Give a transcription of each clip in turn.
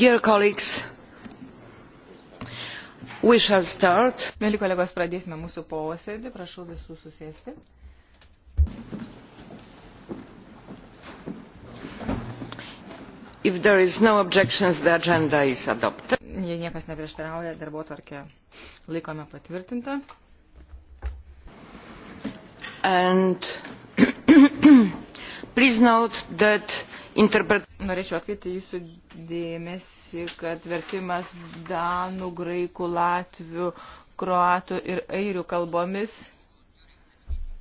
Dear colleagues, we shall start. Mėly kolegos, pradėsime mūsų posėdį. Prašau visų susėsti. If there is no objections, the agenda is adopted. Jei niekas neprieštarauja, darbo tvarkė laikome patvirtintą. And please note that interpret... Norėčiau atkreipti jūsų dėmesį, kad vertimas danų, graikų, latvių, kroatų ir airių kalbomis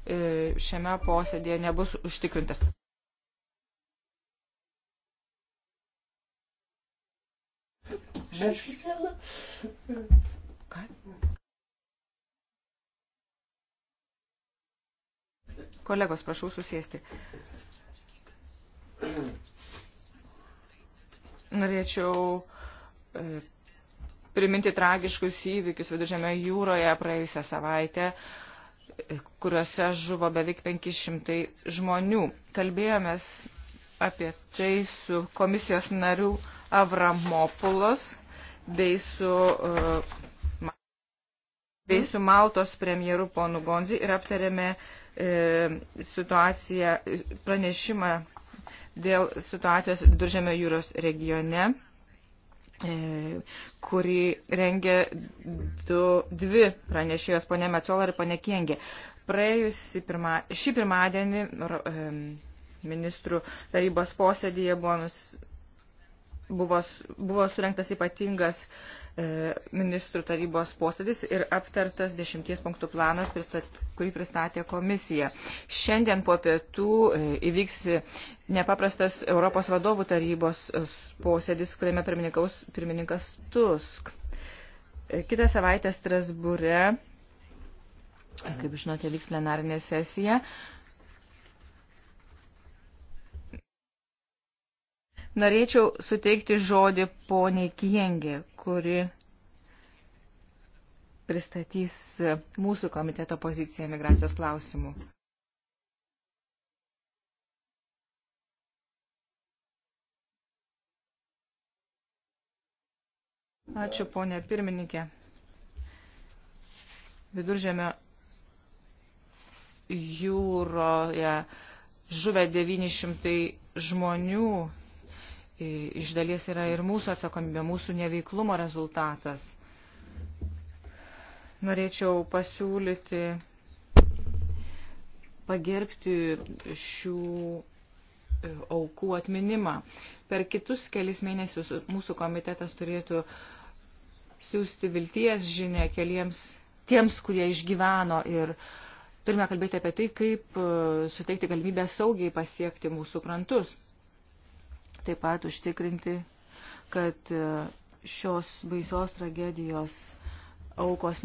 e, šiame posėdėje nebus užtikrintas. Ką? Kolegos, prašau susėsti. Norėčiau e, priminti tragiškus įvykius Viduržėme jūroje praėjusią savaitę, e, kuriuose žuvo beveik 500 žmonių. Kalbėjomės apie tai su komisijos nariu Avramopulos bei su, e, bei su Maltos premjeru ponu Gonzi ir aptarėme situaciją, pranešimą dėl situacijos Viduržėmio jūros regione, e, kurį rengė du, dvi pranešėjos, ponė Meciola ir ponė Kiengė. Praėjusį pirma, šį pirmadienį e, ministrų tarybos posėdėje buvo nus, buvo, buvo surinktas ypatingas e, ministrų tarybos posėdis ir aptartas dešimties punktų planas, pristat, kurį pristatė komisija. Šiandien po pietų e, įvyks nepaprastas Europos vadovų tarybos e, posėdis, kuriame pirmininkas Tusk. E, kitą savaitę Strasbūre, e, kaip žinote, vyks plenarinė sesija. E, Norėčiau suteikti žodį poniai Kijengė, kuri pristatys mūsų komiteto poziciją migracijos klausimų. Ačiū, ponė pirmininkė. Viduržėmio jūroje žuvę 900 žmonių iš dalies yra ir mūsų atsakomybė, mūsų neveiklumo rezultatas. Norėčiau pasiūlyti pagerbti šių e, aukų atminimą. Per kitus kelis mėnesius mūsų komitetas turėtų siūsti vilties žinę keliems tiems, kurie išgyveno ir turime kalbėti apie tai, kaip e, suteikti galimybę saugiai pasiekti mūsų krantus taip pat užtikrinti, kad e, šios baisios tragedijos aukos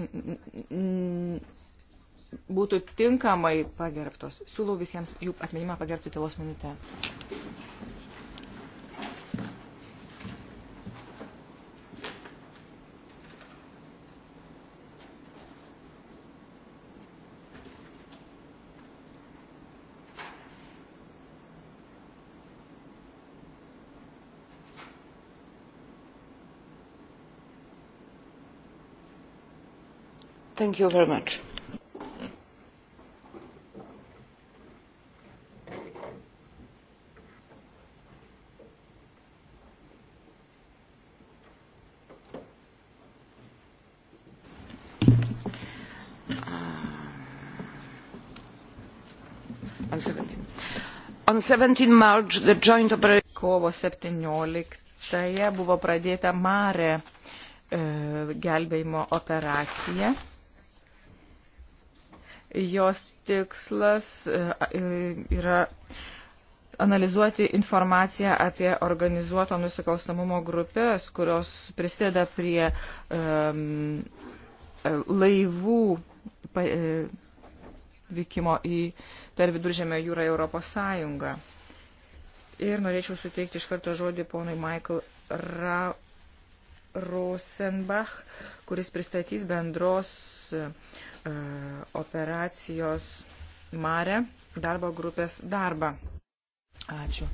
būtų tinkamai pagerbtos. Siūlau visiems jų atminimą pagerbti tylos minutę. thank you very much. Uh, kovo septynioliktąją buvo pradėta mare e, gelbėjimo operacija Jos tikslas e, e, yra analizuoti informaciją apie organizuoto nusikalstamumo grupės, kurios prisideda prie um, laivų pa, vykimo į, per viduržėmę jūrą Europos Sąjungą. Ir norėčiau suteikti iš karto žodį ponui Michael Ra Rosenbach, kuris pristatys bendros E, operacijos Mare darbo grupės darbą. Ačiū.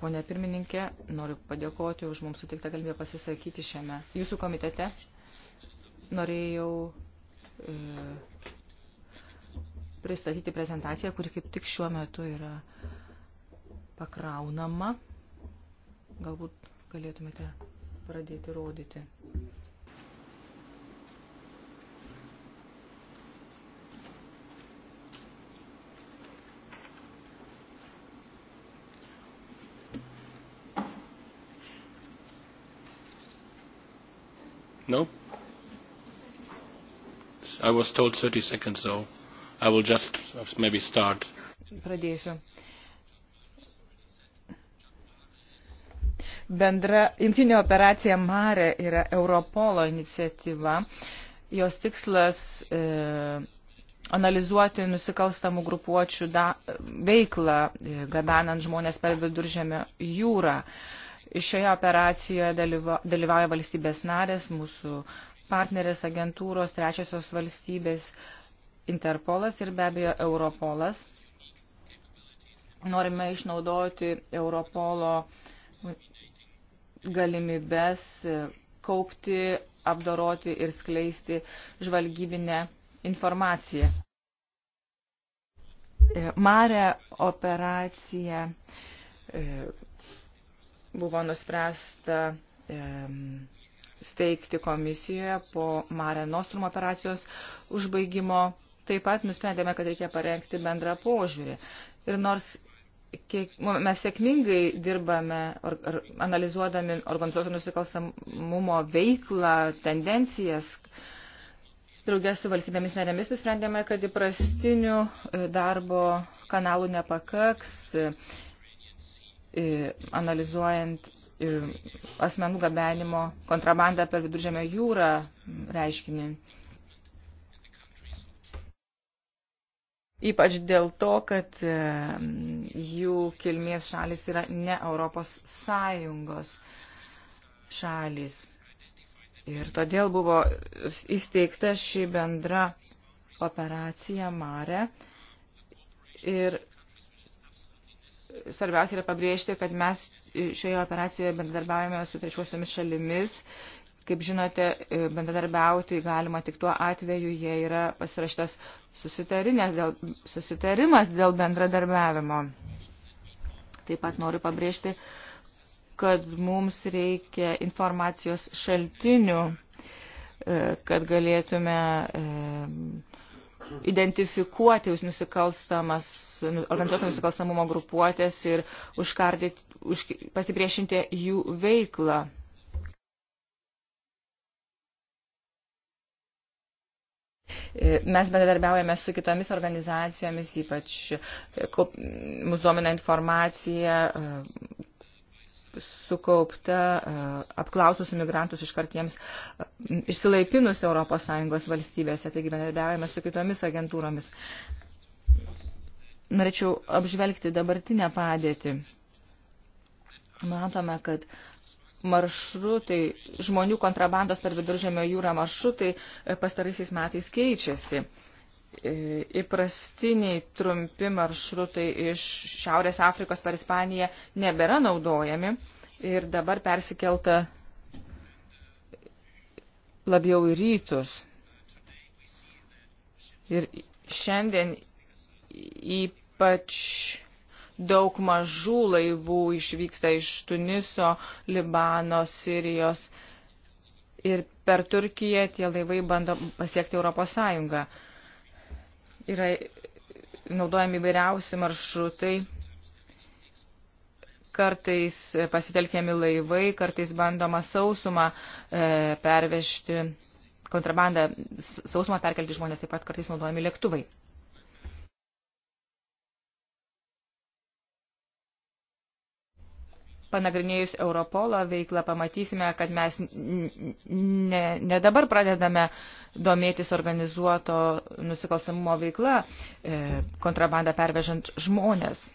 Pone pirmininkė, noriu padėkoti už mums sutiktą galimybę pasisakyti šiame jūsų komitete. Norėjau e, pristatyti prezentaciją, kuri kaip tik šiuo metu yra pakraunama. Galbūt galėtumėte pradėti rodyti. No? I was told 30 seconds, so I will just maybe start. Pradėsiu. Bendra jungtinė operacija Mare yra Europolo iniciatyva. Jos tikslas e, analizuoti nusikalstamų grupuočių da, veiklą, e, gabenant žmonės per viduržėmio jūrą. E, Šioje operacijoje dalyvauja valstybės narės, mūsų partnerės agentūros, trečiosios valstybės, Interpolas ir be abejo Europolas. Norime išnaudoti Europolo galimybės kaupti, apdoroti ir skleisti žvalgybinę informaciją. E, Mare operacija e, buvo nuspręsta e, steigti komisijoje po Mare Nostrum operacijos užbaigimo. Taip pat nusprendėme, kad reikia parengti bendrą požiūrį. Ir nors kiek, mes sėkmingai dirbame or, or, analizuodami organizuotų nusikalstamumo veiklą, tendencijas. Draugės su valstybėmis narėmis nusprendėme, kad įprastinių e, darbo kanalų nepakaks analizuojant asmenų gabenimo kontrabandą per viduržėmio jūrą reiškinį. Ypač dėl to, kad e, jų kilmės šalis yra ne Europos Sąjungos šalis. Ir todėl buvo įsteigta ši bendra operacija Mare. Ir svarbiausia yra pabrėžti, kad mes šioje operacijoje bendradarbiavame su trečiosiomis šalimis. Kaip žinote, bendradarbiauti galima tik tuo atveju, jei yra pasirašytas dėl, susitarimas dėl bendradarbiavimo. Taip pat noriu pabrėžti, kad mums reikia informacijos šaltinių, e, kad galėtume e, identifikuoti už nusikalstamas, organizuoto nusikalstamumo grupuotės ir užkardyti, už, pasipriešinti jų veiklą. Mes bendradarbiaujame su kitomis organizacijomis, ypač e, mūsų domina informacija, sukaupta e, apklausus imigrantus iškart jiems e, išsilaipinus ES valstybėse, taigi bendradarbiavame su kitomis agentūromis. Norėčiau apžvelgti dabartinę padėtį. Matome, kad maršrutai, žmonių kontrabandos per viduržėmio jūrą maršrutai e, pastaraisiais metais keičiasi įprastiniai trumpi maršrutai iš Šiaurės Afrikos per Ispaniją nebėra naudojami ir dabar persikelta labiau į rytus. Ir šiandien ypač daug mažų laivų išvyksta iš Tuniso, Libano, Sirijos ir per Turkiją tie laivai bando pasiekti Europos Sąjungą. Yra naudojami įvairiausi maršrutai kartais pasitelkiami laivai, kartais bandoma sausumą e, pervežti, kontrabandą sausumą perkelti žmonės, taip pat kartais naudojami lėktuvai. Panagrinėjus Europolo veiklą pamatysime, kad mes ne, ne dabar pradedame domėtis organizuoto nusikalsamumo veikla, e, kontrabandą pervežant žmonės.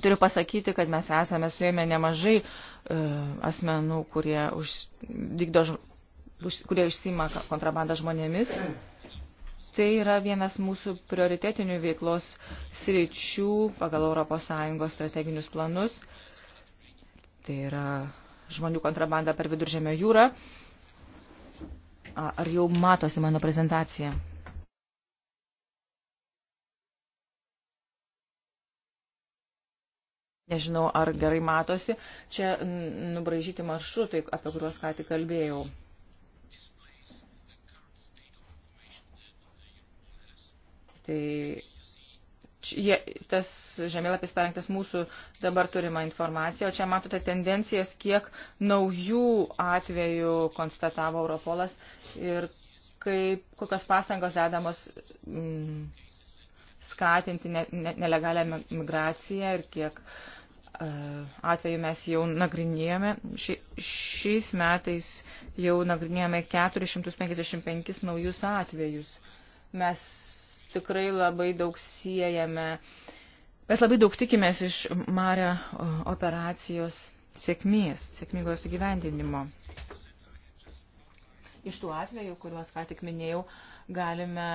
Turiu pasakyti, kad mes esame suėmę nemažai e, asmenų, kurie, už, vykdo, už, kurie išsima kontrabandą žmonėmis. Tai yra vienas mūsų prioritetinių veiklos sričių pagal ES strateginius planus. Tai yra žmonių kontrabanda per viduržėmio jūrą. Ar jau matosi mano prezentacija? nežinau ar gerai matosi, čia nubražyti maršrutai, apie kuriuos ką tik kalbėjau. Tai jie, tas žemėlapis parengtas mūsų dabar turima informacija, o čia matote tendencijas, kiek naujų atvejų konstatavo Europolas ir kaip, kokios pastangos dedamos mm, skatinti ne, ne, nelegalią migraciją ir kiek uh, E, atveju mes jau nagrinėjome, šiais metais jau nagrinėjome 455 naujus atvejus. Mes tikrai labai daug siejame, mes labai daug tikimės iš Mario e, operacijos sėkmės, sėkmingos įgyvendinimo. Iš tų atvejų, kuriuos ką tik minėjau, galime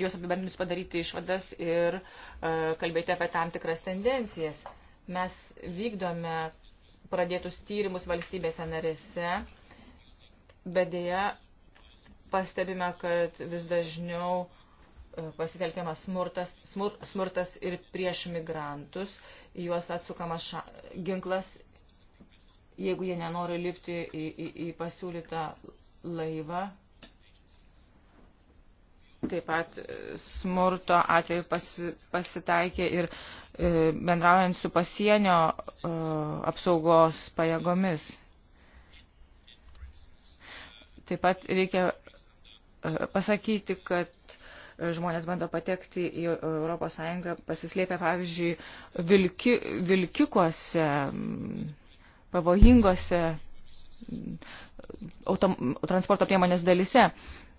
juos apibendrinus padaryti išvadas ir uh, kalbėti apie tam tikras tendencijas. Uh, Mes vykdome pradėtus tyrimus valstybėse narėse, bet dėja pastebime, kad vis dažniau e, pasitelkiamas smurtas, smur, smurtas ir prieš migrantus, juos atsukamas ša, ginklas, jeigu jie nenori lipti į, į, į pasiūlytą laivą, Taip pat e, smurto atveju pasi, pasitaikė ir e, bendraujant su pasienio e, apsaugos pajėgomis. Taip pat reikia e, pasakyti, kad e, žmonės bando patekti į ES pasislėpę, pavyzdžiui, vilki, vilkikuose, pavojingose autom, transporto priemonės dalise. E,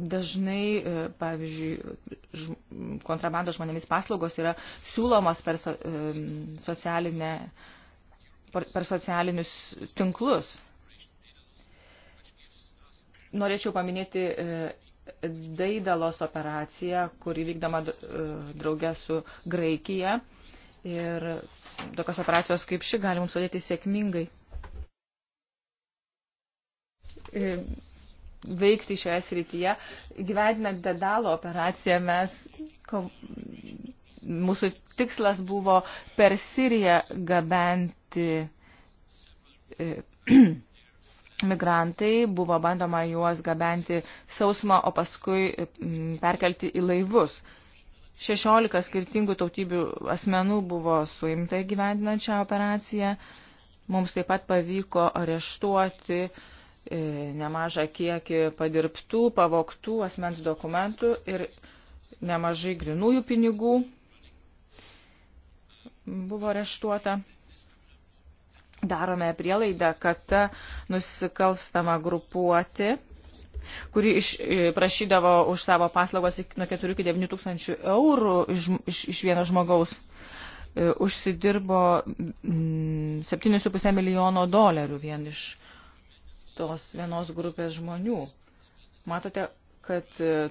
Dažnai, e, pavyzdžiui, kontrabandos žmonėmis paslaugos yra siūlomos per, e, socialinę, per socialinius tinklus. Norėčiau paminėti e, Daidalos operaciją, kuri vykdama draugė su Graikija. Ir tokios operacijos kaip ši gali mums padėti sėkmingai veikti šioje srityje. Gyvendinant dedalo operaciją mes, ko, mūsų tikslas buvo per Siriją gabenti e, migrantai, buvo bandoma juos gabenti sausumą, o paskui e, perkelti į laivus. 16 skirtingų tautybių asmenų buvo suimta gyvendinant šią operaciją. Mums taip pat pavyko areštuoti uh, E, nemažą kiekį padirbtų, pavoktų asmens dokumentų ir nemažai grinųjų pinigų buvo reštuota. Darome prielaidą, kad ta nusikalstama grupuoti, kuri iš, e, prašydavo už savo paslaugos nuo 4 iki 9 tūkstančių eurų iš, iš, iš vieno žmogaus, e, užsidirbo 7,5 milijono dolerių vien iš tos vienos grupės žmonių. Matote, kad e,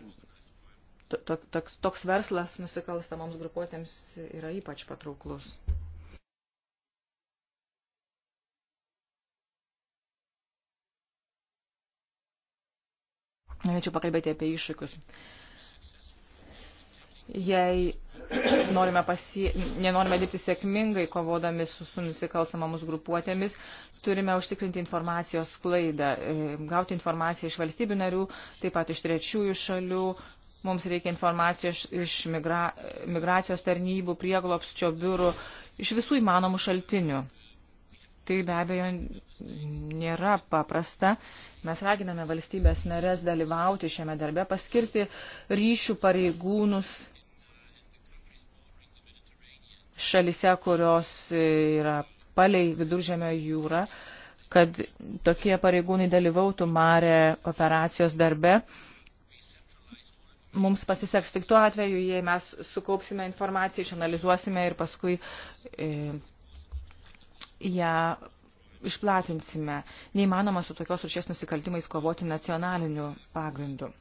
toks, toks verslas nusikalstamoms grupuotėms yra ypač patrauklus. Norėčiau pakalbėti apie iššūkius. Jei norime, pasie, nenorime dirbti sėkmingai, kovodami su, su nusikalsamamus grupuotėmis, turime užtikrinti informacijos sklaidą, e, gauti informaciją iš valstybių narių, taip pat iš trečiųjų šalių. Mums reikia informacijos iš migra, migracijos tarnybų, prieglopsčio biurų, iš visų įmanomų šaltinių. Tai be abejo nėra paprasta. Mes raginame valstybės narės dalyvauti šiame darbe, paskirti ryšių pareigūnus šalise, kurios e, yra palei viduržėmio jūrą, kad tokie pareigūnai dalyvautų Mare operacijos darbe. Mums pasiseks tik tuo atveju, jei mes sukaupsime informaciją, išanalizuosime ir paskui e, ją išplatinsime. Neįmanoma su tokios rušės nusikaltimais kovoti nacionaliniu pagrindu.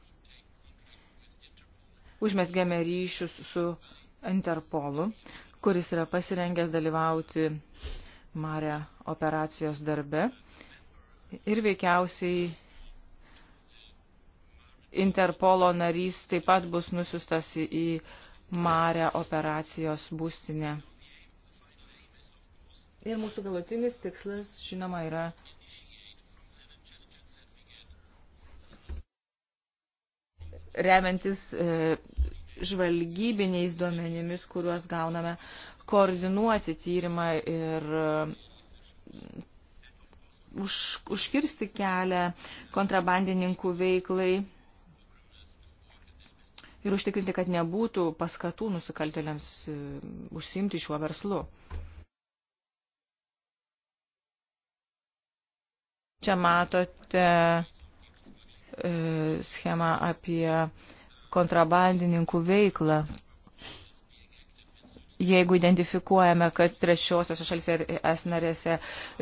Užmesgėme ryšius su Interpolu, kuris yra pasirengęs dalyvauti Mare operacijos darbe ir veikiausiai Interpolo narys taip pat bus nusiustas į Mare operacijos būstinę. Ir mūsų galutinis tikslas, žinoma, yra remiantis e, žvalgybiniais duomenimis, kuriuos gauname, koordinuoti tyrimą ir e, už, užkirsti kelią kontrabandininkų veiklai ir užtikrinti, kad nebūtų paskatų nusikaltėliams e, užsimti šiuo verslu. Čia matote e, schemą apie e, kontrabandininkų veiklą. Jeigu identifikuojame, kad trečiosios šalise ir es narėse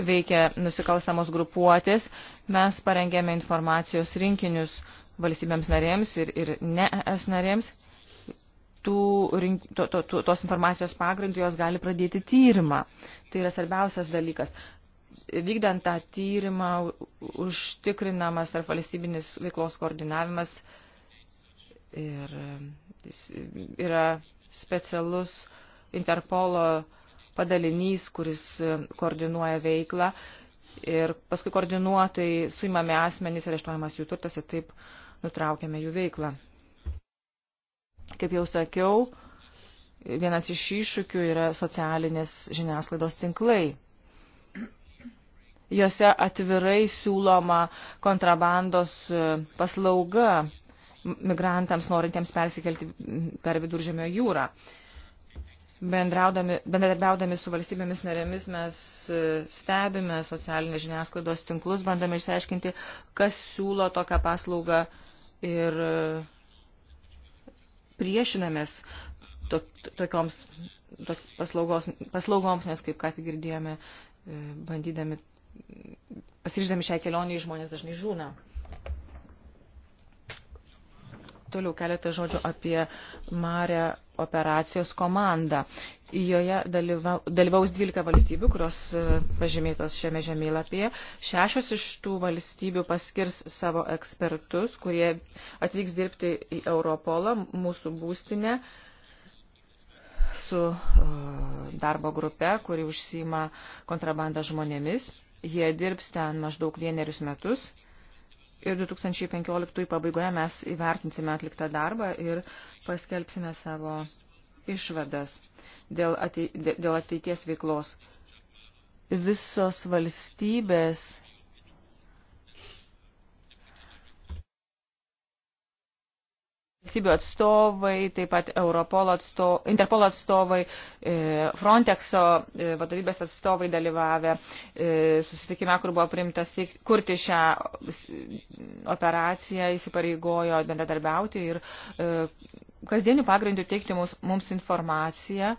veikia nusikalstamos grupuotės, mes parengėme informacijos rinkinius valstybėms narėms ir, ir ne es narėms. Tų, rink, to, to, to, tos informacijos pagrindų jos gali pradėti tyrimą. Tai yra svarbiausias dalykas vykdant tą tyrimą užtikrinamas ar valstybinis veiklos koordinavimas Ir yra specialus Interpolo padalinys, kuris koordinuoja veiklą. Ir paskui koordinuotai suimami asmenys ir ištuojamas jų turtas ir taip nutraukiame jų veiklą. Kaip jau sakiau, vienas iš iššūkių yra socialinės žiniasklaidos tinklai. Juose atvirai siūloma kontrabandos paslauga migrantams norintiems persikelti per viduržemio jūrą. Bendradarbiaudami su valstybėmis narėmis mes e, stebime socialinės žiniasklaidos tinklus, bandome išsiaiškinti, kas siūlo tokią paslaugą ir e, priešinamės to, tokioms to, paslaugos, paslaugoms, nes kaip ką tik girdėjome, e, bandydami, pasirždami šią kelionį žmonės dažnai žūna. Toliau keletą žodžių apie Marę operacijos komandą. Joje dalyva, dalyvaus 12 valstybių, kurios e, pažymėtos šiame žemėlapyje. Šešios iš tų valstybių paskirs savo ekspertus, kurie atvyks dirbti į Europolą, mūsų būstinę, su e, darbo grupe, kuri užsima kontrabandą žmonėmis. Jie dirbs ten maždaug vienerius metus ir 2015 pabaigoje mes įvertinsime atliktą darbą ir paskelbsime savo išvadas dėl ateities veiklos. Visos valstybės valstybių atstovai, taip pat Europol atsto, Interpol atstovai, e, Frontexo e, vadovybės atstovai dalyvavę e, susitikime, kur buvo primtas kurti šią operaciją, įsipareigojo bendradarbiauti ir kasdienių pagrindų teikti mums, mums informaciją,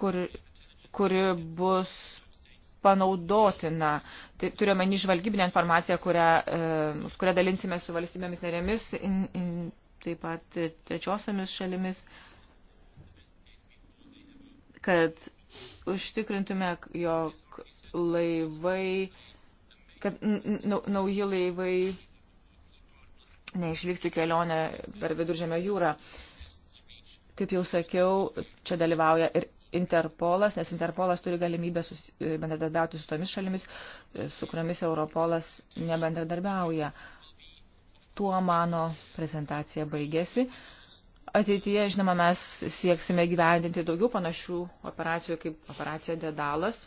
kur, kuri bus panaudotina. Tai turiuomenį žvalgybinę informaciją, kurią, kurią dalinsime su valstybėmis narėmis. In, in, taip pat trečiosiamis šalimis, kad užtikrintume, jog laivai, kad nauji laivai neišvyktų kelionę per viduržėmio jūrą. Kaip jau sakiau, čia dalyvauja ir Interpolas, nes Interpolas turi galimybę e, bendradarbiauti su tomis šalimis, e, su kuriomis Europolas nebendradarbiauja. Uh, Tuo mano prezentacija baigėsi. Ateityje, žinoma, mes sieksime gyvendinti daugiau panašių operacijų kaip operacija Dedalas.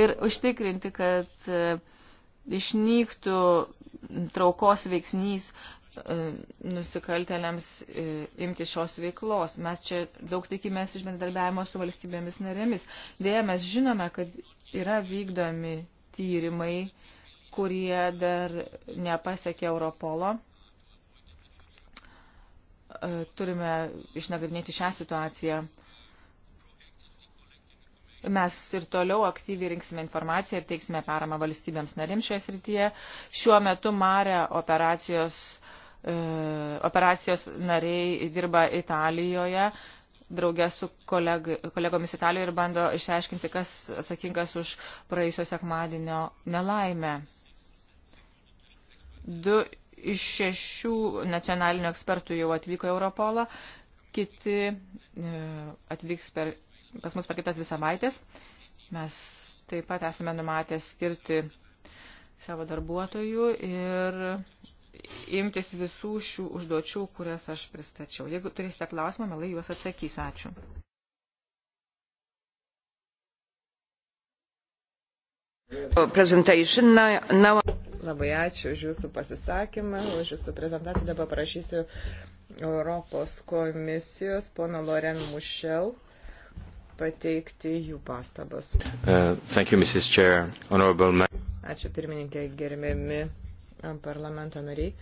Ir užtikrinti, kad e, išnyktų traukos veiksnys e, nusikaltelėms e, imti šios veiklos. Mes čia daug tikimės iš bendradarbiavimo su valstybėmis narėmis. Dėja, mes žinome, kad yra vykdomi tyrimai, kurie dar nepasiekė Europolo. E, turime išnagrinėti šią situaciją. Mes ir toliau aktyviai rinksime informaciją ir teiksime paramą valstybėms narims šioje srityje. Šiuo metu Mare operacijos e, operacijos nariai dirba Italijoje, draugė su koleg, kolegomis Italijoje ir bando išsiaiškinti, kas atsakingas už praėjusio sekmadienio nelaimę. Du iš šešių nacionalinių ekspertų jau atvyko į Europolą, kiti e, atvyks per, pas mus per kitas dvi savaitės. Mes taip pat esame numatę skirti savo darbuotojų ir imtis visų šių užduočių, kurias aš pristačiau. Jeigu turėsite klausimą, melai juos atsakysiu. Ačiū. Labai ačiū už Jūsų pasisakymą, už Jūsų prezentaciją. Dabar prašysiu Europos komisijos pono Loren Mušel pateikti jų pastabas. Uh, you, Chair, Honorable... Ačiū pirmininkė, gerbiami parlamento nariai.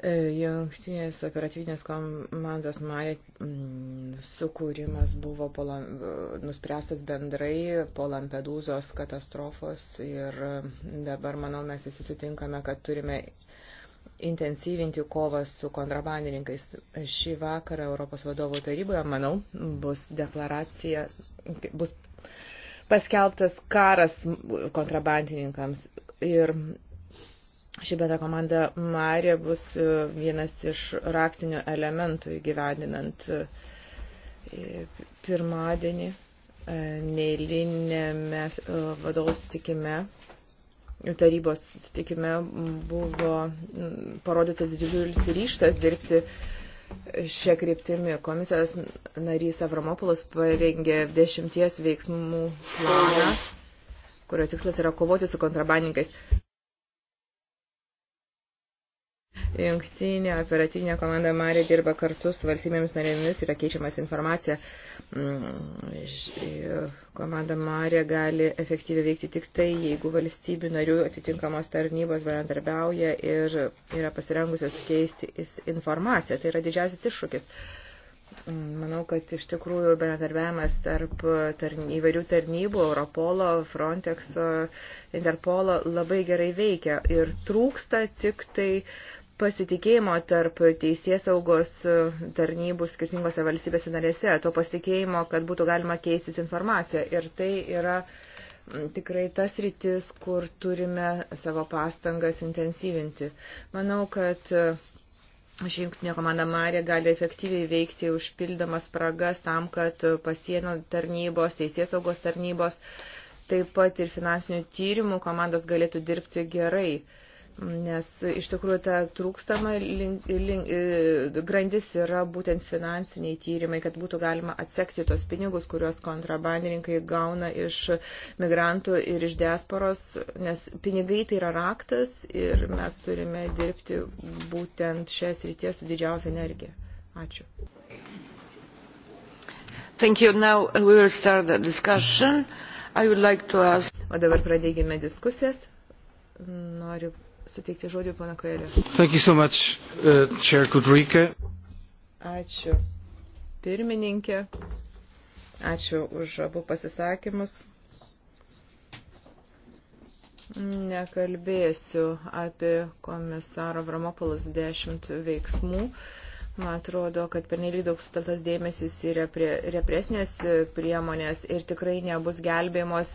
E, Jungtinės operatyvinės komandos Marė mm, sukūrimas buvo pola, nuspręstas bendrai po Lampedūzos katastrofos ir mm, dabar, manau, mes visi sutinkame, kad turime intensyvinti kovą su kontrabandininkais. Šį vakarą Europos vadovų taryboje, manau, bus deklaracija, bus paskelbtas karas kontrabandininkams. Ir Ši bendra komanda Marija bus e, vienas iš raktinių elementų įgyvendinant e, pirmadienį e, neįlinėme vadovų sutikime tarybos sutikime buvo parodytas didžiulis ryštas dirbti šią kryptimį. Komisijos narys Avramopolas parengė dešimties veiksmų planą, kurio tikslas yra kovoti su kontrabandininkais. Jungtinė operatyvinė komanda Marė dirba kartu su valstybėmis narėmis, yra keičiamas informacija. Mm, komanda Marė gali efektyviai veikti tik tai, jeigu valstybių narių atitinkamos tarnybos bendradarbiauja ir yra pasirengusios keisti informaciją. Tai yra didžiausias iššūkis. Mm, manau, kad iš tikrųjų bendradarbiavimas tarp tarny, įvairių tarnybų, Europolo, Frontexo, Interpolo labai gerai veikia ir trūksta tik tai uh, pasitikėjimo tarp teisės saugos tarnybų skirtingose valstybėse narėse, to pasitikėjimo, kad būtų galima keistis informaciją. Ir tai yra tikrai tas rytis, kur turime savo pastangas intensyvinti. Manau, kad ši jungtinė komanda Marė gali efektyviai veikti užpildamas spragas tam, kad pasienio tarnybos, teisės saugos tarnybos, taip pat ir finansinių tyrimų komandos galėtų dirbti gerai nes iš tikrųjų ta trūkstama link, link, e, grandis yra būtent finansiniai tyrimai, kad būtų galima atsekti tos pinigus, kuriuos kontrabandininkai gauna iš migrantų ir iš diasporos, nes pinigai tai yra raktas ir mes turime dirbti būtent šią srityje su didžiausia energija. Ačiū. Thank you. Now we will start the discussion. I would like to ask... O dabar pradėgime diskusijas. Noriu suteikti žodį pana Koelio. Thank you so much, uh, Chair Kudryke. Ačiū pirmininkė. Ačiū už abu pasisakymus. Nekalbėsiu apie komisaro Vramopolis 10 veiksmų. Uh, Man atrodo, kad pernelyg daug suteltas dėmesys yra prie represinės e, priemonės ir tikrai nebus gelbėjimos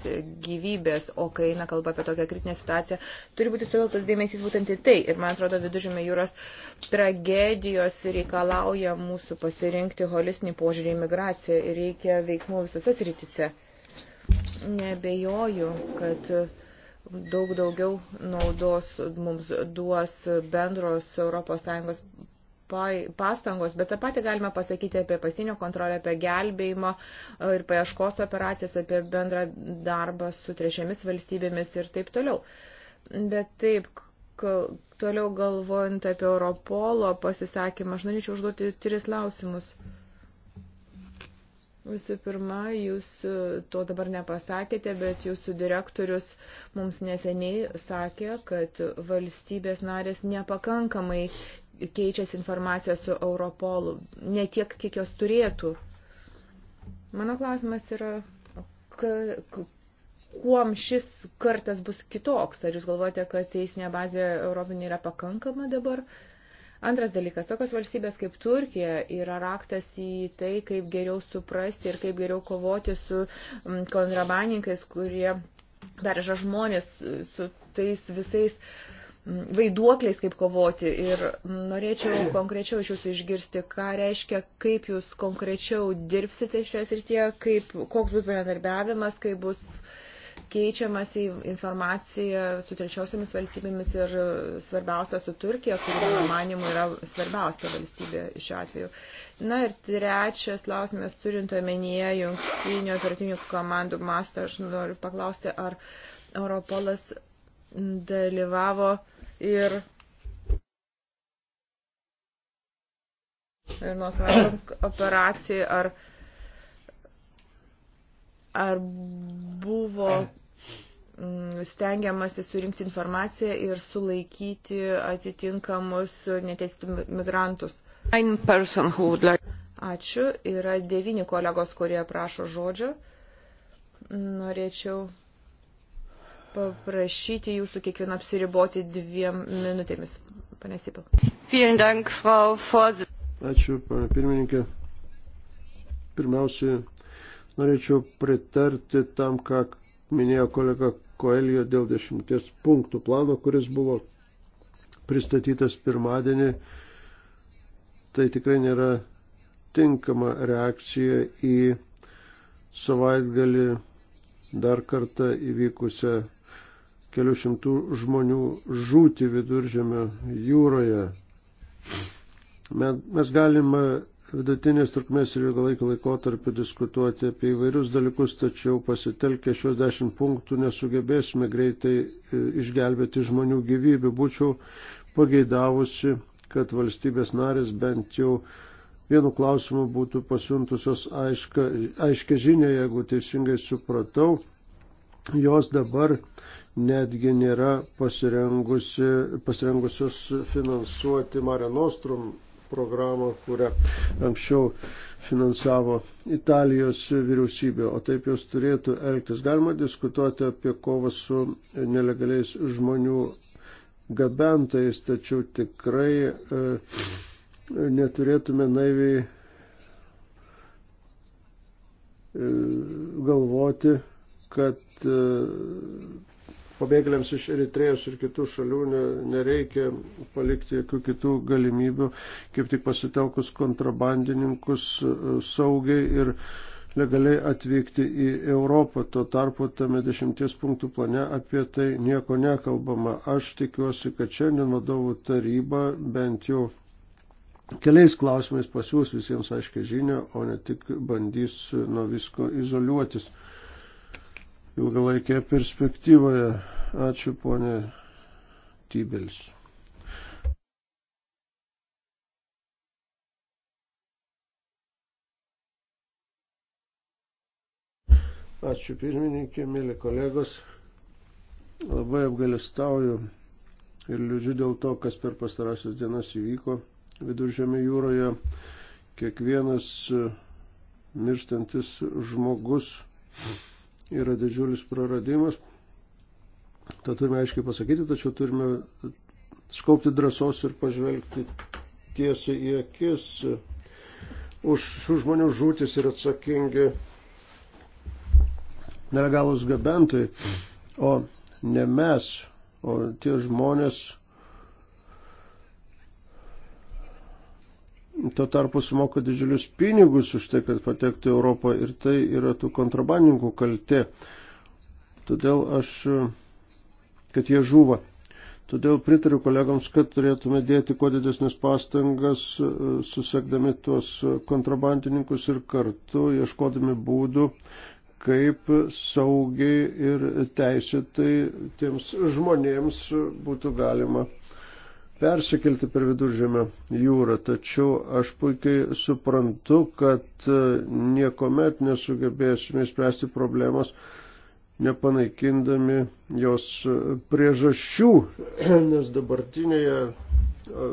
gyvybės, o kai eina kalba apie tokią kritinę situaciją, turi būti suteltas dėmesys būtent į tai. Ir man atrodo, viduržėmė jūros tragedijos reikalauja mūsų pasirinkti holistinį požiūrį į migraciją ir reikia veiksmų visose sritise. Nebejoju, kad daug daugiau naudos mums duos bendros ES pastangos, bet tą patį galime pasakyti apie pasienio kontrolę, apie gelbėjimo e, ir paieškos operacijas, apie bendrą darbą su trečiamis valstybėmis ir taip toliau. Bet taip, toliau galvojant apie Europolo pasisakymą, aš norėčiau užduoti tris klausimus. Visų pirma, jūs e, to dabar nepasakėte, bet jūsų direktorius mums neseniai sakė, kad valstybės narės nepakankamai keičiasi informacija su Europolu, ne tiek, kiek jos turėtų. Mano klausimas yra, kuom šis kartas bus kitoks? Ar jūs galvojate, kad teisinė bazė Europinė yra pakankama dabar? Antras dalykas, tokios valstybės kaip Turkija yra raktas į tai, kaip geriau suprasti ir kaip geriau kovoti su mm, kontrabandininkais, kurie dar yra žmonės su tais visais uh, vaiduokliais, kaip kovoti. Ir norėčiau konkrečiau iš jūsų išgirsti, ką reiškia, kaip jūs konkrečiau dirbsite šioje srityje, kaip, koks bus bendradarbiavimas, kaip bus keičiamas į informaciją su trečiosiomis valstybėmis ir svarbiausia su Turkija, kuri, mano manimu, yra svarbiausia valstybė šiuo atveju. Na ir trečias klausimas, turint omenyje jungtinių operatinių komandų mastą, aš noriu paklausti, ar Europolas dalyvavo uh, ir ir nors operacijai, ar, ar buvo mm, stengiamasi surinkti informaciją ir sulaikyti atitinkamus neteisėtų migrantus. Ačiū. Yra devyni kolegos, kurie prašo žodžio. Norėčiau paprašyti jūsų kiekvieną apsiriboti dviem minutėmis. Pane Sipil. Ačiū, pane pirmininkė. Pirmiausiai norėčiau pritarti tam, ką minėjo kolega Koelio dėl dešimties punktų plano, kuris buvo pristatytas pirmadienį. Tai tikrai nėra tinkama reakcija į savaitgalį dar kartą įvykusią kelių šimtų žmonių žūti viduržėme jūroje. Mes galime vidutinės trukmės ir ilgalaikio laikotarpio diskutuoti apie įvairius dalykus, tačiau pasitelkę šios dešimt punktų nesugebėsime greitai e, išgelbėti žmonių gyvybių. Būčiau pageidavusi, kad valstybės narės bent jau vienu klausimu būtų pasiuntusios aišką, aiškę žinę, jeigu teisingai supratau, jos dabar netgi nėra pasirengusios finansuoti Mare Nostrum programą, kurią anksčiau finansavo Italijos vyriausybė, o taip jos turėtų elgtis. Galima diskutuoti apie kovą su nelegaliais žmonių gabentais, tačiau tikrai e, neturėtume naiviai e, galvoti, kad e, pabėgėliams iš Eritrėjos ir kitų šalių nereikia palikti jokių kitų galimybių, kaip tik pasitelkus kontrabandininkus e, saugiai ir legaliai atvykti į Europą. Tuo tarpu tame dešimties punktų plane apie tai nieko nekalbama. Aš tikiuosi, kad šiandien vadovų taryba bent jau keliais klausimais pasiūs visiems aiškiai žinia, o ne tik bandys nuo visko izoliuotis ilgalaikėje perspektyvoje. Ačiū, ponė Tybelis. Ačiū pirmininkė, mėly kolegos. Labai apgalestauju ir liūdžiu dėl to, kas per pastarąsias dienas įvyko viduržėme jūroje. Kiekvienas mirštantis žmogus yra didžiulis praradimas. Ta turime aiškiai pasakyti, tačiau turime skaupti drąsos ir pažvelgti tiesiai į akis. Už šių žmonių žūtis yra atsakingi nelegalus gabentai, o ne mes, o tie žmonės, tuo tarpu sumoka didžiulius pinigus už tai, kad patektų į Europą ir tai yra tų kontrabandininkų kaltė. Todėl aš, kad jie žūva. Todėl pritariu kolegams, kad turėtume dėti kuo didesnės pastangas, e, susekdami tuos kontrabandininkus ir kartu ieškodami būdų, kaip saugiai ir teisėtai tiems žmonėms būtų galima persikelti per viduržėmę jūrą, tačiau aš puikiai suprantu, kad e, niekuomet nesugebėsime išspręsti problemos, nepanaikindami jos priežasčių, nes dabartinėje e,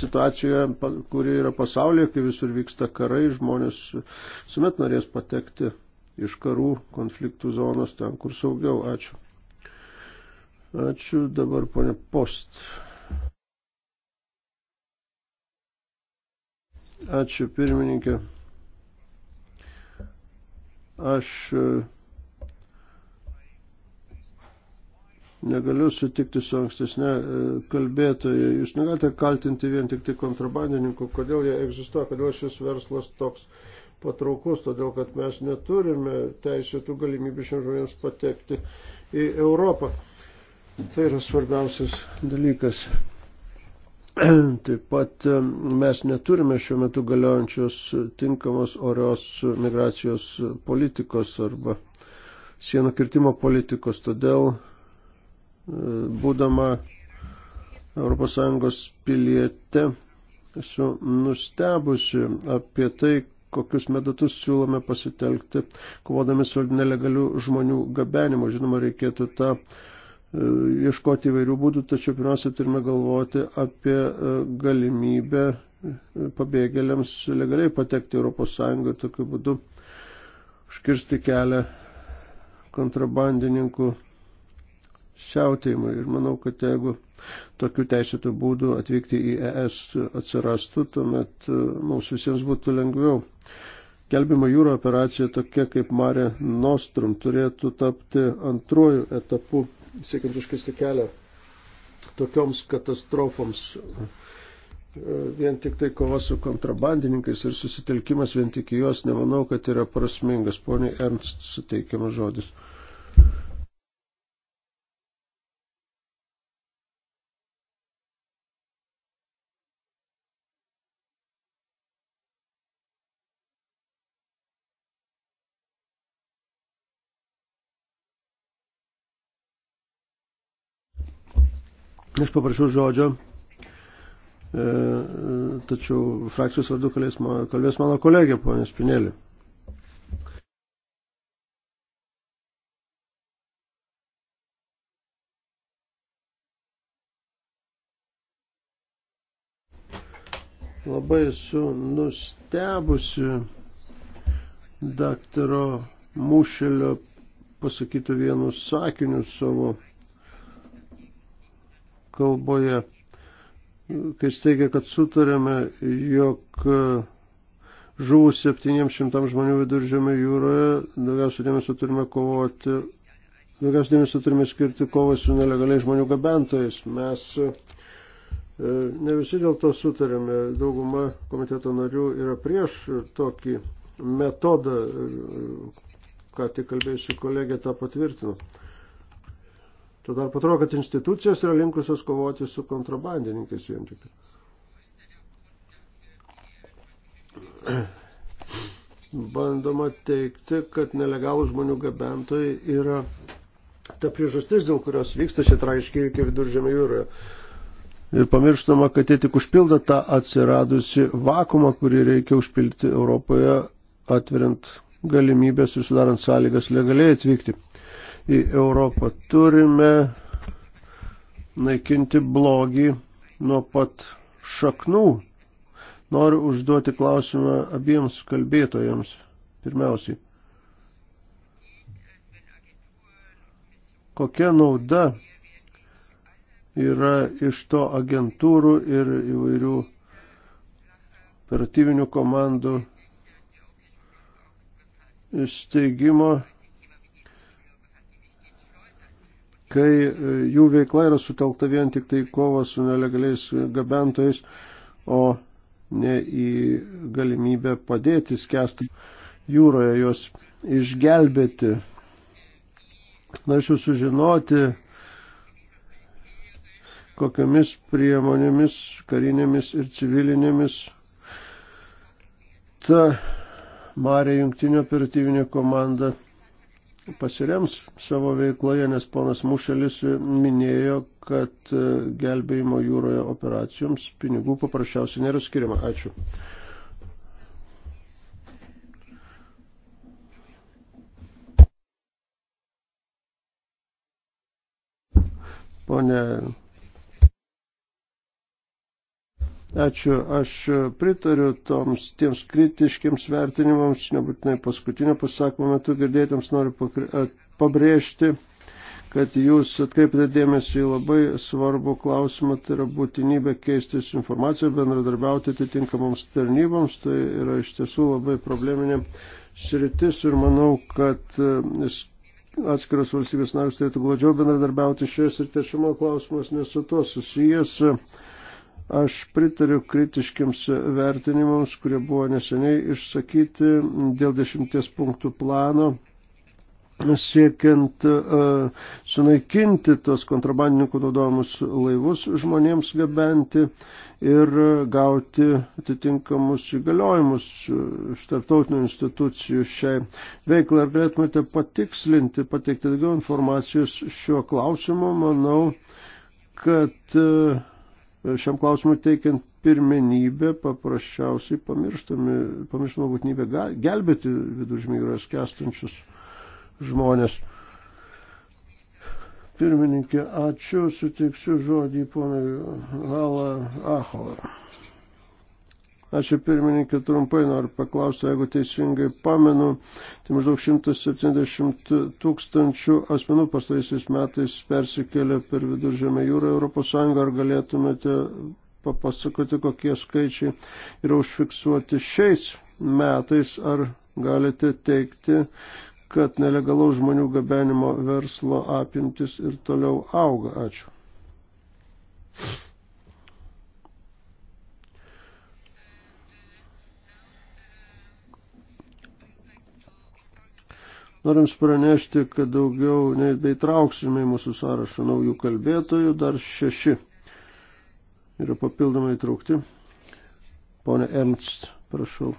situacijoje, kuri yra pasaulyje, kai visur vyksta karai, žmonės sumet norės patekti iš karų konfliktų zonos ten, kur saugiau. Ačiū. Ačiū dabar, ponė Post. Ačiū pirmininkė. Aš e, negaliu sutikti su ankstesne e, kalbėtoja. Jūs negalite kaltinti vien tik tai kontrabandininkų, kodėl jie egzistuoja, kodėl šis verslas toks patraukus, todėl kad mes neturime teisėtų galimybių šiems žmonėms patekti į Europą. Tai yra svarbiausias dalykas. Taip pat mes neturime šiuo metu galiojančios tinkamos orios migracijos politikos arba sienų kirtimo politikos. Todėl, e, būdama ES pilietė, esu nustebusi apie tai, kokius medatus siūlome pasitelkti, kovodami su nelegalių žmonių gabenimu. Žinoma, reikėtų tą E, ieškoti įvairių būdų, tačiau pirmiausia turime galvoti apie e, galimybę e, pabėgėliams legaliai patekti ES ir tokiu būdu užkirsti kelią kontrabandininkų siautėjimui. Ir manau, kad jeigu tokių teisėtų būdų atvykti į ES atsirastų, tuomet mums visiems būtų lengviau. Gelbimo jūro operacija tokia kaip Mare Nostrum turėtų tapti antruoju etapu siekiant užkisti kelią tokioms katastrofoms. Vien tik tai kova su kontrabandininkais ir susitelkimas vien tik į juos, nemanau, kad yra prasmingas. Pone Ernst suteikiamas žodis. Uh, Nu, aš paprašiau žodžio, e, e, tačiau frakcijos vardu kalbės mano kolegė, ponė Spinėlė. Labai esu nustebusi daktaro Mušelio pasakytų vienu sakiniu savo kalboje, kai steigia, kad sutarėme, jog e, žuvus 700 žmonių viduržėme jūroje, daugiausiai dėmesio turime kovoti, daugiausiai dėmesio turime skirti kovai su nelegaliai žmonių gabentojais. Mes e, ne visi dėl to sutarėme, dauguma komiteto narių yra prieš tokį metodą, e, ką tik kalbėjusi kolegė tą patvirtino. Tuo dar patrodo, kad institucijos yra linkusios kovoti su kontrabandininkais vien tik. Tai. Bandoma teikti, kad nelegalų žmonių gabentojai yra ta priežastis, dėl kurios vyksta šie traiškiai iki viduržėmio jūroje. Ir pamirštama, kad jie tik užpildo tą atsiradusi vakumą, kurį reikia užpildyti Europoje, atveriant galimybę, susidarant sąlygas legaliai atvykti į Europą. Turime naikinti blogį nuo pat šaknų. Noriu užduoti klausimą abiems kalbėtojams. Pirmiausiai, kokia nauda yra iš to agentūrų ir įvairių operatyvinių komandų steigimo kai e, jų veikla yra sutelkta vien tik tai kova su nelegaliais gabentojais, o ne į galimybę padėti skęsti jūroje, juos išgelbėti. Norėčiau sužinoti, kokiamis priemonėmis, karinėmis ir civilinėmis ta Marė jungtinio operatyvinė komanda pasirems savo veikloje, nes ponas Mušelis minėjo, kad e, gelbėjimo jūroje operacijoms pinigų paprasčiausiai nėra skiriama. Ačiū. Pone Ačiū. Aš pritariu toms tiems kritiškiams vertinimams, nebūtinai paskutinio pasakymo metu girdėtėms noriu pabrėžti, kad jūs atkreipite dėmesį į labai svarbų klausimą, tai yra būtinybė keistis informaciją, bendradarbiauti atitinkamoms tarnyboms, tai yra iš tiesų labai probleminė sritis ir manau, kad e, atskiros valstybės narys turėtų glaudžiau bendradarbiauti šioje srityje, šio klausimas nesu to susijęs. Aš pritariu kritiškiams vertinimams, kurie buvo neseniai išsakyti dėl dešimties punktų plano siekiant uh, sunaikinti tos kontrabandininkų naudojamus laivus žmonėms gabenti ir gauti atitinkamus įgaliojimus iš tarptautinių institucijų šiai veiklai. Ar galėtumėte patikslinti, pateikti daugiau informacijos šiuo klausimu? Manau, kad uh, šiam klausimui teikiant pirmenybę, paprasčiausiai pamirštame, pamirštame būtinybę gelbėti viduržmį jūros kestančius žmonės. Pirmininkė, ačiū, suteiksiu žodį ponui Hala Ahovar. Ačiū pirmininkė, trumpai noriu paklausti, jeigu teisingai pamenu, tai maždaug 170 tūkstančių asmenų pastaraisiais metais persikėlė per viduržėmę jūrą Europos Sąjungą. Ar galėtumėte papasakoti, kokie skaičiai yra užfiksuoti šiais metais? Ar galite teikti, kad nelegalaus žmonių gabenimo verslo apimtis ir toliau auga? Ačiū. Norim pranešti, kad daugiau nebeįtrauksime į mūsų sąrašą naujų kalbėtojų, dar šeši yra papildomai įtraukti. Pone Ernst, prašau.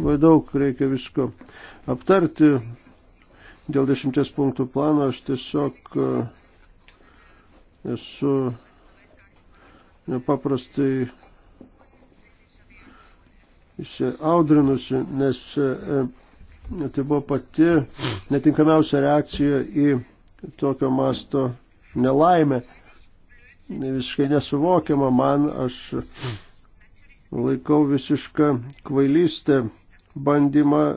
Vai daug reikia visko aptarti. Dėl dešimties punktų plano aš tiesiog e, esu nepaprastai įsiaudrinusi, nes e, tai buvo pati netinkamiausia reakcija į tokio masto nelaimę. Visiškai nesuvokiama man, aš laikau visišką kvailystę bandymą e,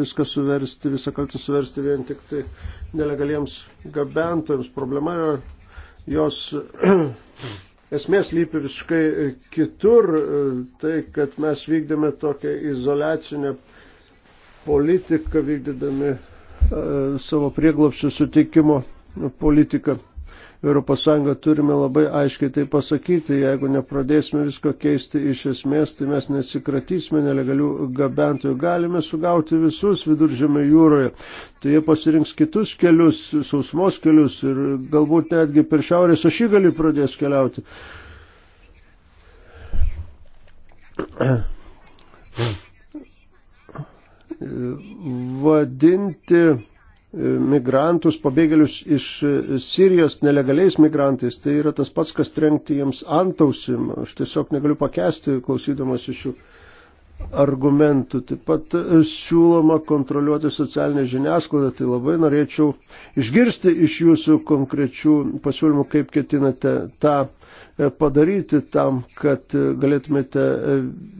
viską suversti, visą kaltę suversti vien tik tai nelegaliems gabentojams. Problema yra jos esmės lypi visiškai e, kitur, e, tai kad mes vykdėme tokią izolacinę politiką, vykdydami e, savo prieglopščių sutikimo politiką. ES turime labai aiškiai tai pasakyti, jeigu nepradėsime visko keisti iš esmės, tai mes nesikratysime nelegalių gabentojų. Galime sugauti visus viduržėme jūroje, tai jie pasirinks kitus kelius, sausmos kelius ir galbūt netgi per šiaurės ašigalį pradės keliauti. Vadinti migrantus, pabėgėlius iš e, Sirijos nelegaliais migrantais, tai yra tas pats, kas trenkti jiems antausim. Aš tiesiog negaliu pakesti, klausydamas iš jų argumentų. Taip pat e, siūloma kontroliuoti socialinę žiniasklaidą, tai labai norėčiau išgirsti iš jūsų konkrečių pasiūlymų, kaip ketinate tą e, padaryti tam, kad galėtumėte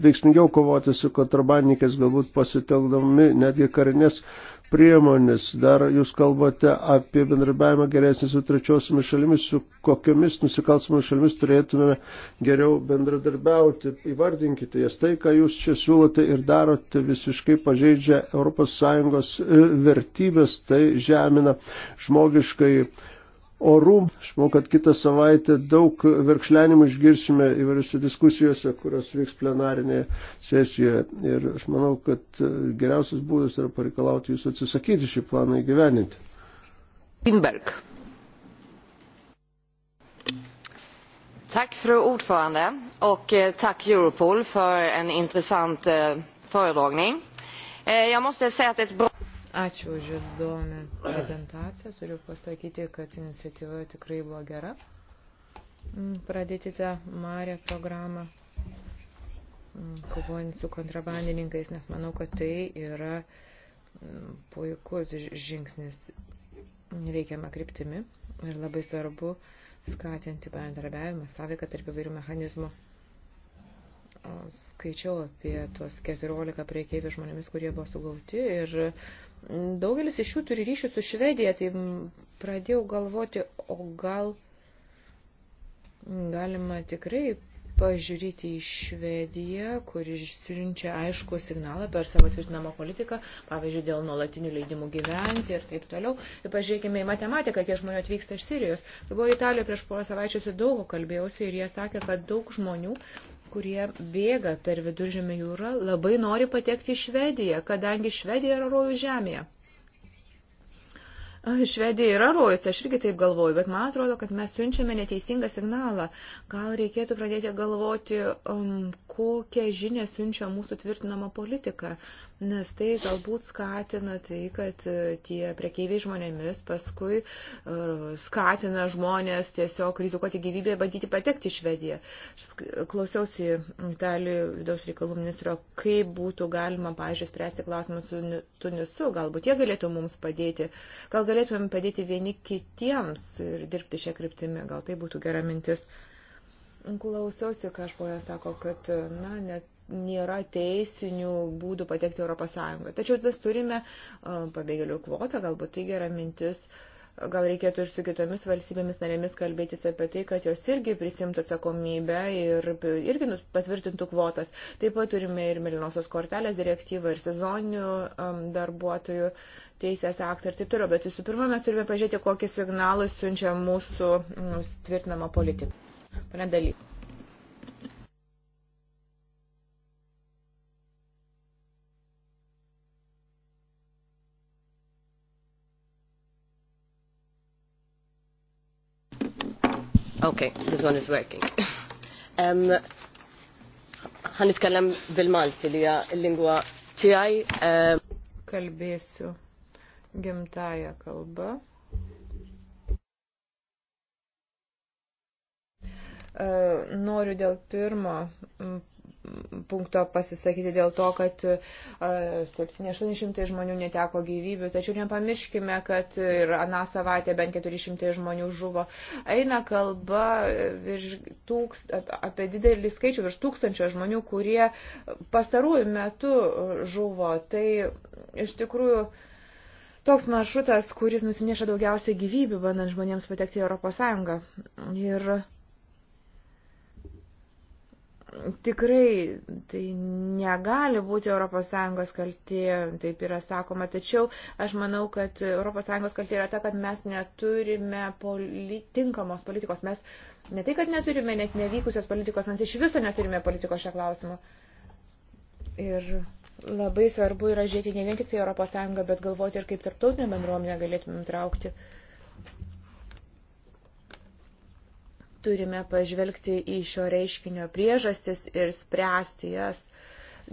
veiksmingiau kovoti su kontrabandininkais, galbūt pasitelkdami netgi karinės priemonės. Dar jūs kalbate apie bendrabiavimą geresnį su trečiosiomis šalimis, su kokiomis nusikalstamomis šalimis turėtumėme geriau bendradarbiauti. Įvardinkite jas tai, ką jūs čia siūlote ir darote visiškai pažeidžia ES e, vertybės, tai žemina žmogiškai orų. Aš manau, kad kitą savaitę daug verkšlenimų išgirsime įvairiose diskusijose, kurios vyks plenarinėje sesijoje. Ir aš manau, kad e, geriausias būdas yra pareikalauti jūs atsisakyti šį planą įgyveninti. Inberg. Tack fru ordförande och eh, tack Europol för en intressant eh, föredragning. Eh, jag måste säga att ett bra... Ačiū už įdomią prezentaciją. Turiu pasakyti, kad iniciatyva tikrai buvo gera. Mm, Pradėti tą Marę programą mm, kovojant su kontrabandininkais, nes manau, kad tai yra mm, puikus žingsnis reikiamą kryptimi ir labai svarbu skatinti bendradarbiavimą, sąveiką tarp įvairių mechanizmų skaičiau apie tuos 14 priekeivių žmonėmis, kurie buvo sugauti ir Daugelis iš jų turi ryšių su Švedija, tai pradėjau galvoti, o gal galima tikrai pažiūrėti į Švediją, kuri siunčia aišku signalą per savo tvirtinamą politiką, pavyzdžiui, dėl nuolatinių leidimų gyventi ir taip toliau. Ir pažiūrėkime į matematiką, kiek žmonių atvyksta iš Sirijos. Tai buvo Italija prieš porą savaičių su daug kalbėjausi ir jie sakė, kad daug žmonių kurie bėga per viduržėmį jūrą, labai nori patekti į Švediją, kadangi Švedija yra rojų žemėje. Švedija yra rojus, tai aš irgi taip galvoju, bet man atrodo, kad mes siunčiame neteisingą signalą. Gal reikėtų pradėti galvoti, um, kokią žinę siunčia mūsų tvirtinama politika nes tai galbūt skatina tai, kad e, tie prekeiviai žmonėmis paskui e, skatina žmonės tiesiog rizikuoti gyvybę ir bandyti patekti į Švediją. Aš klausiausi Italijų vidaus reikalų ministro, kaip būtų galima, pažiūrėjau, spręsti klausimą su Tunisu, galbūt jie galėtų mums padėti, gal galėtumėm padėti vieni kitiems ir dirbti šią kryptimį, gal tai būtų gera mintis klausiausi, ką žmonės sako, kad na, net nėra teisinių būdų patekti Europos Sąjungoje. Tačiau mes turime pabėgėlių kvotą, galbūt tai gera mintis. Gal reikėtų ir su kitomis valstybėmis narėmis kalbėtis apie tai, kad jos irgi prisimtų atsakomybę ir irgi patvirtintų kvotas. Taip pat turime ir Milinosios kortelės direktyvą, ir sezoninių um, darbuotojų teisės aktą ir taip toliau. Bet visų pirma, mes turime pažiūrėti, kokį signalą siunčia mūsų um, tvirtinama politika. Pane daly. اوكي this one is working ħanitkellem um, bil-Malti li hija l-lingwa tiegħi um... kalbiesu gimtaja kalba e, noriu dėl pirmo punkto pasisakyti dėl to, kad 700 e, žmonių neteko gyvybių, tačiau nepamirškime, kad ir aną savaitę bent 400 žmonių žuvo. Eina kalba e, tūks, apie didelį skaičių virš tūkstančio žmonių, kurie pastarųjų metų žuvo. Tai iš tikrųjų toks maršrutas, kuris nusineša daugiausiai gyvybių, bandant žmonėms patekti į Europos Sąjungą. Ir tikrai tai negali būti ES kaltė, taip yra sakoma, tačiau aš manau, kad ES kaltė yra ta, kad mes neturime poli tinkamos politikos. Mes ne tai, kad neturime net nevykusios politikos, mes iš viso neturime politikos šią klausimą. Ir labai svarbu yra žiūrėti ne vien tik tai ES, bet galvoti ir kaip tarptautinę bendruomenę galėtumėm traukti. Turime pažvelgti į šio reiškinio priežastis ir spręsti jas.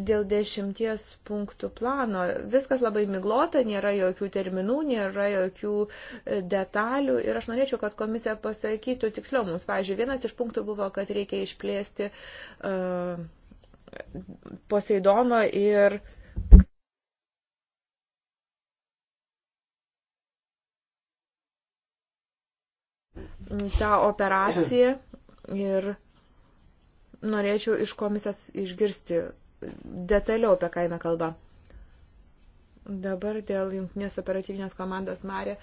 Dėl dešimties punktų plano viskas labai miglota, nėra jokių terminų, nėra jokių e, detalių ir aš norėčiau, kad komisija pasakytų tiksliau mums. Pavyzdžiui, vienas iš punktų buvo, kad reikia išplėsti uh, Poseidono ir uh, tą operaciją ir norėčiau iš komisijos išgirsti detaliau, apie ką eina kalba. Dabar dėl jungtinės operatyvinės komandos narė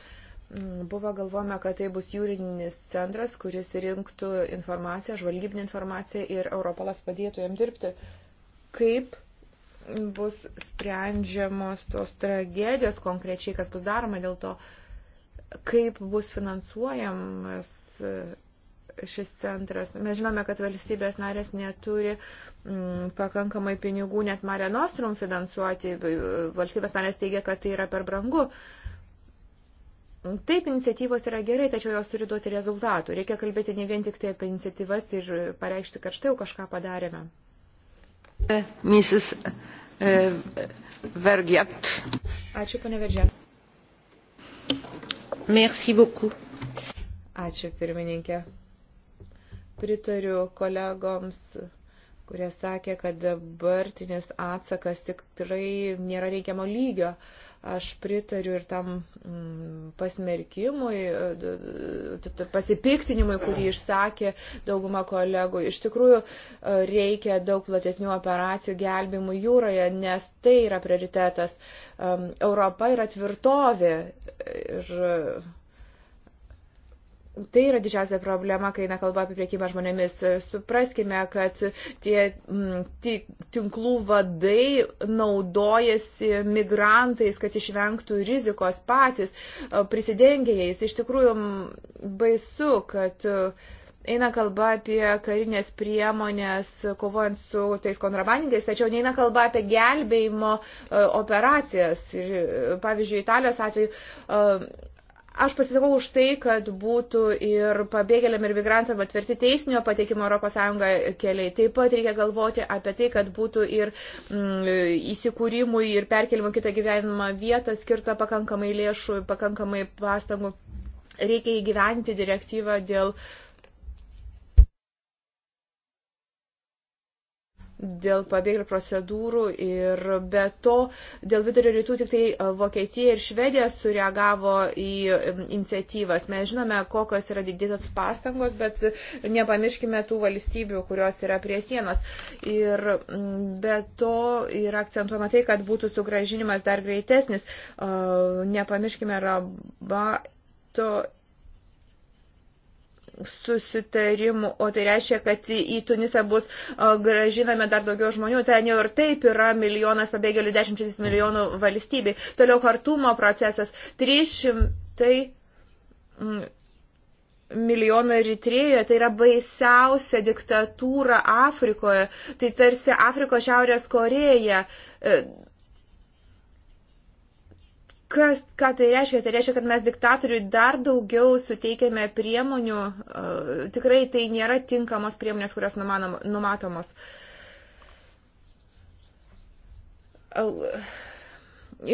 buvo galvojame, kad tai bus jūrinis centras, kuris rinktų informaciją, žvalgybinę informaciją ir Europolas padėtų jam dirbti. Kaip bus sprendžiamos tos tragedijos konkrečiai, kas bus daroma dėl to, kaip bus finansuojamas E, šis centras. Mes žinome, kad valstybės narės neturi m, mm, pakankamai pinigų net Mare Nostrum finansuoti. E, valstybės narės teigia, kad tai yra per brangu. Taip, iniciatyvos yra gerai, tačiau jos turi duoti rezultatų. Reikia kalbėti ne vien tik tai apie iniciatyvas ir pareikšti, kad štai jau kažką padarėme. E, Mrs. Vergiat. Ačiū, pane Vergiat. Merci beaucoup. Ačiū pirmininkė. Pritariu kolegoms kurie sakė, kad dabartinis atsakas tikrai nėra reikiamo lygio. Aš pritariu ir tam mm, pasmerkimui, pasipiktinimui, kurį išsakė dauguma kolegų. Iš tikrųjų, e, reikia daug platesnių operacijų gelbimų jūroje, nes tai yra prioritetas. Europa yra tvirtovė. Ir Tai yra didžiausia problema, kai nekalba apie priekybą žmonėmis. Supraskime, kad tie mm, tinklų vadai naudojasi migrantais, kad išvengtų rizikos patys, e, prisidengia jais. Iš tikrųjų baisu, kad e, eina kalba apie karinės priemonės, kovojant su tais kontrabandingais, tačiau neina kalba apie gelbėjimo e, operacijas. Ir, pavyzdžiui, Italijos atveju Aš pasisakau už tai, kad būtų ir pabėgėliam ir migrantam atverti teisinio patekimo ES keliai. Taip pat reikia galvoti apie tai, kad būtų ir mm, įsikūrimui ir perkelimui kitą gyvenimą vietą skirta pakankamai lėšų, pakankamai pastangų. Reikia įgyventi direktyvą dėl uh, dėl pabėgėlių procedūrų ir be to dėl vidurio rytų tik tai e, Vokietija ir Švedija sureagavo į iniciatyvas. Mes žinome, kokios yra didėtos pastangos, bet nepamirškime tų valstybių, kurios yra prie sienos. Ir be to yra akcentuojama tai, kad būtų sugražinimas dar greitesnis. E, nepamirškime rabato susitarimų, o tai reiškia, kad į Tunisą bus gražinami dar daugiau žmonių. Ten jau ir taip yra milijonas pabėgėlių, dešimtis milijonų valstybė. Toliau kartumo procesas. 300 mm, milijonų Eritrėjoje, tai yra baisiausia diktatūra Afrikoje, tai tarsi Afrikos šiaurės Koreja. E, Kas, ką tai reiškia? Tai reiškia, kad mes diktatoriui dar daugiau suteikėme priemonių. E, tikrai tai nėra tinkamos priemonės, kurios numatomos.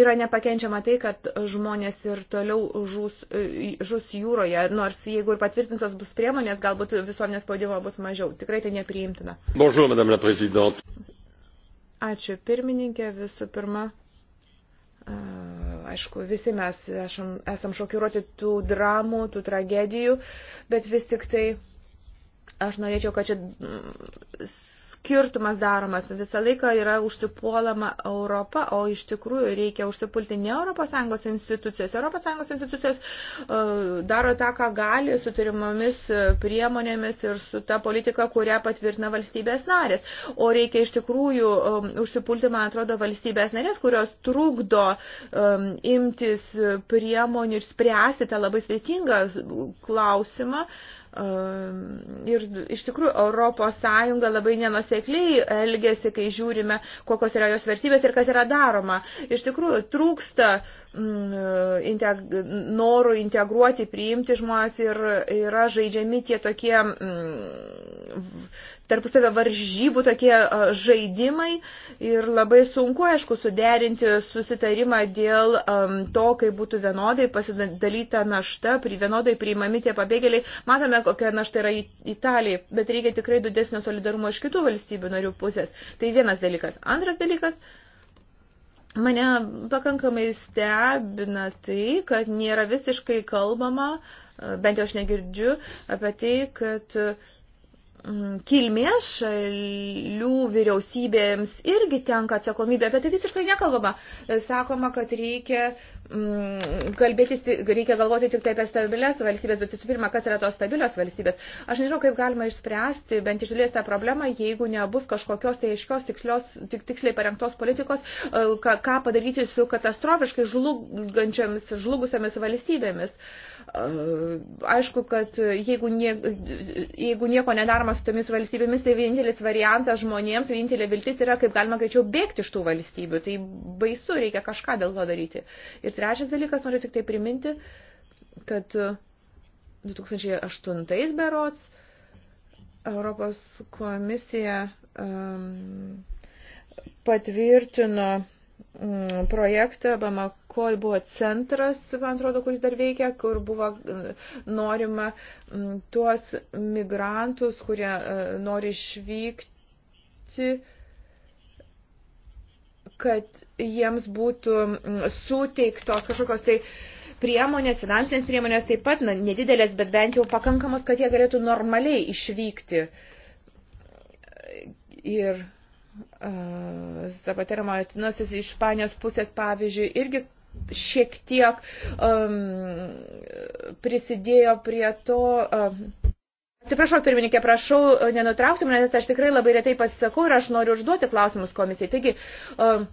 Yra nepakenčiama tai, kad žmonės ir toliau žus, e, žus jūroje, nors jeigu ir patvirtintos bus priemonės, galbūt visuomenės spaudimo bus mažiau. Tikrai tai nepriimtina. Bonjour, Ačiū pirmininkė visų pirma. Aišku, visi mes esam, esam šokiruoti tų dramų, tų tragedijų, bet vis tik tai aš norėčiau, kad čia skirtumas daromas. Visą laiką yra užsipuolama Europa, o iš tikrųjų reikia užsipulti ne ES institucijos. ES institucijos e, daro tą, ką gali su turimomis priemonėmis ir su ta politika, kurią patvirtina valstybės narės. O reikia iš tikrųjų e, užsipulti, man atrodo, valstybės narės, kurios trukdo um, imtis priemonių ir spręsti tą labai sudėtingą klausimą. Uh, Ehm, ir iš tikrųjų Europos Sąjunga labai nenusekliai elgesi, kai žiūrime, kokios yra jos versybės ir kas yra daroma. Iš tikrųjų trūksta mm, integ norų integruoti, priimti žmonės ir yra žaidžiami tie tokie. Mm, tarpusavio varžybų tokie žaidimai ir labai sunku, aišku, suderinti susitarimą dėl to, kai būtų vienodai pasidalyta našta, pri vienodai priimami tie pabėgėliai. Matome, kokia našta yra Italijai, bet reikia tikrai didesnio solidarumo iš kitų valstybių narių pusės. Tai vienas dalykas. Antras dalykas. Mane pakankamai stebina tai, kad nėra visiškai kalbama, bent jau aš negirdžiu, apie tai, kad uh, Mm, kilmės šalių vyriausybėms irgi tenka atsakomybė, apie tai visiškai nekalbama. Sakoma, kad reikia, mm, kalbėtis, reikia galvoti tik tai apie stabilias valstybės, bet visų pirma, kas yra tos stabilios valstybės. Aš nežinau, kaip galima išspręsti bent iš dalies tą problemą, jeigu nebus kažkokios tai aiškios, tikslios, tik, tiksliai parengtos politikos, e, ką, ką padaryti su katastrofiškai žlugančiamis, žlugusiamis valstybėmis. E, aišku, kad jeigu, nie, jeigu nieko nedaroma bendradarbiavimas su tomis valstybėmis, tai vienintelis variantas žmonėms, vienintelė viltis yra, kaip galima greičiau bėgti iš tų valstybių. Tai baisu, reikia kažką dėl to daryti. Ir trečias dalykas, noriu tik tai priminti, kad 2008 berots Europos komisija um, patvirtino Mm, projektą, Bamako buvo centras, man atrodo, kuris dar veikia, kur buvo mm, norima mm, tuos migrantus, kurie e, nori išvykti, kad jiems būtų suteiktos kažkokios tai priemonės, finansinės priemonės taip pat, na, nedidelės, bet bent jau pakankamos, kad jie galėtų normaliai išvykti. Ir Zapatero Martinosas iš Ispanijos pusės, pavyzdžiui, irgi šiek tiek um, prisidėjo prie to. Um, Atsiprašau, pirmininkė, prašau, nenutraukti manęs, aš tikrai labai retai pasisakau ir aš noriu užduoti klausimus komisijai. Taigi, um,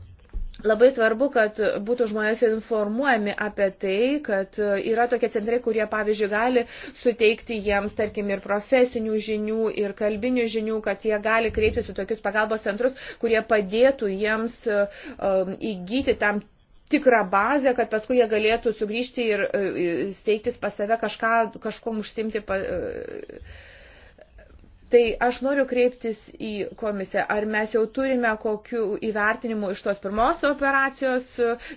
Labai svarbu, kad būtų žmonės informuojami apie tai, kad yra tokie centrai, kurie, pavyzdžiui, gali suteikti jiems, tarkim, ir profesinių žinių, ir kalbinių žinių, kad jie gali kreiptis į tokius pagalbos centrus, kurie padėtų jiems um, įgyti tam tikrą bazę, kad paskui jie galėtų sugrįžti ir e, steigtis pas save kažką, kažkom užsimti. Pa, uh, Tai aš noriu kreiptis į komisiją, ar mes jau turime kokių įvertinimų iš tos pirmos operacijos,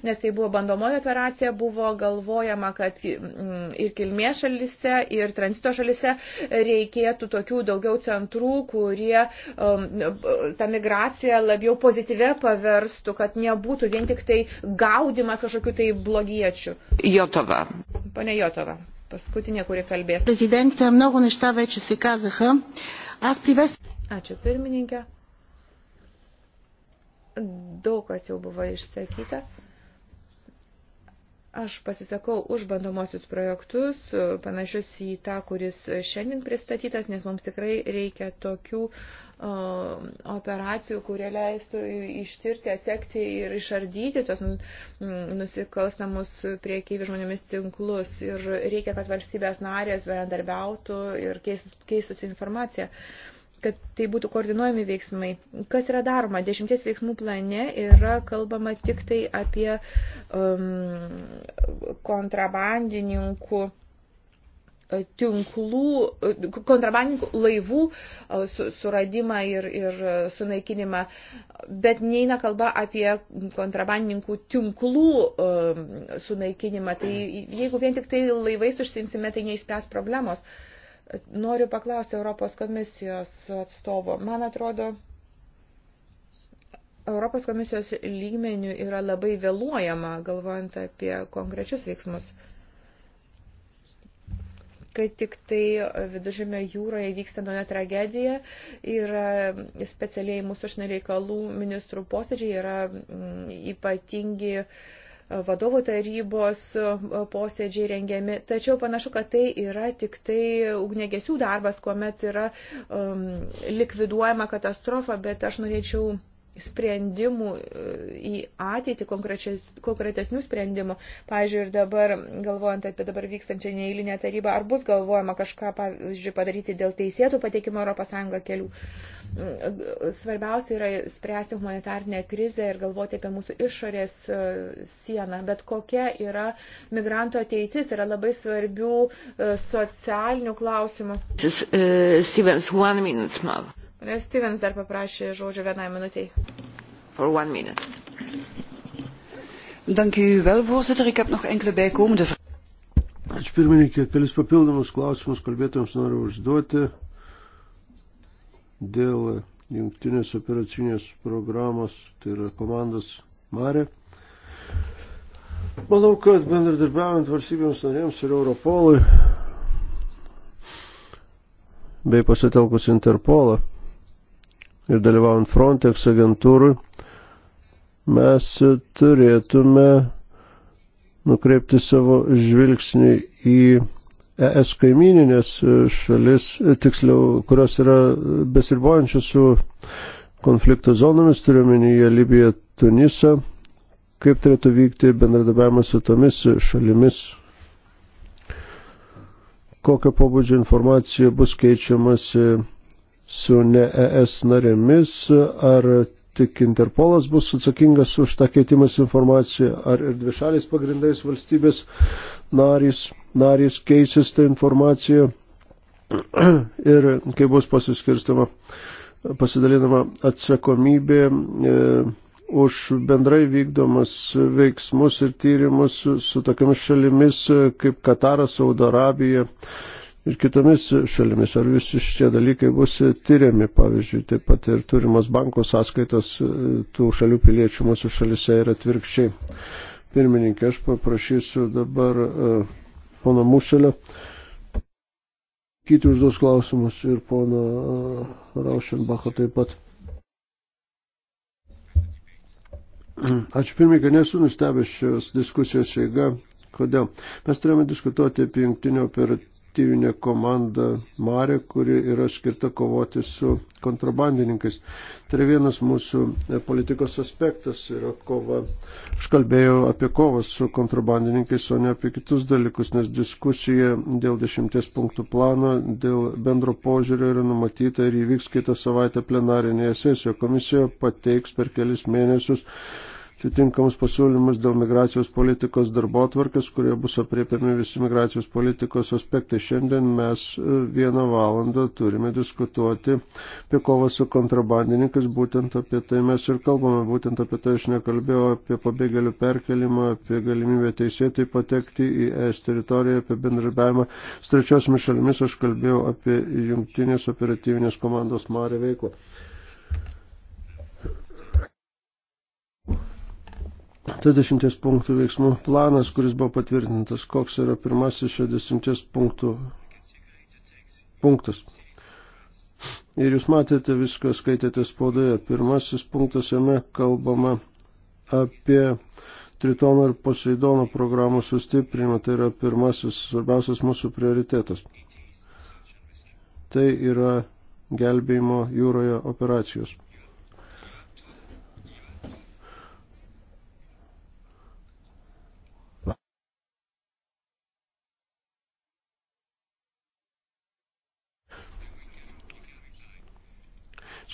nes tai buvo bandomoji operacija, buvo galvojama, kad mm, ir kilmės šalise, ir tranzito šalise reikėtų tokių daugiau centrų, kurie um, tą migraciją labiau pozityvę paverstų, kad nebūtų vien tik tai gaudimas kažkokių tai blogiečių. Jotova. Pane Jotova paskutinė, kuri kalbės. Prezidentė, mnogo nešta veči se kazaha. Aš prives. Ačiū pirmininkė. Daug kas jau buvo išsakyta. Aš pasisakau už bandomosius projektus, panašius į tą, kuris šiandien pristatytas, nes mums tikrai reikia tokių uh, operacijų, kurie leistų ištirti, atsekti ir išardyti tos nusikalstamus priekyvių žmonėmis tinklus. Ir reikia, kad valstybės narės bendarbiautų ir keistųsi informaciją kad tai būtų koordinuojami veiksmai. Kas yra daroma? Dešimties veiksmų plane yra kalbama tik tai apie um, kontrabandininkų uh, tinklų, kontrabandininkų laivų e, suradimą ir, ir sunaikinimą, bet neina kalba apie kontrabandininkų tinklų e, sunaikinimą. Tai jeigu vien tik tai laivais užsimsime, tai neišspręs problemos. Noriu paklausti Europos komisijos atstovo. Man atrodo, Europos komisijos lygmenių yra labai vėluojama, galvojant apie konkrečius veiksmus kad tik tai viduržėmio jūroje vyksta nauja tragedija ir specialiai mūsų užsienio reikalų ministrų posėdžiai yra mm, ypatingi e, vadovų tarybos e, posėdžiai rengiami. Tačiau panašu, kad tai yra tik tai ugnegesių darbas, kuomet yra um, likviduojama katastrofa, bet aš norėčiau sprendimų e, į ateitį, konkretesnių sprendimų. Pavyzdžiui, ir dabar, galvojant apie dabar vykstančią neįlinę tarybą, ar bus galvojama kažką, pavyzdžiui, padaryti dėl teisėtų pateikimo ES kelių. Mm, svarbiausia yra spręsti humanitarnę krizę ir galvoti apie mūsų išorės e, sieną. Bet kokia yra migrantų ateitis, yra labai svarbių e, socialinių klausimų. Uh, Stevens, one minute, mother. Nes Stevens dar paprašė žodžio vienai minutiai. For one minute. Dank u wel, voorzitter. Ik heb nog enkele bijkomende vragen. Ačiū pirmininkė, kelis papildomus klausimus kalbėtojams noriu užduoti dėl jungtinės operacinės programos, tai yra komandos Marė. Manau, kad bendradarbiaujant valstybėms narėms ir Europolui bei pasitelkus Interpolą ir dalyvaujant Frontex agentūrui, mes turėtume nukreipti savo žvilgsnį į ES kaimininės šalis, tiksliau, kurios yra besirbojančios su konflikto zonomis, turiuomenyje Libiją, Tunisą, kaip turėtų vykti bendradarbiavimas su tomis šalimis, kokio pobūdžio informacija bus keičiamasi su ne ES narėmis, ar tik Interpolas bus atsakingas už tą keitimas informaciją, ar ir dvišaliais pagrindais valstybės narys, narys keisis tą informaciją ir kai bus pasiskirstama, pasidalinama atsakomybė e, už bendrai vykdomas veiksmus ir tyrimus su tokiamis šalimis e, kaip Kataras, Saudo Arabija, ir kitomis šalimis. Ar visi šitie dalykai bus tyriami, pavyzdžiui, taip pat ir turimas banko sąskaitos e, tų šalių piliečių mūsų šalise ir atvirkščiai. Pirmininkė, aš paprašysiu dabar uh, pono Muselio, kiti užduos klausimus ir pono uh, e, Raušenbacho taip pat. Ačiū pirmininkai, nesu nustebęs šios diskusijos eiga. Kodėl? Mes turėjome diskutuoti apie jungtinio operatyvą detektyvinė komanda Marė, kuri yra skirta kovoti su kontrabandininkais. Tai yra vienas mūsų e, politikos aspektas yra kova. Aš kalbėjau apie kovą su kontrabandininkais, o ne apie kitus dalykus, nes diskusija dėl dešimties punktų plano, dėl bendro požiūrio yra numatyta ir įvyks kitą savaitę plenarinėje sesijoje. Komisija pateiks per kelis mėnesius atitinkamus pasiūlymus dėl migracijos politikos darbotvarkės, kurie bus apriepiami visi migracijos politikos aspektai. Šiandien mes e, vieną valandą turime diskutuoti apie kovą su kontrabandininkais, būtent apie tai mes ir kalbame, būtent apie tai aš nekalbėjau, apie pabėgėlių perkelimą, apie galimybę teisėtai patekti į ES teritoriją, apie bendradarbiavimą su trečiosiomis šalimis, aš kalbėjau apie jungtinės operatyvinės komandos Marė veiklą. 30 punktų veiksmų planas, kuris buvo patvirtintas. Koks yra pirmasis šio 10 punktų punktas? Ir jūs matėte viską, skaitėte spaudoje. Pirmasis punktas jame kalbama apie Tritono ir Poseidono programų sustiprinimą. Tai yra pirmasis svarbiausias mūsų prioritetas. Tai yra gelbėjimo jūroje operacijos.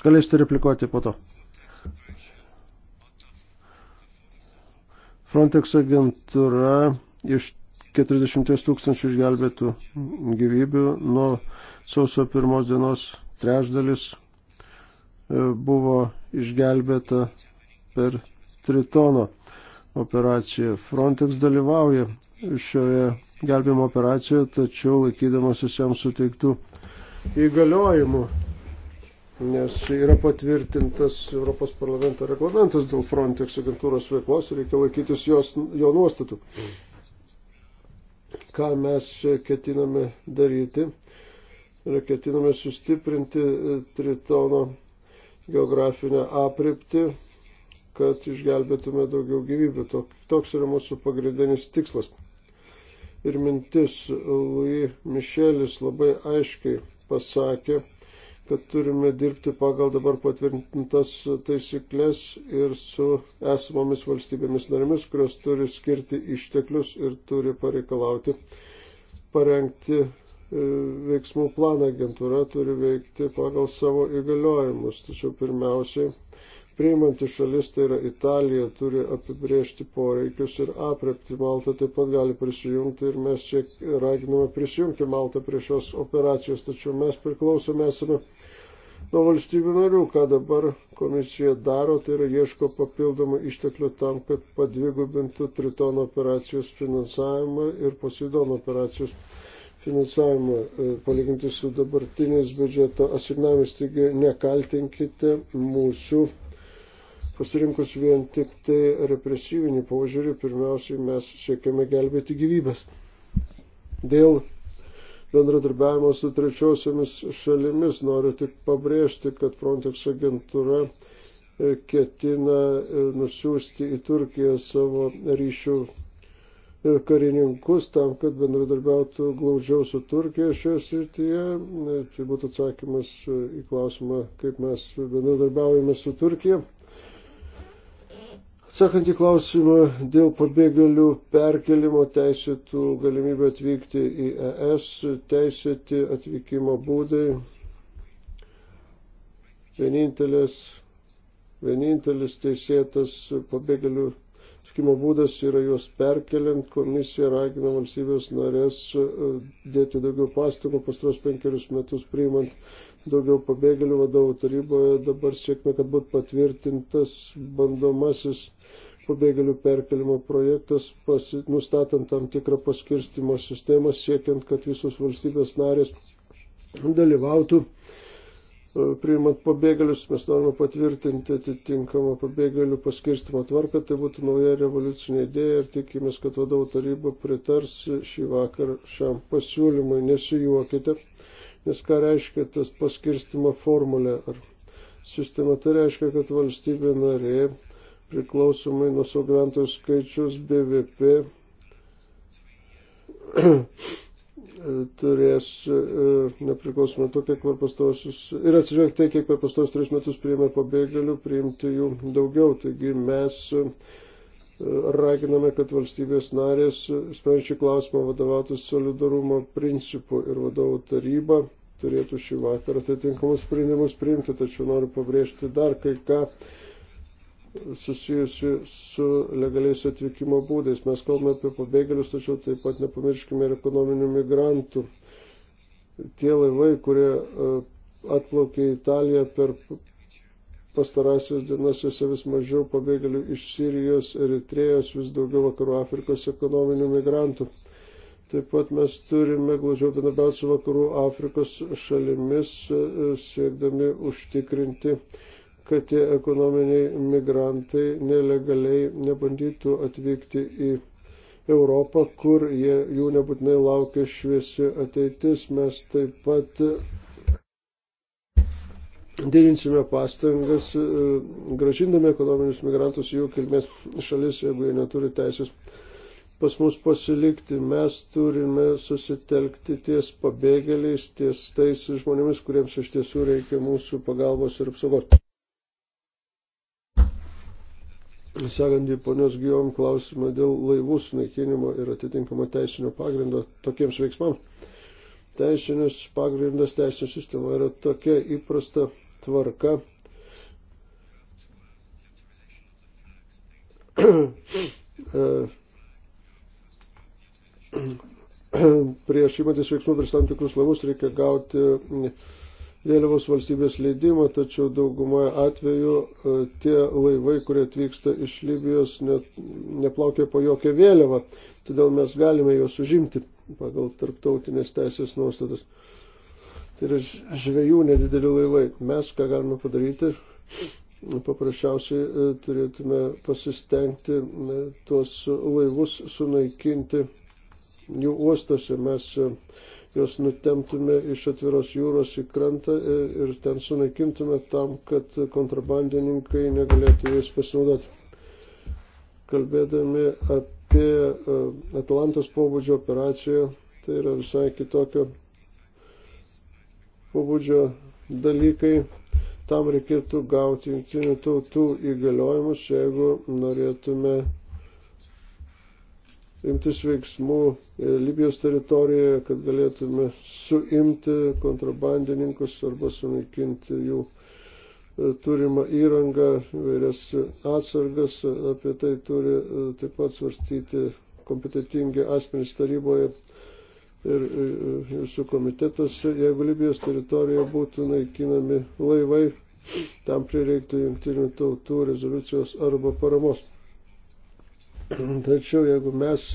Jūs galėsite tai replikuoti po to. Frontex agentūra iš 40 tūkstančių išgelbėtų gyvybių nuo sausio pirmos dienos trešdalis e, buvo išgelbėta per Tritono operaciją. Frontex dalyvauja šioje gelbėjimo operacijoje, tačiau laikydamas jiems suteiktų įgaliojimų nes yra patvirtintas Europos parlamento reglamentas dėl Frontex agentūros veiklos ir reikia laikytis jos, jo nuostatų. Ką mes ketiname daryti? Ir ketiname sustiprinti e, Tritono geografinę apriptį, kad išgelbėtume daugiau gyvybių. Toks yra mūsų pagrindinis tikslas. Ir mintis Louis Mišelis labai aiškiai pasakė, kad turime dirbti pagal dabar patvirtintas taisyklės ir su esamomis valstybėmis narėmis, kurios turi skirti išteklius ir turi pareikalauti parengti e, veiksmų planą. Agentūra turi veikti pagal savo įgaliojimus. Tačiau pirmiausiai, priimanti šalis, tai yra Italija, turi apibriežti poreikius ir aprepti. Malta taip pat gali prisijungti ir mes siek, raginame prisijungti Maltą prie šios operacijos, tačiau mes priklausome esame nuo valstybių narių, ką dabar komisija daro, tai yra ieško papildomų išteklių tam, kad padvigubintų Tritono operacijos finansavimą ir Posidono operacijos finansavimą, e, palyginti su dabartiniais biudžeto asignavimis, taigi nekaltinkite mūsų. Pasirinkus vien tik tai represyvinį požiūrį, pirmiausiai mes siekiame gelbėti gyvybės. Dėl bendradarbiavimo su trečiosiomis šalimis. Noriu tik pabrėžti, kad Frontex agentūra e, ketina e, nusiųsti į Turkiją savo ryšių e, karininkus tam, kad bendradarbiautų glaudžiau su Turkija šioje srityje. Tai būtų atsakymas į klausimą, kaip mes bendradarbiaujame su Turkija. Atsakant į klausimą dėl pabėgėlių perkelimo teisėtų galimybę atvykti į ES, teisėti atvykimo būdai, vienintelis, vienintelis teisėtas pabėgėlių atvykimo būdas yra juos perkeliant, komisija ragina valstybės narės e, dėti daugiau pastangų pastaros penkerius metus priimant daugiau pabėgėlių vadovų taryboje. Dabar siekime, kad būtų patvirtintas bandomasis pabėgėlių perkelimo projektas, pasi, nustatant tam tikrą paskirstimo sistemą, siekiant, kad visos valstybės narės dalyvautų. E, priimant pabėgėlius, mes norime patvirtinti atitinkamą pabėgėlių paskirstimo tvarką, tai būtų nauja revoliucinė idėja ir tikimės, kad vadovų taryba pritars šį vakar šiam pasiūlymui. Nesijuokite nes ką reiškia tas paskirstimo formulė ar sistema, tai reiškia, kad valstybė narė priklausomai nuo savo gyventojų skaičius BVP turės e, nepriklausomai to, kiek per pastarosius ir atsižvelgti, tai, kiek per pastarosius tris metus priėmė pabėgėlių, priimti jų daugiau. Taigi mes raginame, kad valstybės narės sprendžių klausimą vadovautų solidarumo principu ir vadovų taryba turėtų šį vakarą atitinkamus sprendimus priimti, tačiau noriu pabrėžti dar kai ką susijusi su legaliais atvykimo būdais. Mes kalbame apie pabėgėlius, tačiau taip pat nepamirškime ir ekonominių migrantų. Tie laivai, kurie e, atplaukė į Italiją per pastarąsias dienas juose vis mažiau pabėgėlių iš Sirijos, Eritrėjos, vis daugiau vakarų Afrikos ekonominių migrantų. Taip pat mes turime glaudžiau bendrabiauti su vakarų Afrikos šalimis, e, e, siekdami užtikrinti, kad tie ekonominiai migrantai nelegaliai nebandytų atvykti į Europą, kur jie, jų nebūtinai laukia šviesi ateitis. Mes taip pat didinsime pastangas, e, gražindami ekonominius migrantus jų kilmės šalis, jeigu jie neturi teisės pas mus pasilikti. Mes turime susitelkti ties pabėgėliais, ties tais žmonėmis, kuriems iš tiesų reikia mūsų pagalbos ir apsaugos. Sekant į ponios Gijom klausimą dėl laivų sunaikinimo ir atitinkamo teisinio pagrindo tokiems veiksmams teisinis pagrindas teisinė sistema yra tokia įprasta tvarka. Prieš įmantis veiksmų prieš tam tikrus laivus reikia gauti vėliavos valstybės leidimą, tačiau dauguma atveju e, tie laivai, kurie atvyksta iš Libijos, net, neplaukia po jokią vėliavą, todėl mes galime juos užimti pagal tarptautinės teisės nuostatas. Tai yra žvejų nedideli laivai. Mes ką galime padaryti? Paprasčiausiai e, turėtume pasistengti e, tuos laivus sunaikinti jų uostose. Mes e, juos nutemtume iš atviros jūros į krantą ir ten sunaikintume tam, kad kontrabandininkai negalėtų jais pasinaudoti. Kalbėdami apie pati e, Atalantos pobūdžio operacija, tai yra visai kitokio pobūdžio dalykai. Tam reikėtų gauti jungtinių tautų įgaliojimus, jeigu norėtume imtis veiksmų e, Libijos teritorijoje, kad galėtume suimti kontrabandininkus arba sunaikinti jų uh, E, turimą įrangą, vairias atsargas, e, apie tai turi e, taip pat svarstyti kompetitingi asmenys taryboje ir jūsų komitetas. Jeigu Libijos teritorijoje būtų naikinami laivai, tam prireiktų jungtinių tautų rezoliucijos arba paramos. Tačiau jeigu mes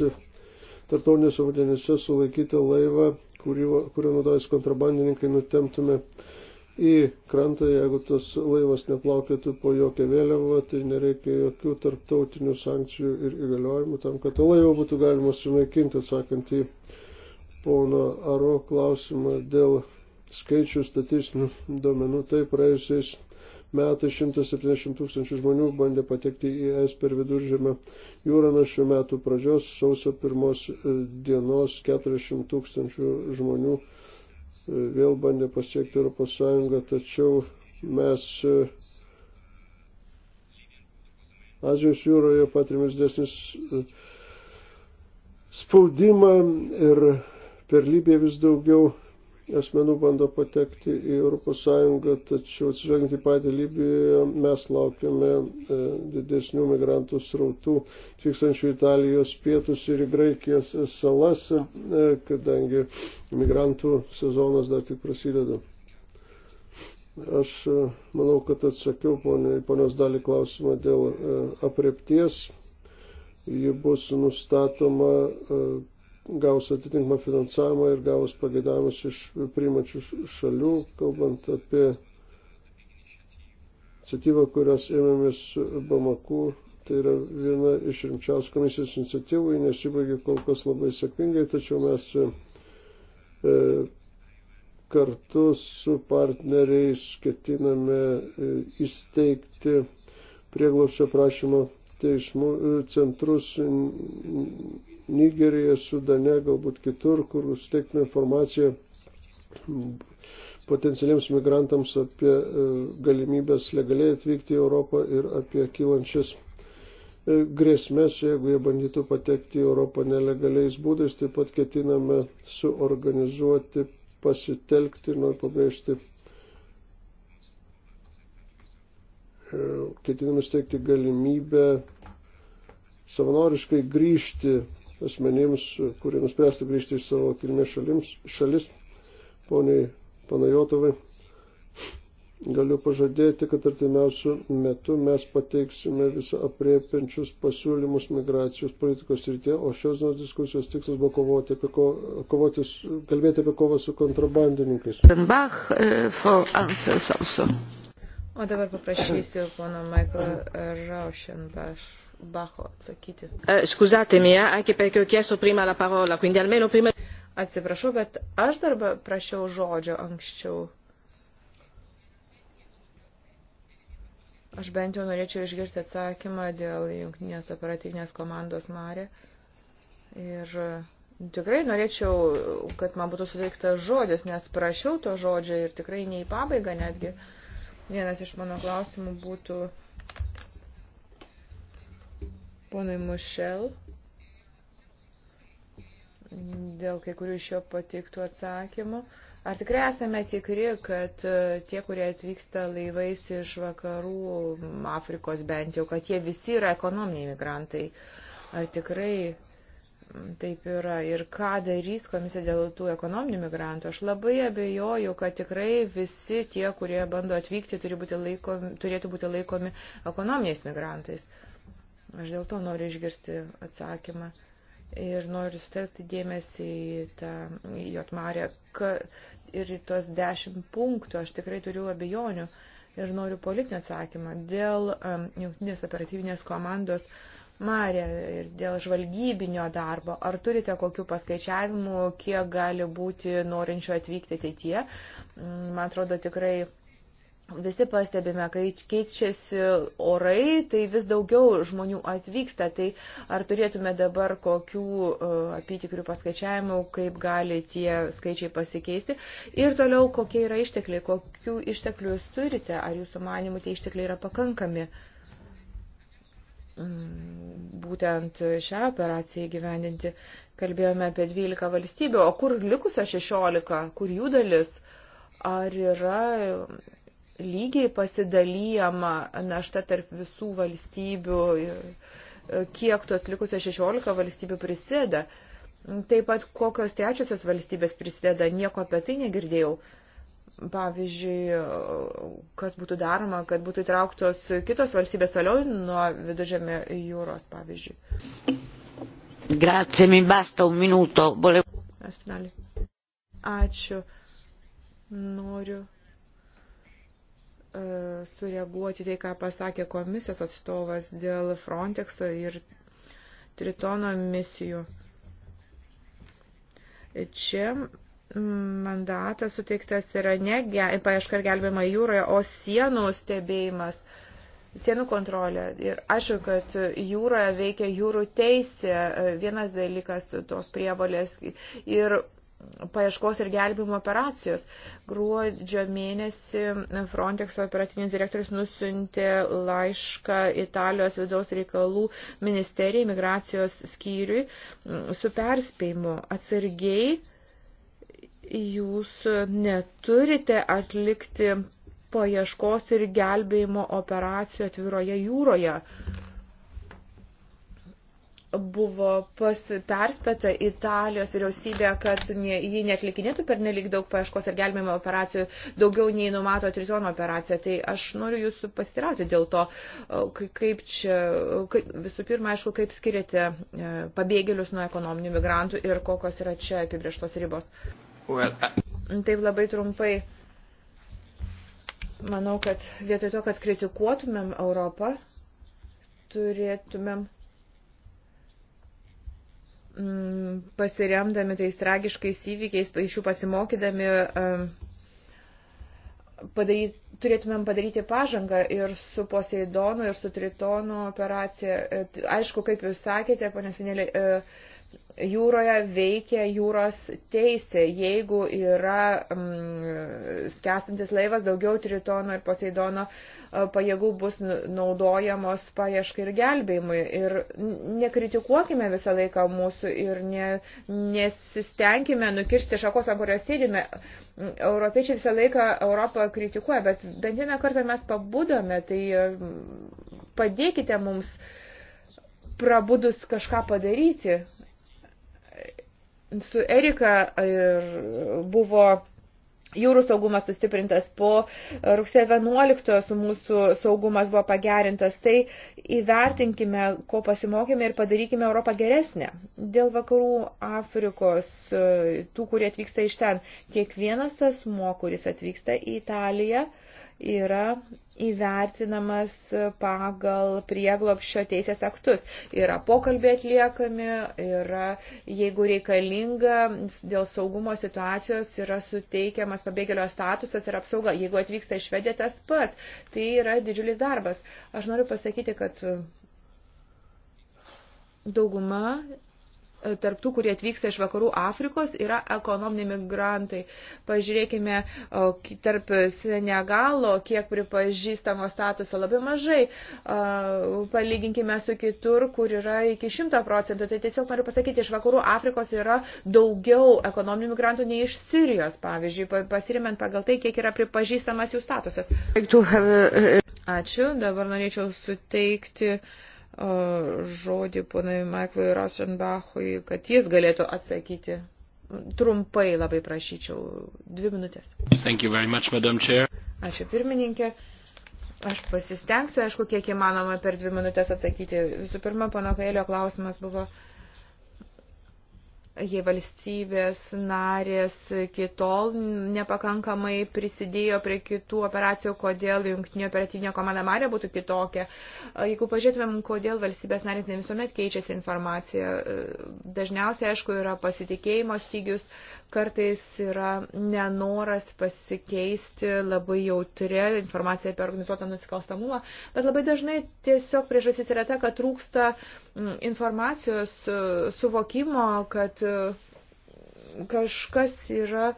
tarptautinėse vandenyse sulaikyti laivą, kurio naudojasi kontrabandininkai, nutemtume į krantą, jeigu tas laivas neplaukėtų po jokią vėliavą, tai nereikia jokių tarptautinių sankcijų ir įgaliojimų tam, kad tą laivą būtų galima sunaikinti, atsakant į pono Aro klausimą dėl skaičių statistinių duomenų. Tai praėjusiais metais 170 tūkstančių žmonių bandė patekti į ES per viduržėmę jūrą nuo šių metų pradžios, sausio pirmos dienos 40 tūkstančių žmonių vėl bandė pasiekti Europos Sąjungą, tačiau mes e, Azijos jūroje patirėmės desnis e, spaudimą ir per Libiją vis daugiau asmenų bando patekti į ES, tačiau atsižvelgiant į patį Libiją mes laukiame e, didesnių migrantų srautų, atvykstančių Italijos pietus ir į Graikijos salas, e, kadangi migrantų sezonas dar tik prasideda. Aš e, manau, kad atsakiau ponios dalį klausimą dėl apriepties. Ji bus nustatoma gaus atitinkamą finansavimą ir gaus pagėdavimus iš priimančių šalių, kalbant apie iniciatyvą, kurios ėmėmės Bamaku. Tai yra viena iš rimčiausių komisijos iniciatyvų, nes įbaigė kol kas labai sėkmingai, tačiau mes e, kartu su partneriais ketiname e, įsteigti prieglopščio prašymo teismų e, centrus Nigerija, Sudane, galbūt kitur, kur suteiktume informaciją potencialiems migrantams apie e, galimybės legaliai atvykti į Europą ir apie kylančias e, grėsmės, jeigu jie bandytų patekti į Europą nelegaliais būdais. Taip pat ketiname suorganizuoti, pasitelkti, noriu pabrėžti, e, ketiname steigti galimybę savanoriškai grįžti asmenims, kurie nuspręstų grįžti iš savo kilmės šalims, šalis, poniai Panajotovai. Galiu pažadėti, kad artimiausių metų mes pateiksime visą apriepiančius pasiūlymus migracijos politikos rytė, o šios dienos diskusijos tikslas buvo kovoti apie ko, kovoti, kalbėti apie kovą su kontrabandininkais. Bach, uh, o dabar paprašysiu pono Michael Rauschenbach Bacho atsakyti. E, Skuzatėmė, eh, anche perché ho chiesto prima la parola, quindi almeno prima... Atsiprašau, bet aš dar prašiau žodžio anksčiau. Aš bent jau norėčiau išgirti atsakymą dėl jungtinės operatyvinės komandos Marė. Ir e, tikrai norėčiau, kad man būtų suteiktas žodis, nes prašiau to žodžio ir tikrai ne į pabaigą netgi. Vienas iš mano klausimų būtų ponui Mušel dėl kai kurių iš jo pateiktų atsakymų. Ar tikrai esame tikri, kad e, tie, kurie atvyksta laivais iš vakarų Afrikos bent jau, kad jie visi yra ekonominiai migrantai? Ar tikrai taip yra? Ir ką darys komisija dėl tų ekonominių migrantų? Aš labai abejoju, kad tikrai visi tie, kurie bando atvykti, turi būti laikomi, turėtų būti laikomi ekonominiais migrantais. Uh, Aš dėl to noriu išgirsti atsakymą ir noriu sutelkti dėmesį į tą Jotmarę ir į tuos dešimt punktų. Aš tikrai turiu abejonių ir noriu politinį atsakymą dėl um, jungtinės operatyvinės komandos Marė ir dėl žvalgybinio darbo. Ar turite kokių paskaičiavimų, kiek gali būti norinčių atvykti ateitie? Mm, man atrodo, tikrai visi pastebime, kai keičiasi orai, tai vis daugiau žmonių atvyksta. Tai ar turėtume dabar kokių e, apytikrių paskaičiavimų, kaip gali tie skaičiai pasikeisti? Ir toliau, kokie yra ištekliai, kokių išteklių jūs turite, ar jūsų manimų tie ištekliai yra pakankami? Mm, būtent šią operaciją gyvendinti, kalbėjome apie 12 valstybių, o kur likusio 16, kur jų dalis, ar yra lygiai pasidalyjama našta tarp visų valstybių, kiek tos likusios 16 valstybių prisėda. Taip pat kokios trečiosios valstybės prisideda, nieko apie tai negirdėjau. Pavyzdžiui, kas būtų daroma, kad būtų įtrauktos kitos valstybės toliau nuo viduržėmio jūros, pavyzdžiui. Grazie, mi basta un minuto. Vole... Ačiū. Noriu E, sureaguoti tai, ką pasakė komisijos atstovas dėl Frontexo ir Tritono misijų. Čia mandatas suteiktas yra ne paieška ir gelbėjama jūroje, o sienų stebėjimas, sienų kontrolė. Ir aišku, kad jūroje veikia jūrų teisė, vienas dalykas tos prievalės. Ir paieškos ir gelbimo operacijos. Gruodžio mėnesį Frontex operatinis direktorius nusintė laišką Italijos vidaus reikalų ministerijai, migracijos skyriui mm, su perspėjimu atsargiai jūs neturite atlikti paieškos ir gelbėjimo operacijų atviroje jūroje buvo perspėta Italijos vyriausybė, kad ne, ji netlikinėtų per nelik daug paieškos ir gelbėjimo operacijų, daugiau nei numato tritono operacija. Tai aš noriu jūsų pasirauti dėl to, kaip čia, kaip, visų pirma, aišku, kaip skiriate e, pabėgėlius nuo ekonominių migrantų ir kokios yra čia apibrieštos ribos. Well, I... Taip labai trumpai. Manau, kad vietoj to, kad kritikuotumėm Europą, turėtumėm Mm, pasiremdami tais tragiškais įvykiais, iš jų pasimokydami, padaryt, turėtumėm padaryti pažangą ir su Poseidonu, ir su Tritonu operacija. Aišku, kaip jūs sakėte, ponė Sinėlė, e, jūroje veikia jūros teisė. Jeigu yra mm, skestantis laivas, daugiau Tritono ir Poseidono e, pajėgų bus naudojamos paieškai ir gelbėjimui. Ir nekritikuokime visą laiką mūsų ir ne, nesistengime nukišti šakos, ant kurios sėdime. Mm, europiečiai visą laiką Europą kritikuoja, bet bent vieną kartą mes pabudome, tai mm, padėkite mums prabudus kažką padaryti su Erika ir e, buvo jūrų saugumas sustiprintas po rugsėjo 11 mūsų saugumas buvo pagerintas, tai įvertinkime, ko pasimokėme ir padarykime Europą geresnę. Dėl vakarų Afrikos, e, tų, kurie atvyksta iš ten, kiekvienas asmo, kuris atvyksta į Italiją, yra įvertinamas pagal prieglopščio teisės aktus. Yra pokalbė atliekami, yra, jeigu reikalinga, dėl saugumo situacijos yra suteikiamas pabėgėlio statusas ir apsauga. Jeigu atvyksta iš Švedijos, tas pats. Tai yra didžiulis darbas. Aš noriu pasakyti, kad dauguma E, tarptų, kurie atvyksta iš vakarų Afrikos, yra ekonominiai migrantai. Pažiūrėkime, tarp Senegalo, kiek pripažįstamo statuso labai mažai, palyginkime su kitur, kur yra iki 100 procentų. Tai tiesiog noriu pasakyti, iš vakarų Afrikos yra daugiau ekonominių migrantų nei iš Sirijos, pavyzdžiui, pasirimant pagal tai, kiek yra pripažįstamas jų statusas. Ačiū, dabar norėčiau suteikti. Uh, žodį ponui Maiklui Rasenbachui, kad jis galėtų atsakyti. Trumpai labai prašyčiau, dvi minutės. Thank you very much, Madam Chair. Ačiū pirmininkė. Aš pasistengsiu, aišku, kiek įmanoma per dvi minutės atsakyti. Visų pirma, pano Kailio klausimas buvo uh, jei valstybės narės kitol nepakankamai prisidėjo prie kitų operacijų, kodėl jungtinė operatyvinė komanda Marė būtų kitokia. Jeigu pažiūrėtumėm, kodėl valstybės narės ne visuomet keičiasi informacija, dažniausiai, aišku, yra pasitikėjimo stygius, kartais yra nenoras pasikeisti labai jautri informacija apie organizuotą nusikalstamumą, bet labai dažnai tiesiog priežastis yra ta, kad trūksta mm, informacijos e, suvokimo, kad e, kažkas yra,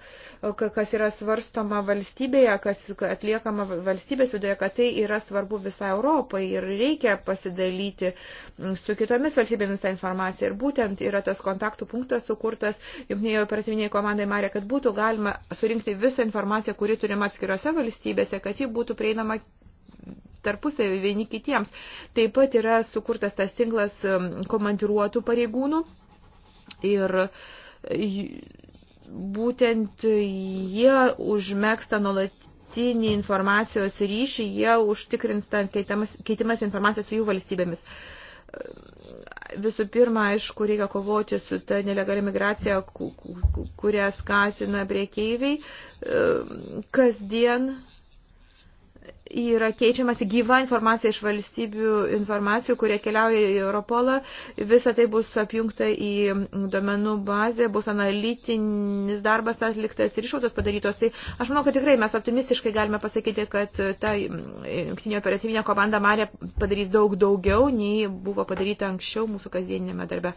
kas yra svarstoma valstybėje, kas atliekama valstybės viduje, kad tai yra svarbu visai Europai ir reikia pasidalyti mm, su kitomis valstybėmis tą informaciją. Ir būtent yra tas kontaktų punktas sukurtas, jungtinėje operatyviniai komandai Marė, kad būtų galima surinkti visą informaciją, kuri turima atskirose valstybėse, kad ji būtų prieinama tarpusavį vieni kitiems. Taip pat yra sukurtas tas tinklas mm, komandiruotų pareigūnų. Ir uh, būtent jie užmėgsta nuolatinį informacijos ryšį, jie užtikrins tą keitimas informacijos su jų valstybėmis. Visų pirma, aišku, reikia kovoti su ta nelegali migracija, kurią skatina priekeiviai kasdien yra keičiamasi gyva informacija iš valstybių informacijų, kurie keliauja į Europolą. Visa tai bus apjungta į domenų bazę, bus analitinis darbas atliktas ir išvados padarytos. Tai aš manau, kad tikrai mes optimistiškai galime pasakyti, kad ta jungtinė operatyvinė komanda Marė padarys daug daugiau, nei buvo padaryta anksčiau mūsų kasdieninėme darbe.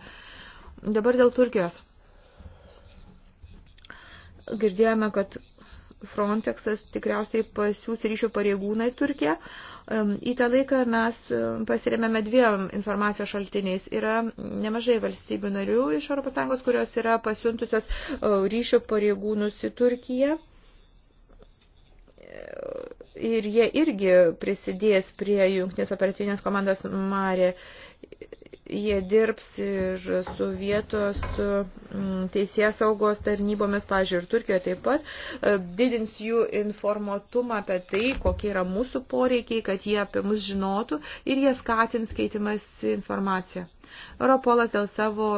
Dabar dėl Turkijos. Girdėjome, kad Frontexas tikriausiai pasiūs ryšių pareigūną į Turkiją. Į tą laiką mes pasiremėme dviem informacijos šaltiniais. Yra nemažai valstybių narių iš ES, kurios yra pasiuntusios e, ryšių pareigūnus į Turkiją. E, ir jie irgi prisidės prie jungtinės operatyvinės komandos Marė jie dirbs ir su vietos mm, teisės saugos tarnybomis, pažiūrėjau, ir Turkijoje taip pat, e, didins jų informatumą apie tai, kokie yra mūsų poreikiai, kad jie apie mus žinotų ir jie skatins keitimas informaciją. Europolas dėl savo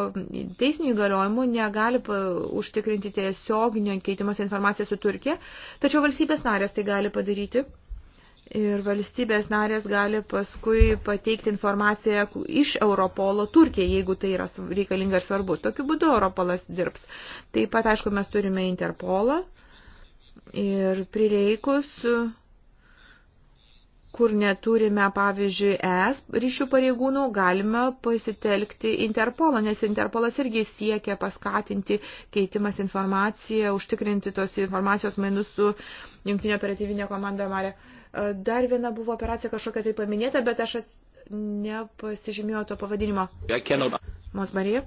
teisinių įgaliojimų negali užtikrinti tiesioginio keitimas informaciją su Turkija, tačiau valstybės narės tai gali padaryti Ir valstybės narės gali paskui pateikti informaciją iš Europolo Turkijai, jeigu tai yra reikalinga ir svarbu. Tokiu būdu Europolas dirbs. Taip pat, aišku, mes turime Interpolą ir prireikus, kur neturime, pavyzdžiui, ES ryšių pareigūnų, galime pasitelkti Interpolą, nes Interpolas irgi siekia paskatinti keitimas informaciją, užtikrinti tos informacijos mainus su jungtinio operatyvinė komanda Marė. E, dar viena buvo operacija kažkokia tai paminėta, bet aš at... nepasižymėjau to pavadinimo. Mosmarija?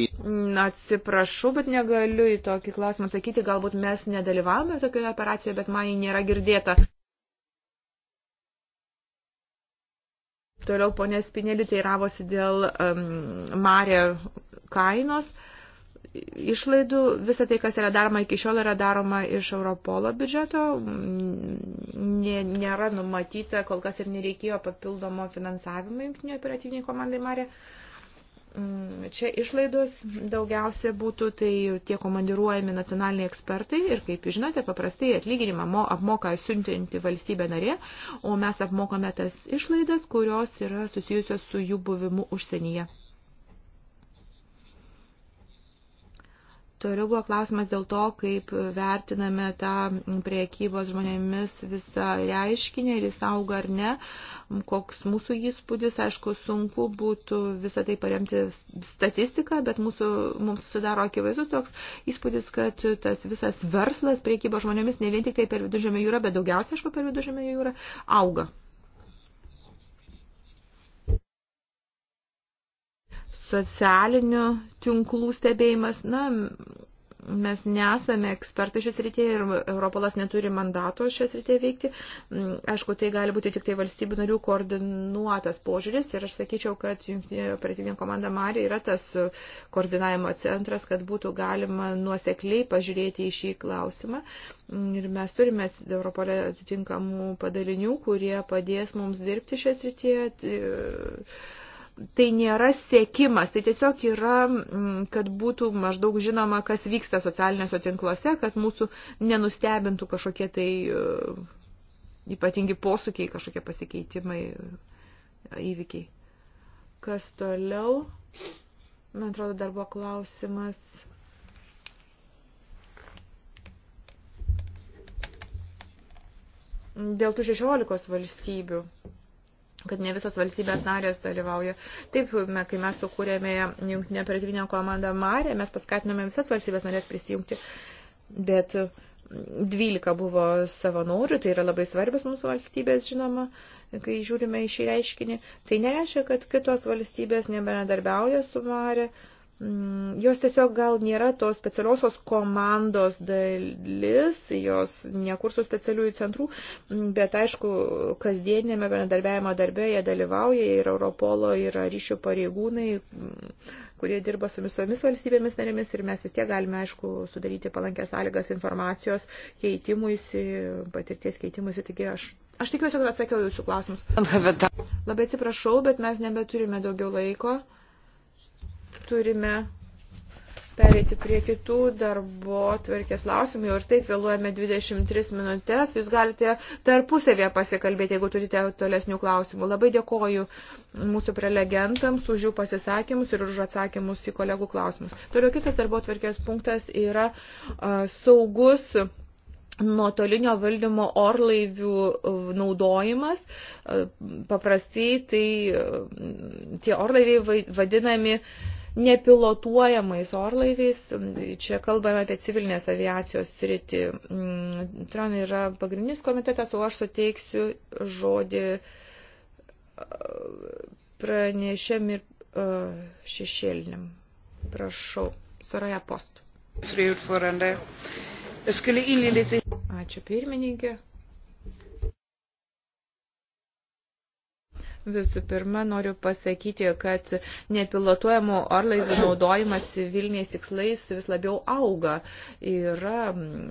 Mm, atsiprašau, bet negaliu į tokį klausimą atsakyti. Galbūt mes nedalyvavome tokioje operacijoje, bet man jį nėra girdėta. Toliau ponė Spinelį teiravosi dėl um, Marė kainos. Uh, išlaidų, visą tai, kas yra daroma iki šiol, yra daroma iš Europolo biudžeto. Nėra numatyta, kol kas ir nereikėjo papildomo finansavimo jungtinio operatyviniai komandai Marė. Mm, čia išlaidos daugiausia būtų tai tie komandiruojami nacionaliniai ekspertai ir, kaip žinote, paprastai atlyginimą apmoka siuntinti valstybė narė, o mes apmokame tas išlaidas, kurios yra susijusios su jų buvimu užsienyje. Toliau buvo klausimas dėl to, kaip vertiname tą priekybos žmonėmis visą reiškinį, ar jis auga ar ne, koks mūsų įspūdis, aišku, sunku būtų visą tai paremti statistiką, bet mūsų, mums sudaro akivaizdus toks įspūdis, kad tas visas verslas priekybos žmonėmis ne vien tik tai per viduržėmio jūrą, bet daugiausia, aišku, per viduržėmio jūrą auga. socialinių tinklų stebėjimas. Na, mes nesame ekspertai šios rytėje ir Europolas neturi mandato šios rytėje veikti. Mm, aišku, tai gali būti tik tai valstybių narių koordinuotas požiūris ir aš sakyčiau, kad jungtinė operatyvinė komanda Marija yra tas koordinavimo centras, kad būtų galima nuosekliai pažiūrėti į šį klausimą. Mm, ir mes turime Europolė atitinkamų padalinių, kurie padės mums dirbti šios rytėje. Tai, tai nėra sėkimas, tai tiesiog yra, mm, kad būtų maždaug žinoma, kas vyksta socialiniuose tinkluose, kad mūsų nenustebintų kažkokie tai e, ypatingi posūkiai, kažkokie pasikeitimai, e, įvykiai. Kas toliau? Man atrodo, dar buvo klausimas. Dėl tų 16 valstybių kad ne visos valstybės narės dalyvauja. Taip, kai mes sukūrėme jungtinę operatyvinę komandą Marė, mes paskatinome visas valstybės narės prisijungti, bet 12 mm, buvo savanorių, tai yra labai svarbus mūsų valstybės, žinoma, kai žiūrime į šį reiškinį. Tai nereiškia, kad kitos valstybės nebenedarbiauja su Marė. Uh, Mm, jos tiesiog gal nėra tos specialiosios komandos dalis, jos nekursų specialiųjų centrų, mm, bet aišku, kasdienėme bendradarbiavimo darbe jie dalyvauja ir Europolo yra ryšių pareigūnai, mm, kurie dirba su visomis valstybėmis narėmis ir mes vis tiek galime, aišku, sudaryti palankias sąlygas informacijos keitimuisi, patirties keitimuisi, taigi aš Aš tikiuosi, kad atsakiau jūsų klausimus. Labai atsiprašau, bet mes nebeturime daugiau laiko turime perėti prie kitų darbo tvarkės klausimų. Jau ir taip vėluojame 23 minutės. Jūs galite tarpusavėje pasikalbėti, jeigu turite tolesnių klausimų. Labai dėkoju mūsų prelegentams už jų pasisakymus ir už atsakymus į kolegų klausimus. Toliau kitas darbo tvarkės punktas yra a, saugus nuotolinio valdymo orlaivių naudojimas. Paprastai tai tie orlaiviai vadinami uh, nepilotuojamais orlaiviais. Čia kalbame apie civilinės aviacijos sritį. Mm, Tran yra pagrindinis komitetas, o aš suteiksiu žodį e, pranešėm ir e, šešėlinim. Prašau, Saraja Post. Ačiū pirmininkė. Visų pirma, noriu pasakyti, kad nepilotuojamų orlaivių naudojimas civiliniais tikslais vis labiau auga. Yra,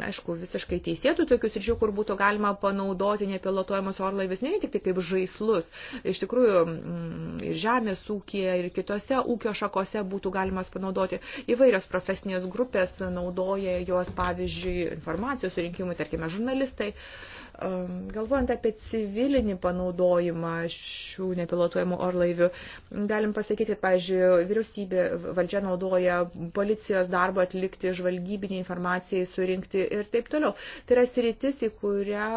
aišku, visiškai teisėtų tokių sričių, kur būtų galima panaudoti nepilotuojamus orlaivius ne tik tai kaip žaislus. Iš tikrųjų, mm, ir žemės ūkija, ir kitose ūkio šakose būtų galima panaudoti. Įvairios profesinės grupės naudoja juos, pavyzdžiui, informacijos surinkimui, tarkime, žurnalistai. Uh, Ehm, galvojant apie civilinį panaudojimą šių nepilotuojamų orlaivių, galim pasakyti, pavyzdžiui, vyriausybė valdžia naudoja policijos darbą atlikti, žvalgybinį informaciją surinkti ir taip toliau. Tai yra sritis, į kurią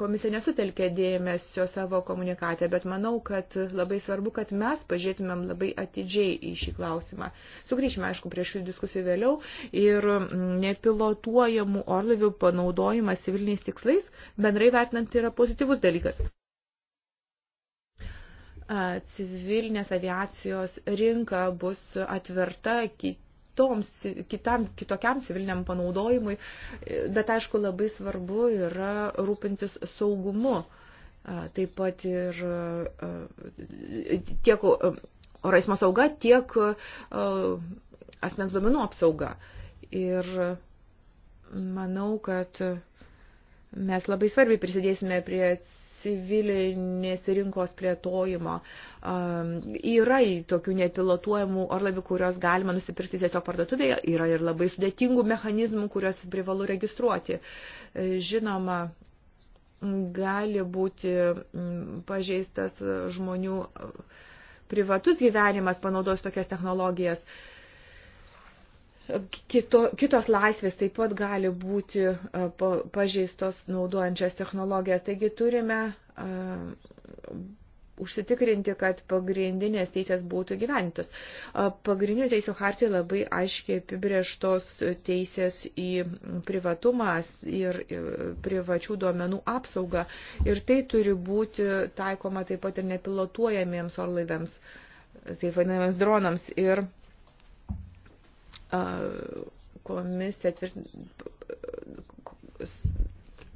komisija nesutelkė dėmesio savo komunikatę, bet manau, kad labai svarbu, kad mes pažiūrėtumėm labai atidžiai į šį klausimą. Sugrįšime, aišku, prie šių diskusijų vėliau ir nepilotuojamų orlaivių panaudojimas civiliniais tikslais, bet bendrai vertinant yra pozityvus dalykas. Civilinės aviacijos rinka bus atverta kit kitoms, kitam, kitokiam civiliniam panaudojimui, bet aišku labai svarbu yra rūpintis saugumu. Taip pat ir tiek oro eismo sauga, tiek asmens duomenų apsauga. Ir manau, kad Mes labai svarbiai prisidėsime prie civilinės rinkos plėtojimo. Um, yra tokių nepilotuojamų orlavių, kuriuos galima nusipirkti tiesiog parduotuvėje, yra ir labai sudėtingų mechanizmų, kuriuos privalu registruoti. E, žinoma, gali būti pažeistas žmonių privatus gyvenimas panaudojus tokias technologijas. Uh, Kito, kitos laisvės taip pat gali būti pažeistos naudojančias technologijas. Taigi turime uh, užsitikrinti, kad pagrindinės teisės būtų gyventos. Pagrindinių teisų hartijoje labai aiškiai apibrieštos teisės į privatumą ir privačių duomenų apsaugą. Ir tai turi būti taikoma taip pat ir nepilotuojamiems orlaiviams, taip vadinamiems dronams. Ir komisija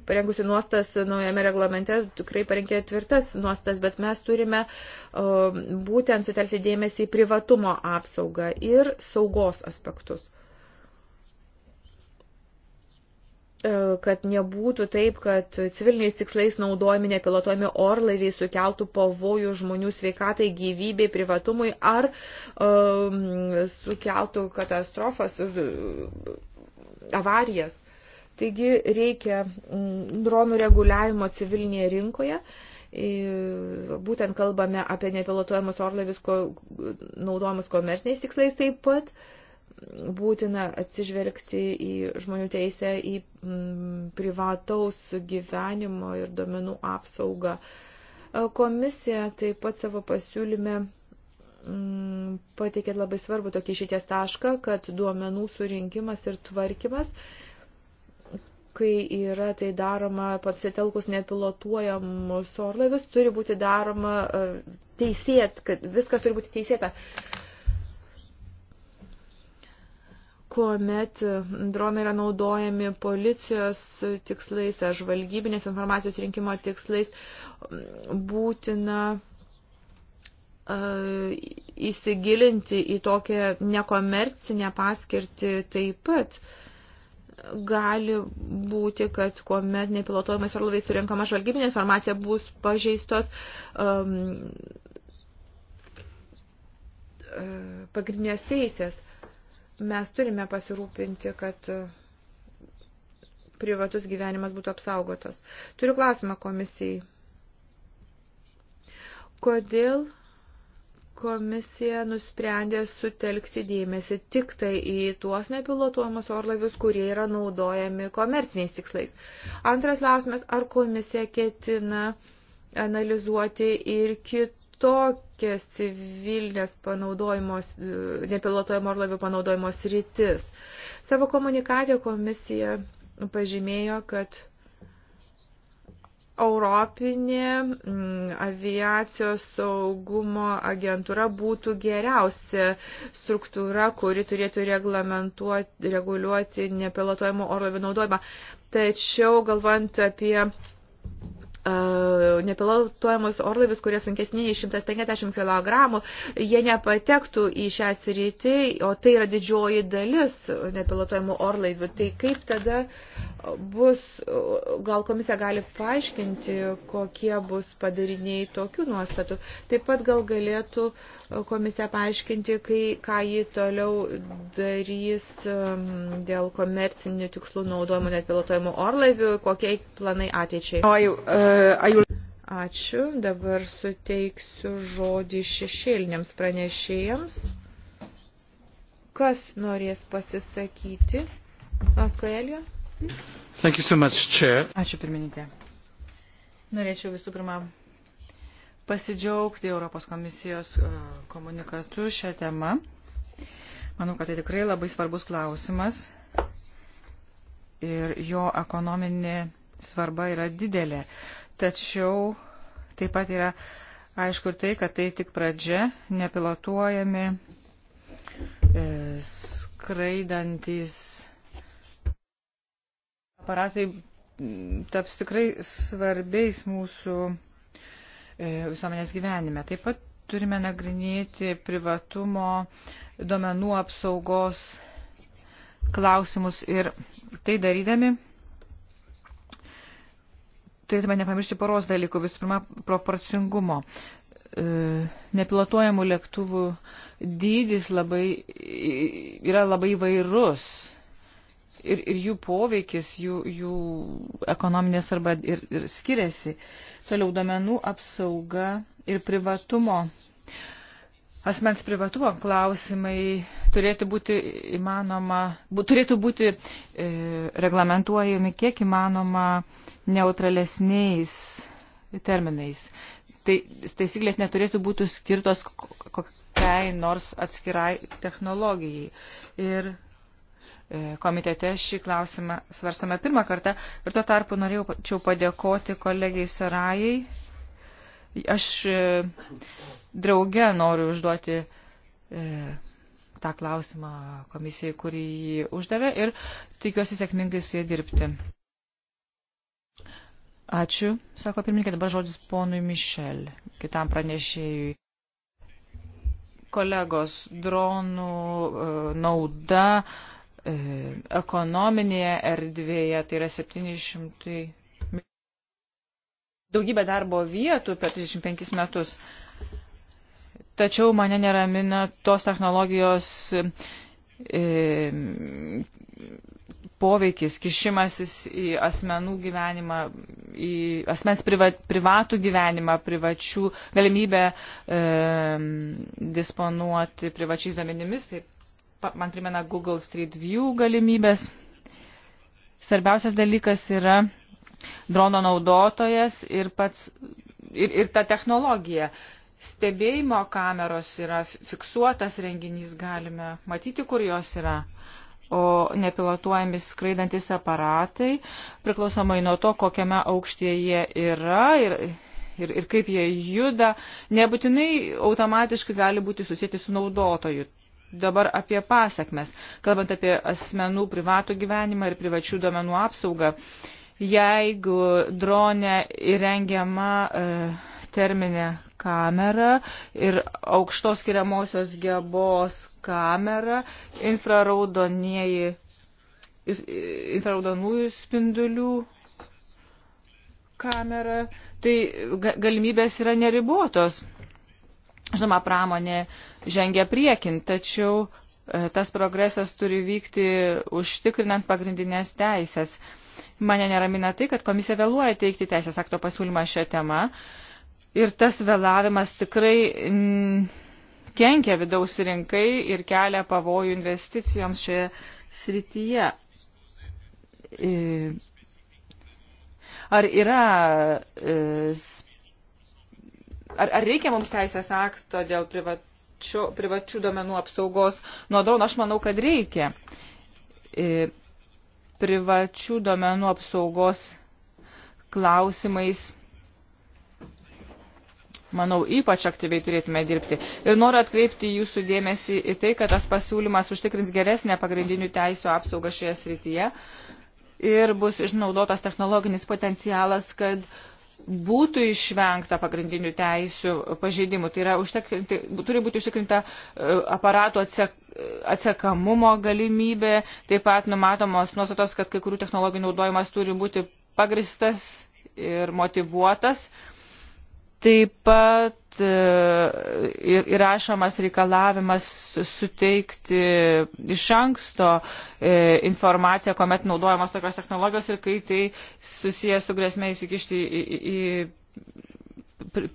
parengusi nuostas naujame reglamente, tikrai parengė tvirtas nuostas, bet mes turime būtent sutelkti dėmesį į privatumo apsaugą ir saugos aspektus. E, kad nebūtų taip, kad civiliniais tikslais naudojami nepilotuojami orlaiviai sukeltų pavojų žmonių sveikatai, gyvybei, privatumui ar um, sukeltų katastrofas, e, avarijas. Taigi reikia dronų reguliavimo civilinėje rinkoje. Būtent kalbame apie nepilotuojamus orlaivius naudojamus komerciniais tikslais taip pat. Uh, būtina atsižvelgti į žmonių teisę, į mm, privataus gyvenimo ir domenų apsaugą. E, komisija taip pat savo pasiūlyme mm, pateikėt labai svarbu tokį išėties tašką, kad duomenų surinkimas ir tvarkymas, kai yra tai daroma pasitelkus nepilotuojamus orlaivius, turi būti daroma e, teisėt, kad viskas turi būti teisėta. Uh, kuomet dronai yra naudojami policijos tikslais ar žvalgybinės informacijos rinkimo tikslais, būtina e, įsigilinti į tokią nekomercinę paskirtį taip pat. Gali būti, kad kuomet nepilotuojamas orlaiviais surinkama žvalgybinė informacija bus pažeistos um, e, pagrindinės teisės. Uh, Mes turime pasirūpinti, kad privatus gyvenimas būtų apsaugotas. Turiu klausimą komisijai. Kodėl komisija nusprendė sutelkti dėmesį tik tai į tuos nepilotuojamus orlaivius, kurie yra naudojami komerciniais tikslais. Antras klausimas, ar komisija ketina analizuoti ir kitų kitokias civilinės panaudojimos, nepilotojimo orlaivio panaudojimo sritis. Savo komunikatė komisija pažymėjo, kad Europinė mm, aviacijos saugumo agentūra būtų geriausia struktūra, kuri turėtų reguliuoti nepilotojimo orlaivio naudojimą. Tačiau galvant apie E, nepilotuojamus orlaivius, kurie sunkesni 150 kg, jie nepatektų į šią sritį, o tai yra didžioji dalis nepilotuojamų orlaivių. Tai kaip tada bus, gal komisija gali paaiškinti, kokie bus padariniai tokių nuostatų. Taip pat gal galėtų uh, komisija paaiškinti, kai, ką ji toliau darys um, dėl komercinių tikslų naudojimo net pilotojimo orlaivių, kokie planai ateičiai. Uh, Ačiū. Dabar suteiksiu žodį šešėliniams pranešėjams. Kas norės pasisakyti? Paskaelio? Thank you so much, Chair. Ačiū pirmininkė. Norėčiau visų pirma pasidžiaugti Europos komisijos e, komunikatu šią temą. Manau, kad tai tikrai labai svarbus klausimas ir jo ekonominė svarba yra didelė. Tačiau taip pat yra aišku ir tai, kad tai tik pradžia, nepilotuojami e, skraidantis aparatai taps tikrai svarbiais mūsų E, visuomenės gyvenime. Taip pat turime nagrinėti privatumo duomenų apsaugos klausimus ir tai darydami turėtume nepamiršti poros dalykų. Visų pirma, proporcingumo. E, nepilotuojamų lėktuvų dydis labai, yra labai vairus ir, ir jų poveikis, jų, jų ekonominės arba ir, ir skiriasi. Toliau domenų apsauga ir privatumo. Asmens privatumo klausimai turėtų būti įmanoma, bu, turėtų būti e, reglamentuojami kiek įmanoma neutralesniais terminais. Tai taisyklės neturėtų būti skirtos kokiai nors atskirai technologijai. Ir E, komitete šį klausimą svarstame pirmą kartą ir tuo tarpu norėjau padėkoti kolegiai Sarajai. Aš e, drauge noriu užduoti e, tą klausimą komisijai, kurį jį uždavė ir tikiuosi sėkmingai su jie dirbti. Ačiū, sako pirmininkė, dabar žodis ponui Mišel, kitam pranešėjui kolegos dronų nauda E, ekonominėje erdvėje, tai yra 700 daugybę darbo vietų per 35 metus. Tačiau mane neramina tos technologijos e, poveikis, kišimasis į asmenų gyvenimą, į asmens priva, privatų gyvenimą, privačių galimybę e, disponuoti privačiais duomenimis, taip man primena Google Street View galimybės. Svarbiausias dalykas yra drono naudotojas ir, pats, ir, ir ta technologija. Stebėjimo kameros yra fiksuotas renginys, galime matyti, kur jos yra o nepilotuojami skraidantis aparatai, priklausomai nuo to, kokiame aukštyje jie yra ir, ir, ir kaip jie juda, nebūtinai automatiškai gali būti susijęti su naudotoju. Dabar apie pasakmes. Kalbant apie asmenų privatų gyvenimą ir privačių duomenų apsaugą, jeigu dronė įrengiama e, terminė kamera ir aukštos skiriamosios gebos kamera, infraraudonieji, infraraudonųjų spindulių kamera, tai galimybės yra neribotos. Žinoma, pramonė žengia priekin, tačiau e, tas progresas turi vykti užtikrinant pagrindinės teisės. Mane neramina tai, kad komisija vėluoja teikti teisės akto pasiūlymą šią temą ir tas vėlavimas tikrai mm, kenkia vidaus rinkai ir kelia pavojų investicijoms šioje srityje. E, ar yra e, ar, ar reikia mums teisės akto dėl privat, privačio, privačių domenų apsaugos nuo dronų, aš manau, kad reikia e, privačių domenų apsaugos klausimais. Manau, ypač aktyviai turėtume dirbti. Ir noriu atkreipti jūsų dėmesį į tai, kad tas pasiūlymas užtikrins geresnę pagrindinių teisų apsaugą šioje srityje ir bus išnaudotas technologinis potencialas, kad uh, būtų išvengta pagrindinių teisių pažeidimų. Tai yra, turi būti užtikrinta e, aparatų atsek, atsekamumo galimybė, taip pat numatomos nuostatos, kad kai kurių technologijų naudojimas turi būti pagristas ir motivuotas. Taip pat E, įrašomas reikalavimas suteikti iš anksto e, informaciją, kuomet naudojamos tokios technologijos ir kai tai susijęs su grėsmė įsikišti į, į,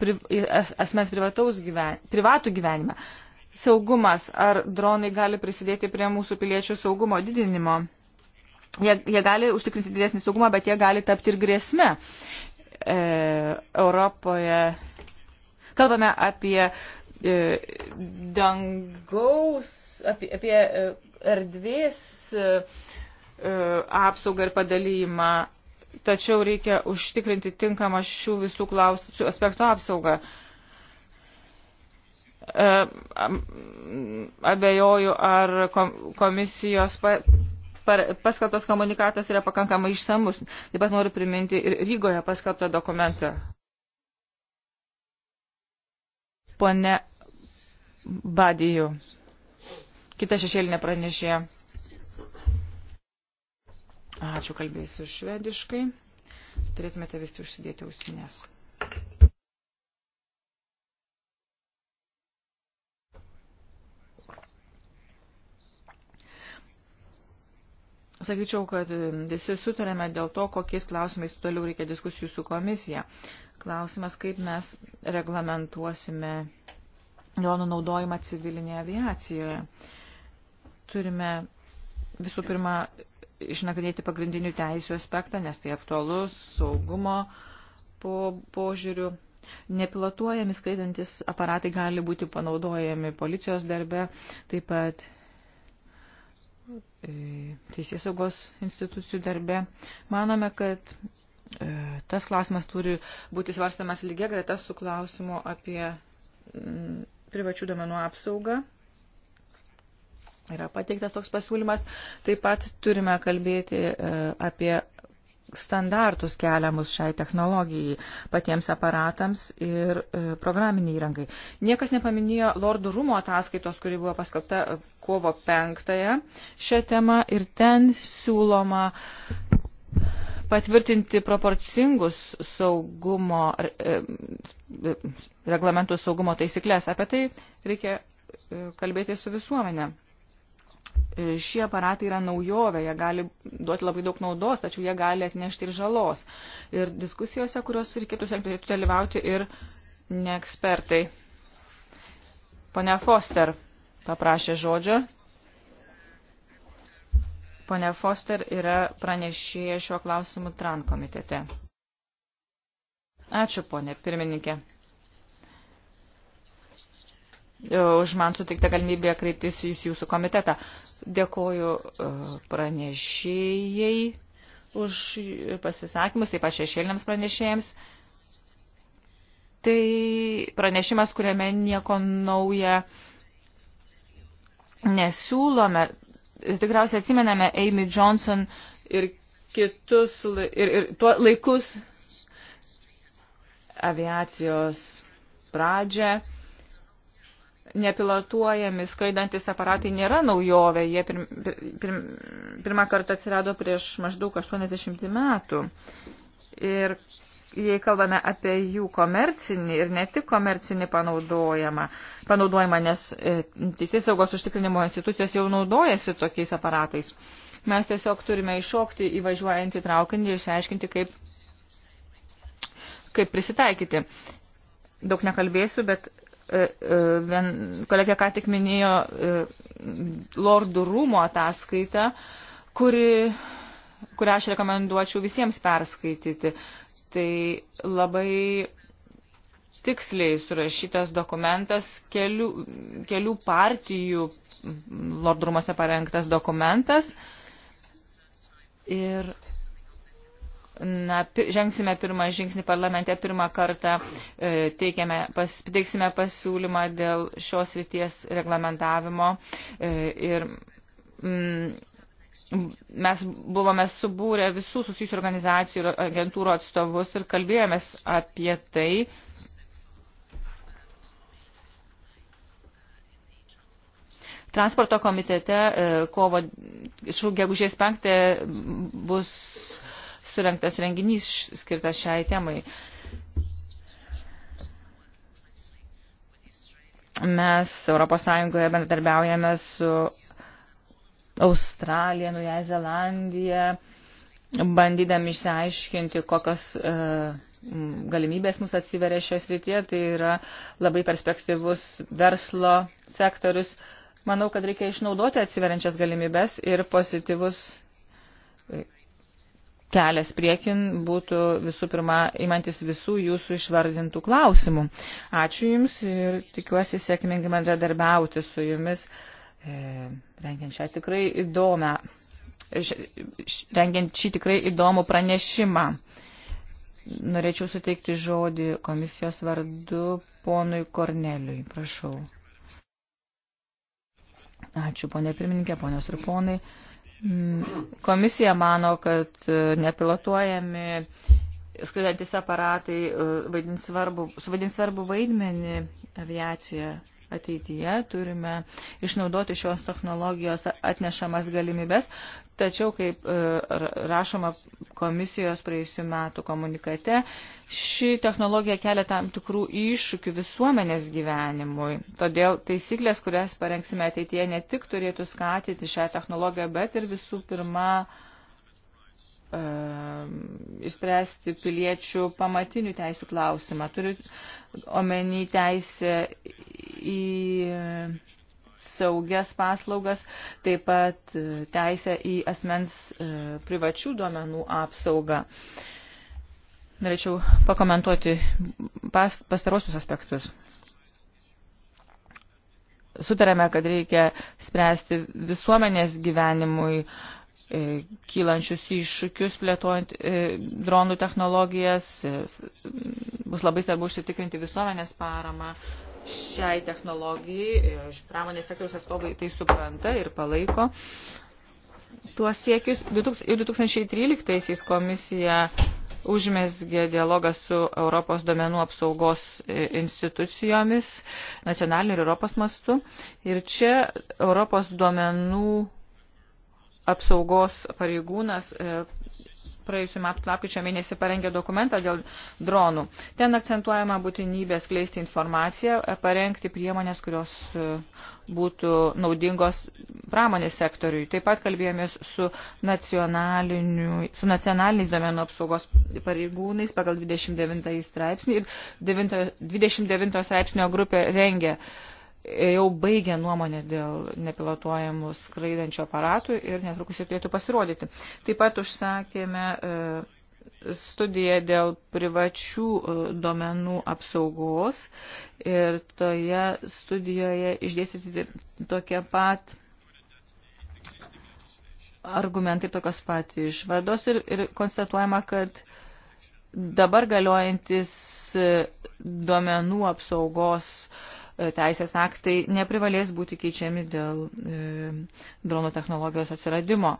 pri, į asmens privataus gyven, privatų gyvenimą. Saugumas. Ar dronai gali prisidėti prie mūsų piliečių saugumo didinimo? Jie, jie gali užtikrinti didesnį saugumą, bet jie gali tapti ir grėsme. E, Europoje Kalbame apie e, dangaus, apie, apie e, erdvės e, apsaugą ir padalymą, tačiau reikia užtikrinti tinkamą šių visų klausimų aspektų apsaugą. Abejoju, ar komisijos paskaltas komunikatas yra pakankamai išsamus. Taip pat noriu priminti ir Rygoje paskaltą dokumentą. Pone Badijų, kita šešėlinė pranešė. Ačiū, kalbėsiu švediškai. Turėtumėte visi užsidėti ausinės. Sakyčiau, kad e, visi sutarėme dėl to, kokiais klausimais toliau reikia diskusijų su komisija. Klausimas, kaip mes reglamentuosime dronų naudojimą civilinėje aviacijoje. Turime visų pirma išnagrinėti pagrindinių teisų aspektą, nes tai aktualus saugumo po, požiūrių. Nepilotuojami skraidantis aparatai gali būti panaudojami policijos darbe, taip pat E, teisės saugos institucijų darbe. Manome, kad e, tas klausimas turi būti svarstamas lygiai greta su klausimu apie privačių domenų apsaugą. Yra pateiktas toks pasiūlymas. Taip pat turime kalbėti e, apie standartus keliamus šiai technologijai, patiems aparatams ir e, programiniai įrangai. Niekas nepaminėjo Lordų rūmų ataskaitos, kuri buvo paskelbta e, kovo penktąją šią temą ir ten siūloma patvirtinti proporcingus saugumo, e, e reglamentų saugumo taisyklės. Apie tai reikia e, kalbėti su visuomenė. Šie aparatai yra naujovė, jie gali duoti labai daug naudos, tačiau jie gali atnešti ir žalos. Ir diskusijose, kurios reikėtų turėtų dalyvauti ir ne ekspertai. Pone Foster paprašė žodžio. Pone Foster yra pranešėja šiuo klausimu TRAN komitete. Ačiū, ponė pirmininkė. Už man suteiktą galimybę kreiptis į jūsų komitetą. Dėkoju e, pranešėjai už pasisakymus, taip pat šešėliniams pranešėjams. Tai pranešimas, kuriame nieko nauja nesiūlome. Tikriausiai atsimename Amy Johnson ir kitus ir, ir tuo laikus aviacijos pradžią nepilotuojami skraidantis aparatai nėra naujovė, jie pir, pir, pir, pirmą kartą atsirado prieš maždaug 80 metų. Ir jei kalbame apie jų komercinį ir ne tik komercinį panaudojimą, panaudojimą nes e, teisės saugos užtikrinimo institucijos jau naudojasi tokiais aparatais, mes tiesiog turime iššokti įvažiuojantį traukinį ir išsiaiškinti, kaip, kaip prisitaikyti. Daug nekalbėsiu, bet E, e, kolegė ką tik minėjo e, Lordų rūmo ataskaitą, kuri, kurią aš rekomenduočiau visiems perskaityti. Tai labai tiksliai surašytas dokumentas, kelių, kelių partijų Lordų rūmose parengtas dokumentas. Ir na, žengsime pirmą žingsnį parlamente, pirmą kartą e, teikiame, pas, teiksime pasiūlymą dėl šios ryties reglamentavimo e, ir mm, mes buvome subūrę visų susijusių organizacijų ir agentūrų atstovus ir kalbėjomės apie tai. Transporto komitete e, kovo, gegužės penktą bus surinktas renginys skirtas šiai temai. Mes ES bendradarbiaujame su Australija, Nuja Zelandija, bandydami išsiaiškinti, kokios uh, galimybės mus atsiveria šioje srityje, tai yra labai perspektyvus verslo sektorius. Manau, kad reikia išnaudoti atsiveriančias galimybės ir pozityvus kelias priekin būtų visų pirma imantis visų jūsų išvardintų klausimų. Ačiū Jums ir tikiuosi sėkmingai bendradarbiauti su Jumis, e, rengiant šią tikrai įdomią, š, rengiant šį tikrai įdomų pranešimą. Norėčiau suteikti žodį komisijos vardu ponui Korneliui. Prašau. Ačiū, ponė pirmininkė, ponios ir ponai. E, Mm, komisija mano, kad e, nepilotuojami skraidantis aparatai e, vaidins svarbu, suvaidins svarbu vaidmenį aviacijoje ateityje, turime išnaudoti šios technologijos atnešamas galimybės, tačiau kaip e, rašoma komisijos praėjusių metų komunikate, ši technologija kelia tam tikrų iššūkių visuomenės gyvenimui. Todėl taisyklės, kurias parengsime ateityje, ne tik turėtų skatinti šią technologiją, bet ir visų pirma Ehm, išspręsti piliečių pamatinių teisų klausimą. Turiu omeny teisę į saugias paslaugas, taip pat e, teisę į asmens e, privačių duomenų apsaugą. Norėčiau pakomentuoti pas, pastarosius aspektus. Sutarėme, kad reikia spręsti visuomenės gyvenimui uh, E, kylančius iššūkius plėtojant e, dronų technologijas. E, bus labai svarbu užsitikrinti visuomenės paramą šiai technologijai. Pramonės sektoriaus atstovai tai supranta ir palaiko. Tuos siekius 2013 komisija užmesgė dialogą su Europos domenų apsaugos institucijomis, nacionaliniu ir Europos mastu. Ir čia Europos domenų apsaugos pareigūnas e, praėjusiu metu lapkričio mėnesį parengė dokumentą dėl dronų. Ten akcentuojama būtinybė skleisti informaciją, e, parengti priemonės, kurios e, būtų naudingos pramonės sektoriui. Taip pat kalbėjomės su, su nacionaliniais domenų apsaugos pareigūnais pagal 29 straipsnį ir 29 straipsnio grupė rengė uh, jau baigė nuomonę dėl nepilotuojamų skraidančių aparatų ir netrukus jau turėtų pasirodyti. Taip pat užsakėme e, studiją dėl privačių e, domenų apsaugos ir toje studijoje išdėstyti tokie pat argumentai, tokios pat išvados ir, ir konstatuojama, kad dabar galiojantis e, duomenų apsaugos uh, teisės aktai neprivalės būti keičiami dėl e, dronų technologijos atsiradimo.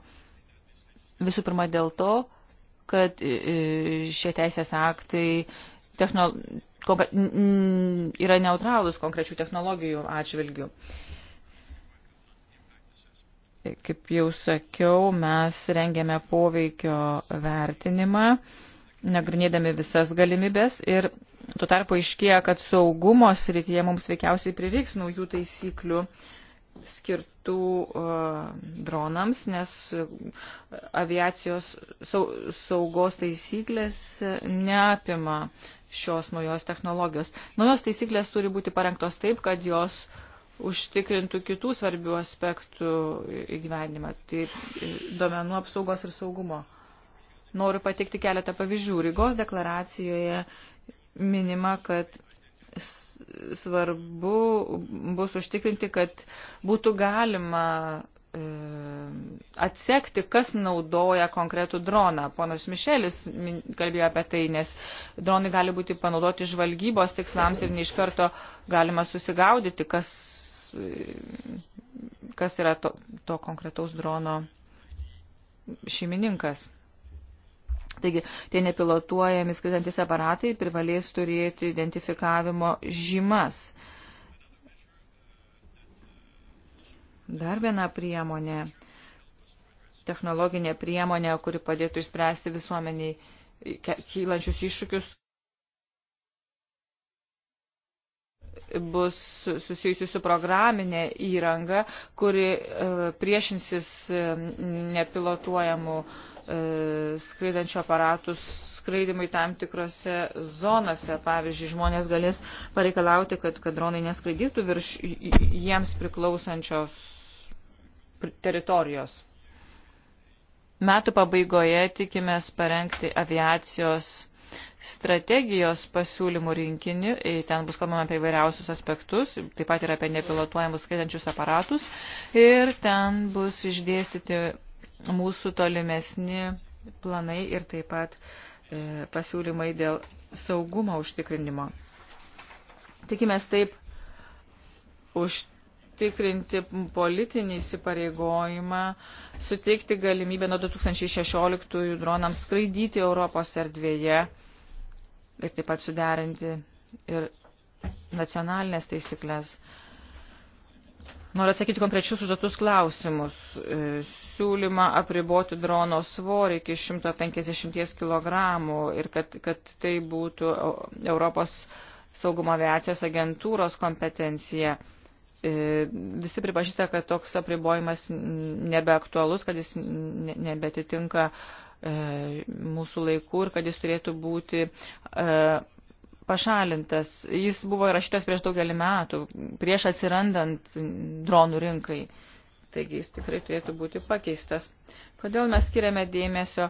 Visų pirma dėl to, kad e, šie teisės aktai techno, konka, n, yra neutralūs konkrečių technologijų atžvilgių. E, kaip jau sakiau, mes rengėme poveikio vertinimą nagrinėdami visas galimybės ir Tuo tarpu iškėja, kad saugumo srityje mums veikiausiai prireiks naujų taisyklių skirtų uh, dronams, nes aviacijos sau, saugos taisyklės neapima šios naujos technologijos. Naujos taisyklės turi būti parengtos taip, kad jos užtikrintų kitų svarbių aspektų įgyvenimą, tai duomenų apsaugos ir saugumo. Noriu pateikti keletą pavyzdžių. Rygos deklaracijoje minima, kad svarbu bus užtikrinti, kad būtų galima e, atsekti, kas naudoja konkretų droną. Ponas Mišelis kalbėjo apie tai, nes dronai gali būti panaudoti žvalgybos tikslams ir neiš karto galima susigaudyti, kas, e, kas yra to, to konkretaus drono šeimininkas. Taigi, tie nepilotuojami skridantis aparatai privalės turėti identifikavimo žymas. Dar viena priemonė, technologinė priemonė, kuri padėtų išspręsti visuomeniai kylančius iššūkius, bus susijusi su programinė įranga, kuri e, priešinsis e, nepilotuojamų E, skraidančių aparatų skraidimui tam tikrose zonose. Pavyzdžiui, žmonės galės pareikalauti, kad, kad dronai neskraidytų virš jiems priklausančios teritorijos. Metų pabaigoje tikimės parengti aviacijos strategijos pasiūlymų rinkinį, e, ten bus kalbama apie įvairiausius aspektus, taip pat ir apie nepilotuojamus skaitančius aparatus ir ten bus išdėstyti mūsų tolimesni planai ir taip pat e, pasiūlymai dėl saugumo užtikrinimo. Tikimės taip užtikrinti politinį įsipareigojimą, suteikti galimybę nuo 2016 dronams skraidyti Europos erdvėje ir taip pat suderinti ir nacionalinės taisyklės. Noriu atsakyti konkrečius užduotus klausimus e, siūlymą apriboti drono svorį iki 150 kg ir kad, kad tai būtų Europos saugumo aviacijos agentūros kompetencija. E, visi pripažįsta, kad toks apribojimas nebeaktualus, kad jis nebetitinka e, mūsų laikų ir kad jis turėtų būti e, pašalintas. Jis buvo įrašytas prieš daugelį metų, prieš atsirandant dronų rinkai taigi jis tikrai turėtų būti pakeistas. Kodėl mes skiriame dėmesio,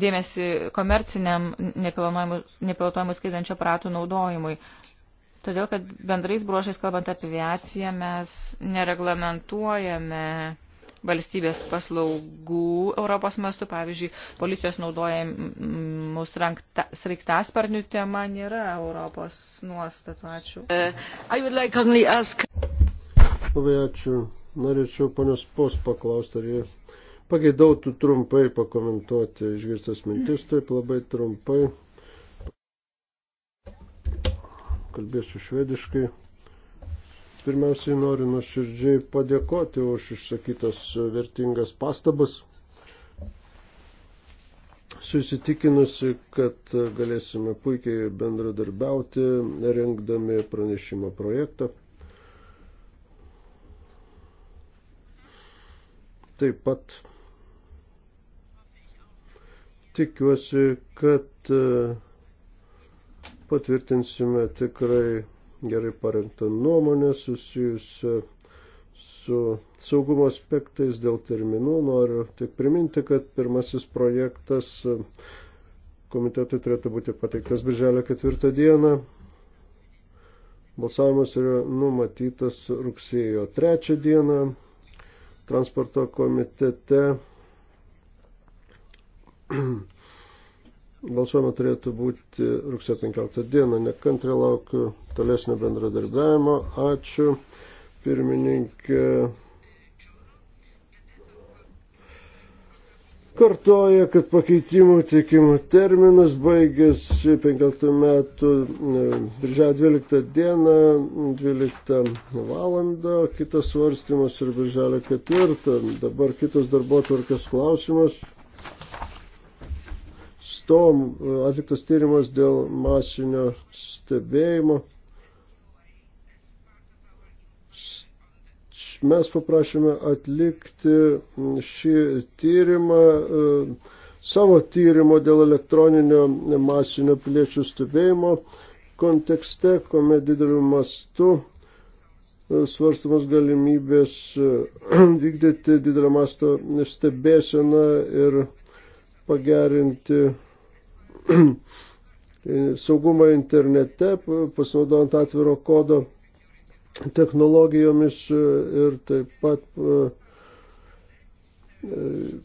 dėmesį komerciniam nepilotuojamų skraidančio pratų naudojimui? Todėl, kad bendrais bruožais, kalbant apie aviaciją, mes nereglamentuojame valstybės paslaugų Europos mastu. Pavyzdžiui, policijos naudojamus sraigtasparnių tema nėra Europos nuostatų. Ačiū. Uh, like ask... Labai ačiū. Norėčiau ponios pos paklausti, ar jie pageidautų trumpai pakomentuoti išgirstas mintis, taip labai trumpai. Kalbėsiu švediškai. Pirmiausiai noriu nuoširdžiai padėkoti už išsakytas vertingas pastabas. Susitikinusi, kad galėsime puikiai bendradarbiauti, rengdami pranešimo projektą. Taip pat tikiuosi, kad e, patvirtinsime tikrai gerai parengtą nuomonę susijusią su saugumo aspektais dėl terminų. Noriu tik priminti, kad pirmasis projektas e, komitetui turėtų būti pateiktas birželio ketvirtą dieną. Balsavimas yra numatytas rugsėjo trečią dieną transporto komitete balsuojama turėtų būti rugsėjo 15 dieną. Nekantriai laukiu tolesnio bendradarbiavimo. Ačiū pirmininkė. kartoja, kad pakeitimų teikimo terminas baigėsi 15 metų e, birželio 12 dieną, 12 valandą, kitas svarstymas ir birželio 4. Dabar kitas darbo tvarkės klausimas. Stom e, atliktas tyrimas dėl masinio stebėjimo. Mes paprašėme atlikti šį tyrimą, e, savo tyrimo dėl elektroninio masinio piliečių stebėjimo kontekste, kuomet dideliu mastu e, svarstamas galimybės e, vykdyti didelio masto stebėseną ir pagerinti saugumą internete, pasinaudojant atviro kodo technologijomis e, ir taip pat e, e,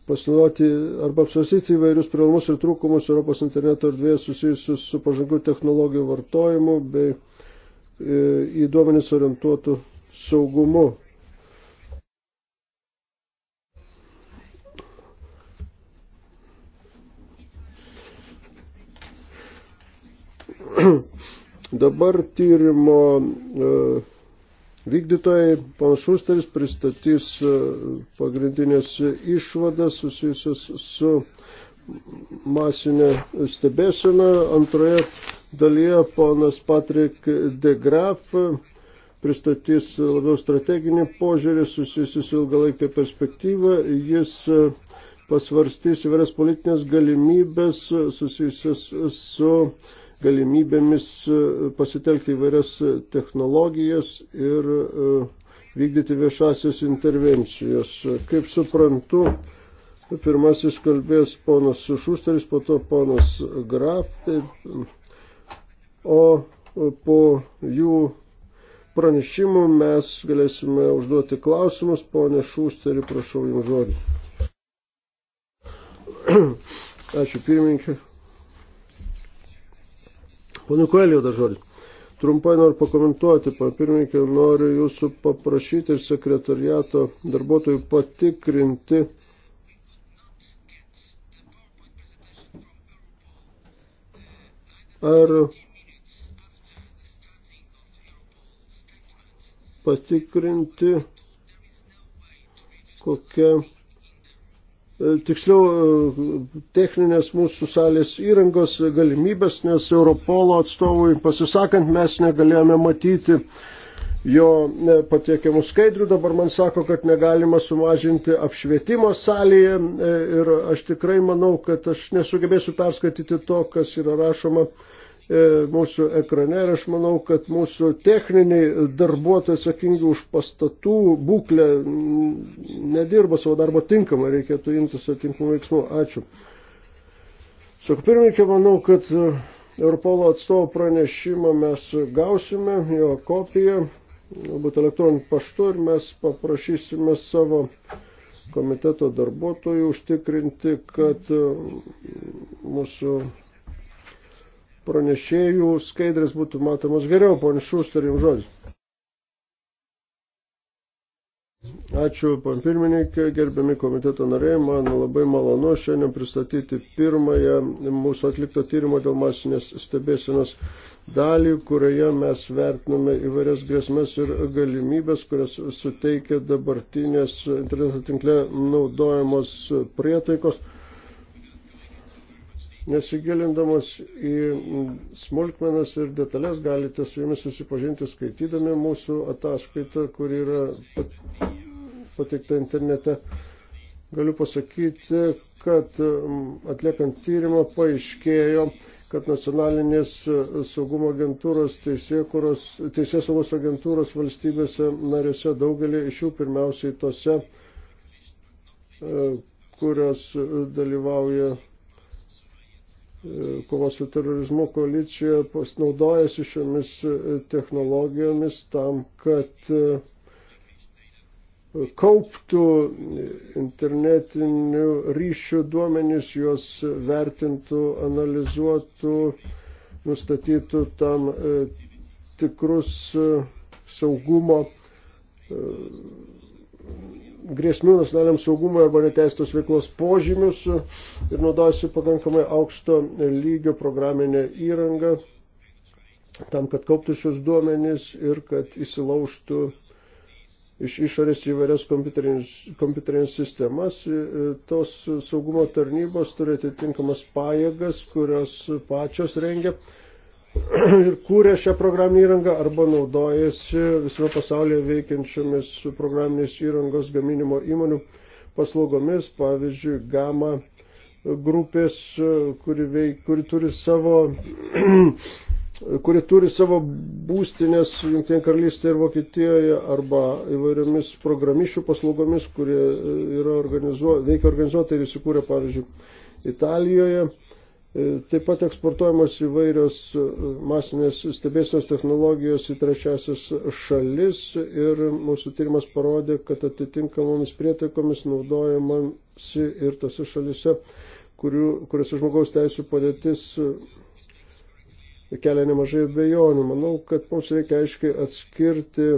pasinaudoti arba apsvarstyti įvairius privalumus ir trūkumus Europos interneto erdvėje susijusius su pažangių technologijų vartojimu bei į duomenis orientuotų saugumu. Dabar tyrimo uh, Vykdytojai panašusteris pristatys e, pagrindinės išvadas susijusios su masinė stebėsena. Antroje dalyje ponas Patrik de Graf pristatys labiau strateginį požiūrį susijusius su ilgalaikė perspektyva. Jis e, pasvarstys įvairias politinės galimybės susijusias su galimybėmis e, pasitelkti įvairias technologijas ir e, vykdyti viešasios intervencijos. Kaip suprantu, pirmasis kalbės ponas Šušteris, po to ponas Graf, o po jų pranešimų mes galėsime užduoti klausimus. Pone Šusterį, prašau jums žodį. Ačiū pirmininkė. Pone Koelio, dar žodis. Trumpai noriu pakomentuoti, papirminkė, noriu jūsų paprašyti iš sekretariato darbuotojų patikrinti. Ar patikrinti kokia E, tiksliau e, techninės mūsų salės įrangos galimybės, nes Europolo atstovui pasisakant mes negalėjome matyti jo e, patiekiamų skaidrių. Dabar man sako, kad negalima sumažinti apšvietimo salėje ir aš tikrai manau, kad aš nesugebėsiu perskaityti to, kas yra rašoma E, mūsų ekrane ir aš manau, kad mūsų techniniai darbuotojai atsakingi už pastatų būklę nedirba savo darbo tinkamai, reikėtų imtis atinkamų veiksmų. Ačiū. Sako pirmininkė, manau, kad e, Europolo atstovo pranešimą mes gausime, jo kopiją, galbūt elektroniniu paštu ir mes paprašysime savo komiteto darbuotojų užtikrinti, kad e, mūsų pranešėjų skaidrės būtų matomos geriau. Pone Šūster, jums žodis. Ačiū, pan pirmininkė, gerbiami komiteto nariai, man labai malonu šiandien pristatyti pirmąją mūsų atlikto tyrimo dėl masinės stebėsenos dalį, kurioje mes vertiname įvairias grėsmės ir galimybės, kurias suteikia dabartinės interneto tinkle naudojamos prietaikos. Nesigilindamas į smulkmenas ir detalės galite su jomis susipažinti skaitydami mūsų ataskaitą, kuri yra pateikta internete. Galiu pasakyti, kad atliekant tyrimą paaiškėjo, kad nacionalinės saugumo agentūros, teisės saugos agentūros valstybėse narėse daugelį iš jų pirmiausiai tose, e, kurios dalyvauja kovos su terorizmu koalicija pasinaudojasi šiomis e, technologijomis tam, kad e, kauptų internetinių ryšių duomenys, juos vertintų, analizuotų, nustatytų tam e, tikrus saugumo grėsmių nacionaliniam saugumui arba neteistos veiklos požymius ir naudojasi pakankamai aukšto lygio programinę įrangą tam, kad kauptų šios duomenys ir kad įsilauštų iš išorės įvairias kompiuterinės sistemas. E, tos saugumo tarnybos turi atitinkamas pajėgas, kurios pačios rengia ir kūrė šią programinę įrangą arba naudojasi visame pasaulyje veikiančiomis programinės įrangos gaminimo įmonių paslaugomis, pavyzdžiui, Gama grupės, kuri, veik, kuri turi savo kuri turi savo būstinės Junktinė karalystė ir Vokietijoje arba įvairiomis programišių paslaugomis, kurie e, yra organizuo, veikia organizuotai ir įsikūrė, pavyzdžiui, Italijoje. E, taip pat eksportuojamos įvairios e, masinės stebėsios technologijos į trečiasis šalis ir mūsų tyrimas parodė, kad atitinkamomis prietaikomis naudojamasi ir tose šalise, kurių, kuriuose žmogaus teisų padėtis e, kelia nemažai abejonių. Manau, kad mums reikia aiškiai atskirti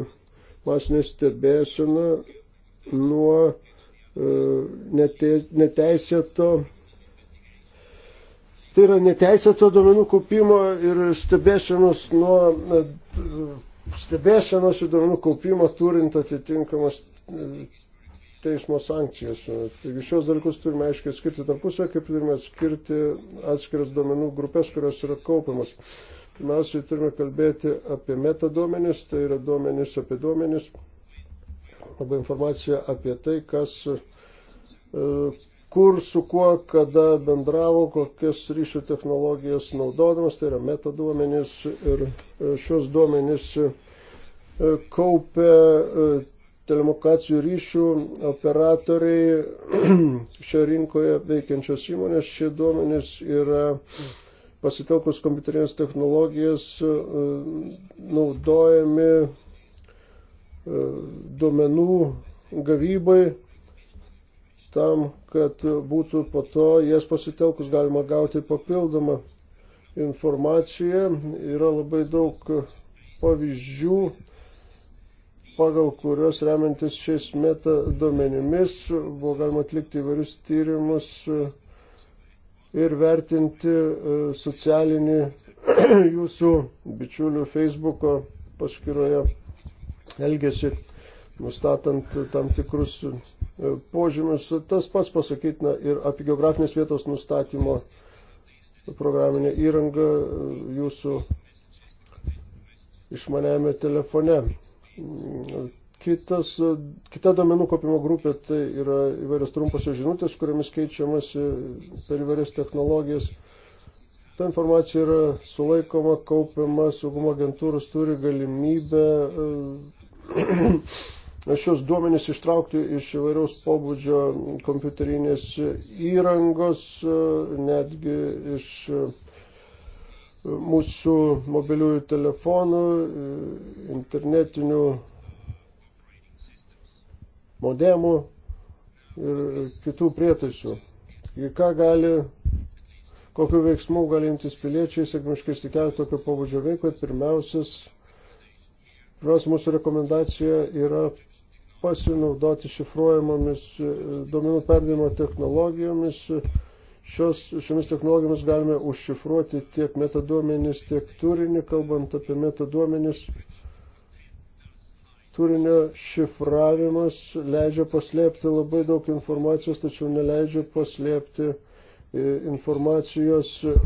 masinę stebėsiną nuo nete, neteisėto Tai yra neteisėto duomenų kaupimo ir stebėsenos nuo e, stebėsenos ir duomenų kaupimo turint atitinkamas e, teismo sankcijas. Taigi šios dalykus turime aiškiai skirti tarpusą, kaip turime skirti atskiras duomenų grupės, kurios yra kaupiamas. Pirmiausiai turime kalbėti apie metaduomenis, tai yra duomenis apie duomenis, arba informacija apie tai, kas e, kur su kuo, kada bendravo, kokias ryšių technologijas naudodamas, tai yra metaduomenys ir e, šios duomenys e, kaupia e, telemokacijų ryšių operatoriai šioje rinkoje veikiančios įmonės. Šie duomenys yra pasitelkus kompiuterinės technologijas naudojami duomenų gavybai tam, kad būtų po to jas pasitelkus galima gauti papildomą informaciją. Yra labai daug pavyzdžių, pagal kurios remiantis šiais meta duomenimis buvo galima atlikti įvairius tyrimus ir vertinti e, socialinį jūsų bičiulių Facebook'o paskyroje elgesį nustatant tam tikrus e, požymius. Tas pats pasakytina ir apie geografinės vietos nustatymo programinę įrangą e, jūsų išmanėjame telefone. Kitas, e, kita domenų kopimo grupė tai yra įvairios trumposios žinutės, kuriamis keičiamasi per įvairias technologijas. Ta informacija yra sulaikoma, kaupiama, saugumo agentūros turi galimybę šios duomenys ištraukti iš įvairiaus pobūdžio kompiuterinės įrangos, netgi iš e, mūsų mobiliųjų telefonų, e, internetinių modemų ir kitų prietaisų. Į ką gali, kokiu veiksmu gali imtis piliečiai, sėkmiškai įsikelti tokio pobūdžio veiklą, pirmiausias, pirmiausia, mūsų rekomendacija yra pasinaudoti šifruojamomis e, duomenų perdavimo technologijomis. Šios, šiomis technologijomis galime užšifruoti tiek metaduomenis, tiek turinį. Kalbant apie metaduomenis, turinio šifravimas leidžia paslėpti labai daug informacijos, tačiau neleidžia paslėpti e, informacijos e,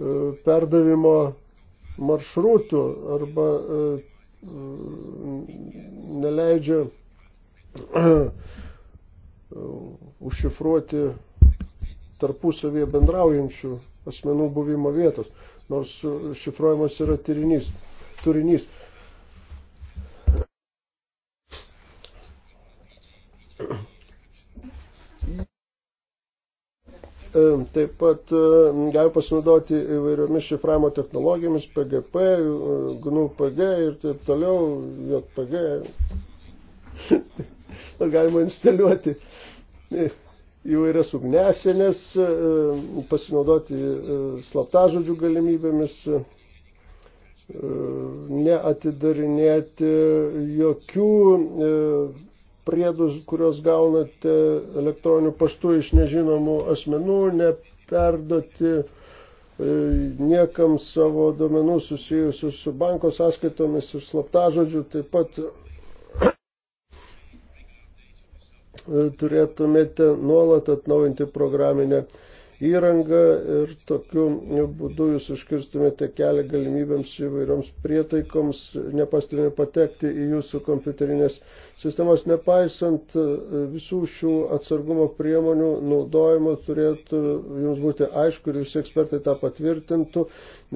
perdavimo maršrutų arba Mm, neleidžia užšifruoti tarpusavėje bendraujančių asmenų buvimo vietos, nors šifruojamas yra tyrinys, turinys. E, taip pat e, gali pasinaudoti įvairiomis šifravimo technologijomis, PGP, e, GNU PG ir taip toliau, JPG. Galima instaliuoti įvairias ugnesienės, pasinaudoti slaptažodžių galimybėmis, neatidarinėti jokių priedus, kuriuos gaunate elektroniniu paštu iš nežinomų asmenų, neperdoti e, niekam savo domenų susijusių su banko sąskaitomis ir slaptažodžiu, taip pat e, turėtumėte nuolat atnaujinti programinę įrangą ir tokiu būdu jūs užkirstumėte kelią galimybėms įvairioms prietaikoms nepastebimai patekti į jūsų kompiuterinės sistemos, nepaisant e, visų šių atsargumo priemonių naudojimo, turėtų jums būti aišku ir visi ekspertai tą patvirtintų,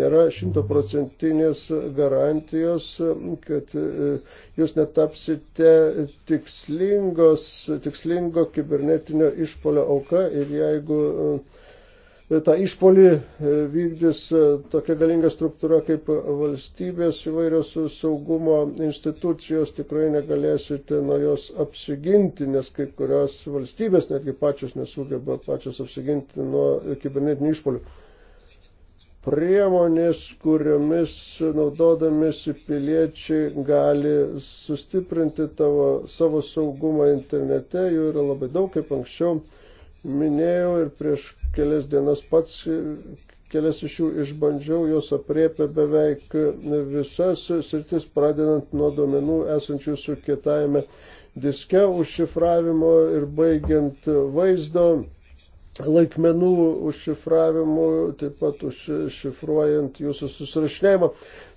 nėra šimtoprocentinės garantijos, kad e, jūs netapsite tikslingo kibernetinio išpolio auka ir jeigu uh, tą išpolį e, vykdys e, tokia galinga struktūra kaip valstybės įvairios saugumo institucijos, tikrai negalėsite nuo jos apsiginti, nes kai kurios valstybės netgi pačios nesugeba pačios apsiginti nuo kibernetinių išpolių. Priemonės, kuriomis naudodamėsi piliečiai gali sustiprinti tavo, savo saugumą internete, jų yra labai daug, kaip anksčiau minėjau ir prieš kelias dienas pats kelias iš jų išbandžiau, jos apriepia beveik visas sritis, pradedant nuo duomenų esančių su kitajame diske užšifravimo ir baigiant vaizdo laikmenų užšifravimu, taip pat užšifruojant jūsų susirašinėjimą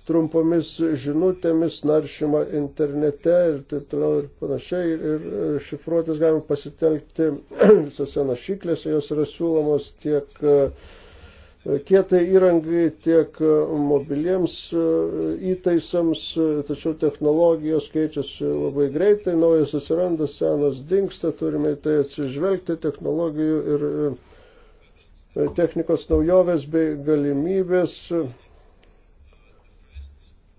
trumpomis žinutėmis naršymą internete ir taip toliau ir panašiai. Ir šifruotis galima pasitelkti visose našyklėse, jos yra siūlomos tiek e, kietai įrangai, tiek e, mobiliems e, įtaisams, tačiau technologijos keičiasi labai greitai, naujas atsiranda, senos dinksta, turime į tai atsižvelgti technologijų ir technikos naujovės bei galimybės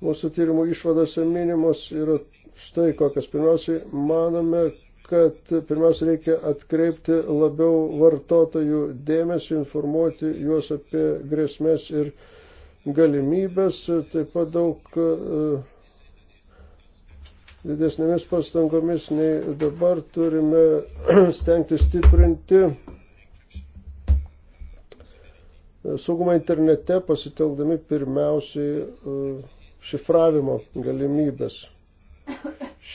mūsų tyrimų išvadose minimos yra štai kokias. Pirmiausiai, manome, kad pirmiausia reikia atkreipti labiau vartotojų dėmesį, informuoti juos apie grėsmės ir galimybės, taip pat daug e, didesnėmis pastangomis nei dabar turime stengti stiprinti saugumą internete, pasitelkdami pirmiausiai e, šifravimo galimybės.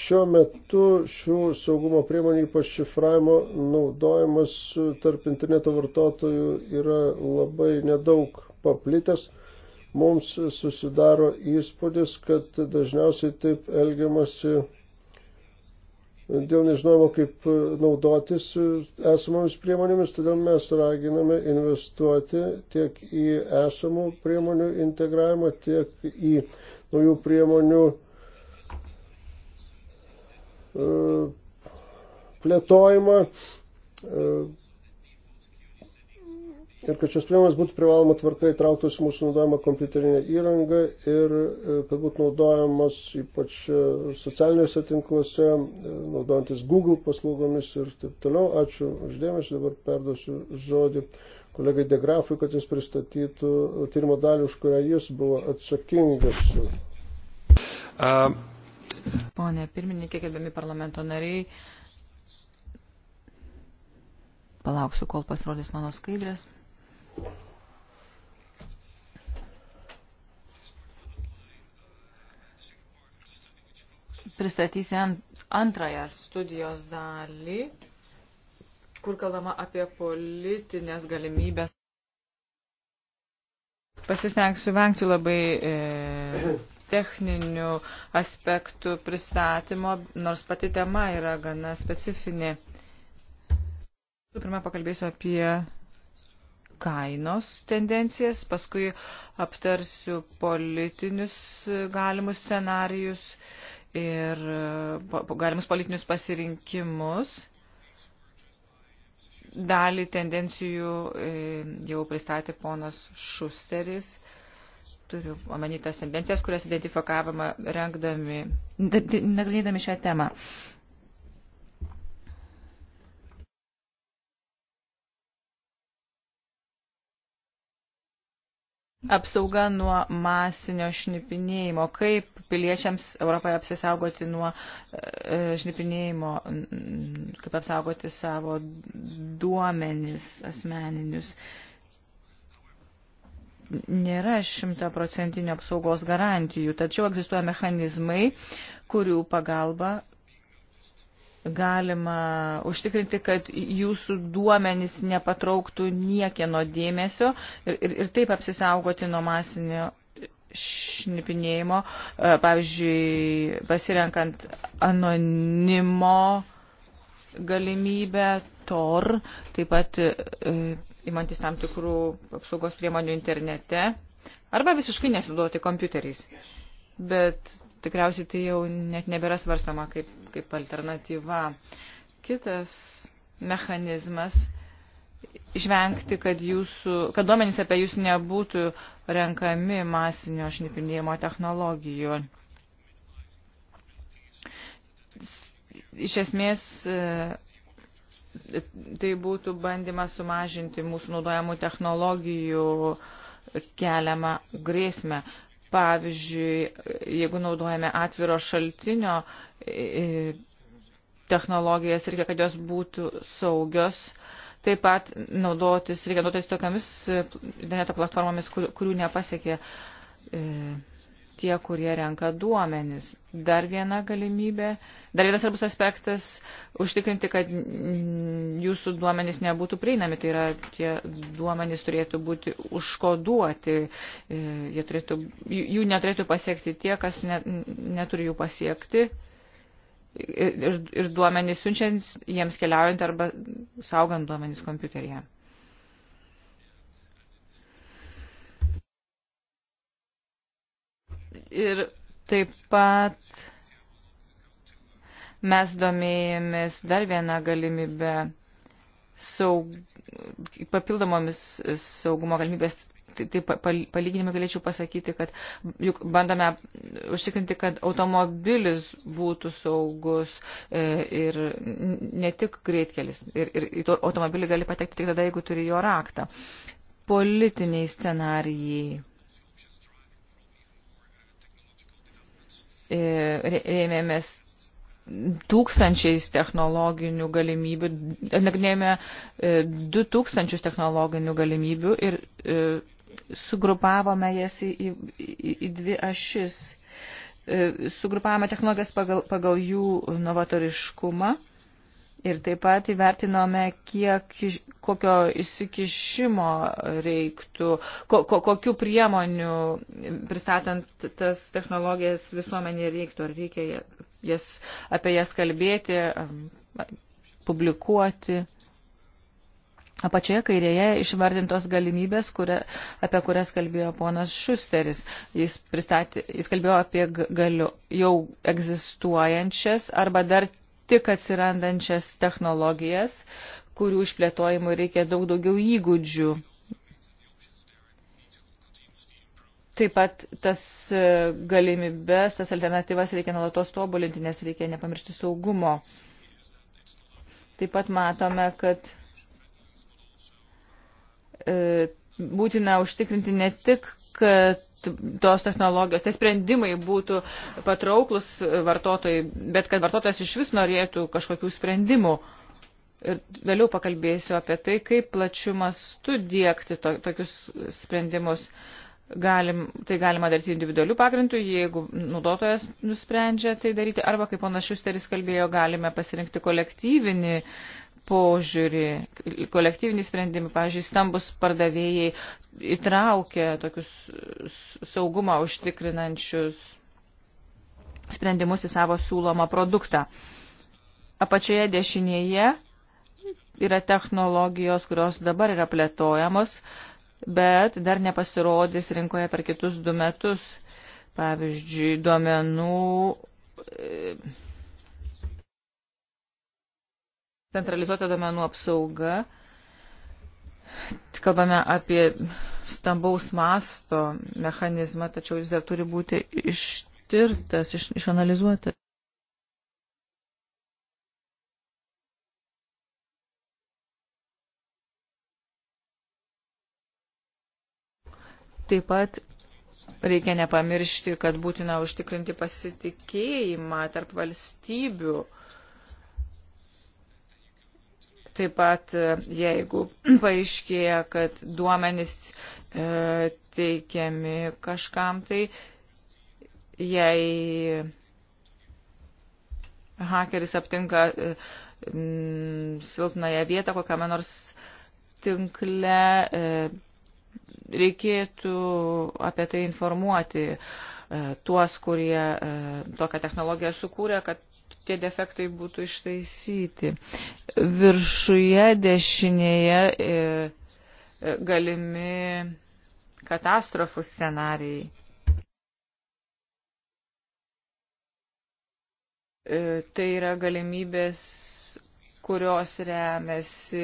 Šiuo metu šių saugumo priemonių, ypač šifravimo, naudojimas tarp interneto vartotojų yra labai nedaug paplitęs. Mums susidaro įspūdis, kad dažniausiai taip elgiamasi dėl nežinojimo, kaip naudotis esamomis priemonėmis, todėl mes raginame investuoti tiek į esamų priemonių integravimą, tiek į naujų priemonių e, plėtojimą e, ir kad šios priemonės būtų privaloma tvarka įtrauktos į mūsų naudojamą kompiuterinę įrangą ir e, kad būtų naudojamos ypač socialiniuose tinkluose, naudojantis Google paslaugomis ir taip toliau. Ačiū uždėmesi, dabar perduosiu žodį kolegai Degrafui, kad jis pristatytų tyrimo dalį, už kurią jis buvo atsakingas. Um. Pone pirmininkė, gerbiami parlamento nariai, palauksiu, kol pasirodys mano skaidrės. Pristatysiu antrąją studijos dalį kur kalbama apie politinės galimybės. Pasistengsiu vengti labai e, techninių aspektų pristatymo, nors pati tema yra gana specifinė. Pirmą pakalbėsiu apie kainos tendencijas, paskui aptarsiu politinius galimus scenarius ir galimus politinius pasirinkimus dalį tendencijų e, jau pristatė ponas Šusteris. Turiu omeny tas tendencijas, kurias identifikavome rengdami, nagrinėdami šią temą. Apsauga nuo masinio šnipinėjimo. Kaip piliečiams Europoje apsisaugoti nuo e, šnipinėjimo, kaip apsaugoti savo duomenis asmeninius. Nėra šimtaprocentinio apsaugos garantijų, tačiau egzistuoja mechanizmai, kurių pagalba galima užtikrinti, kad jūsų duomenys nepatrauktų niekieno dėmesio ir, ir, ir taip apsisaugoti nuo masinio šnipinėjimo, e, pavyzdžiui, pasirenkant anonimo galimybę, TOR, taip pat įmantis e, tam tikrų apsaugos priemonių internete arba visiškai nesiduoti kompiuteriais. Bet tikriausiai tai jau net nebėra svarstama kaip, kaip alternatyva. Kitas mechanizmas išvengti, kad, jūsų, kad duomenys apie jūs nebūtų renkami masinio šnipinėjimo technologijų. Iš esmės, tai būtų bandymas sumažinti mūsų naudojamų technologijų keliamą grėsmę. Pavyzdžiui, jeigu naudojame atviro šaltinio e, e, technologijas, reikia, kad jos būtų saugios. Taip pat naudotis, reikia naudotis tokiamis e, interneto platformomis, kur, kurių nepasiekė tie, kurie renka duomenis. Dar viena galimybė, dar vienas svarbus aspektas - užtikrinti, kad jūsų duomenis nebūtų prieinami. Tai yra, tie duomenis turėtų būti užkoduoti, e, jie turėtų, jų neturėtų pasiekti tie, kas ne, neturi jų pasiekti. Ir, ir duomenys siunčiant jiems keliaujant arba saugant duomenys kompiuteryje. Ir taip pat mes domėjomės dar vieną galimybę saug, papildomomis saugumo galimybės. Taip, tai palyginimai galėčiau pasakyti, kad juk bandome užtikrinti, kad automobilis būtų saugus e, ir ne tik greitkelis. Ir, ir į automobilį gali patekti tik tada, jeigu turi jo raktą. Politiniai scenarijai E, rėmėmės tūkstančiais technologinių galimybių, nagrinėjome e, du tūkstančius technologinių galimybių ir e, sugrupavome jas į, į, į, į dvi ašis. Sugrupavome technologijas pagal, pagal jų novatoriškumą Ir taip pat įvertinome, kiek, kokio įsikišimo reiktų, ko, ko, kokiu priemonių pristatant tas technologijas visuomenė reiktų, ar reikia jas, apie jas kalbėti, publikuoti. Apačioje kairėje išvardintos galimybės, kuria, apie kurias kalbėjo ponas Šusteris. Jis, pristatė, jis kalbėjo apie galiu, jau egzistuojančias arba dar tik atsirandančias technologijas, kurių išplėtojimui reikia daug daugiau įgūdžių. Taip pat tas e, galimybės, tas alternatyvas reikia nuolatos tobulinti, nes reikia nepamiršti saugumo. Taip pat matome, kad e, būtina užtikrinti ne tik, kad tos technologijos, tie sprendimai būtų patrauklus vartotojai, bet kad vartotojas iš vis norėtų kažkokių sprendimų. Ir vėliau pakalbėsiu apie tai, kaip plačiumas studijekti to, tokius sprendimus. Galim, tai galima daryti individualių pagrindų, jeigu naudotojas nusprendžia tai daryti, arba, kaip ponas Šusteris kalbėjo, galime pasirinkti kolektyvinį požiūrį, kolektyvinį sprendimą, pavyzdžiui, stambus pardavėjai įtraukia tokius saugumą užtikrinančius sprendimus į savo siūlomą produktą. Apačioje dešinėje yra technologijos, kurios dabar yra plėtojamos, bet dar nepasirodys rinkoje per kitus du metus. Pavyzdžiui, duomenų e, Centralizuota domenų apsauga. Kalbame apie stambaus masto mechanizmą, tačiau jis dar turi būti ištirtas, iš, išanalizuotas. Taip pat reikia nepamiršti, kad būtina užtikrinti pasitikėjimą tarp valstybių Taip pat, e, jeigu paaiškėja, kad duomenys e, teikiami kažkam, tai jei hakeris aptinka e, silpnąją vietą kokiame nors tinkle, e, reikėtų apie tai informuoti. E, E, tuos, kurie e, tokią technologiją sukūrė, kad tie defektai būtų ištaisyti. Viršuje dešinėje e, galimi katastrofų scenarijai. Tai yra galimybės, kurios remiasi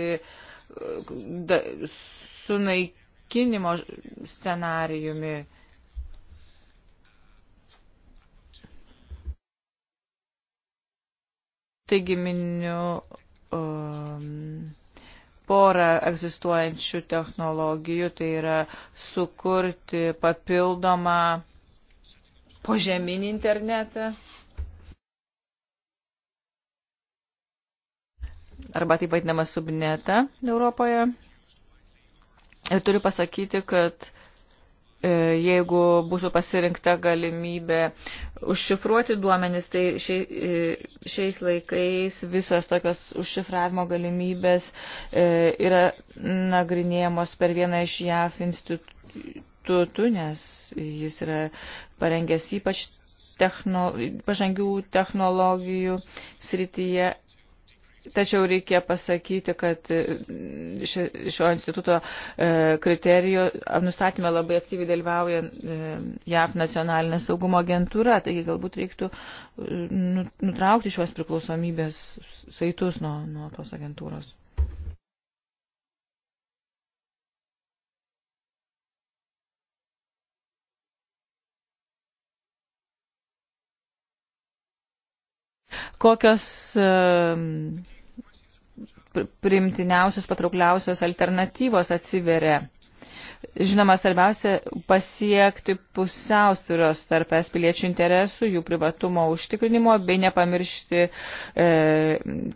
sunaikinimo scenarijumi Taigi miniu um, porą egzistuojančių technologijų, tai yra sukurti papildomą požeminį internetą. arba taip vadinamą subnetą Europoje. Ir turiu pasakyti, kad E, jeigu būtų pasirinkta galimybė užšifruoti duomenis, tai e, šiais laikais visos tokios užšifravimo galimybės e, yra nagrinėjamos per vieną iš JAF institutų, nes jis yra parengęs ypač techno, pažangių technologijų srityje Tačiau reikia pasakyti, kad e, šio instituto e, kriterijų nustatymą labai aktyviai dalyvauja e, JAV nacionalinė saugumo agentūra, taigi galbūt reiktų nu, nutraukti šios priklausomybės saitus nuo, nuo tos agentūros. Kokios uh, primtiniausios, patraukliausios alternatyvos atsiveria. Žinoma, svarbiausia pasiekti pusiausvyros tarp es piliečių interesų, jų privatumo užtikrinimo, bei nepamiršti e,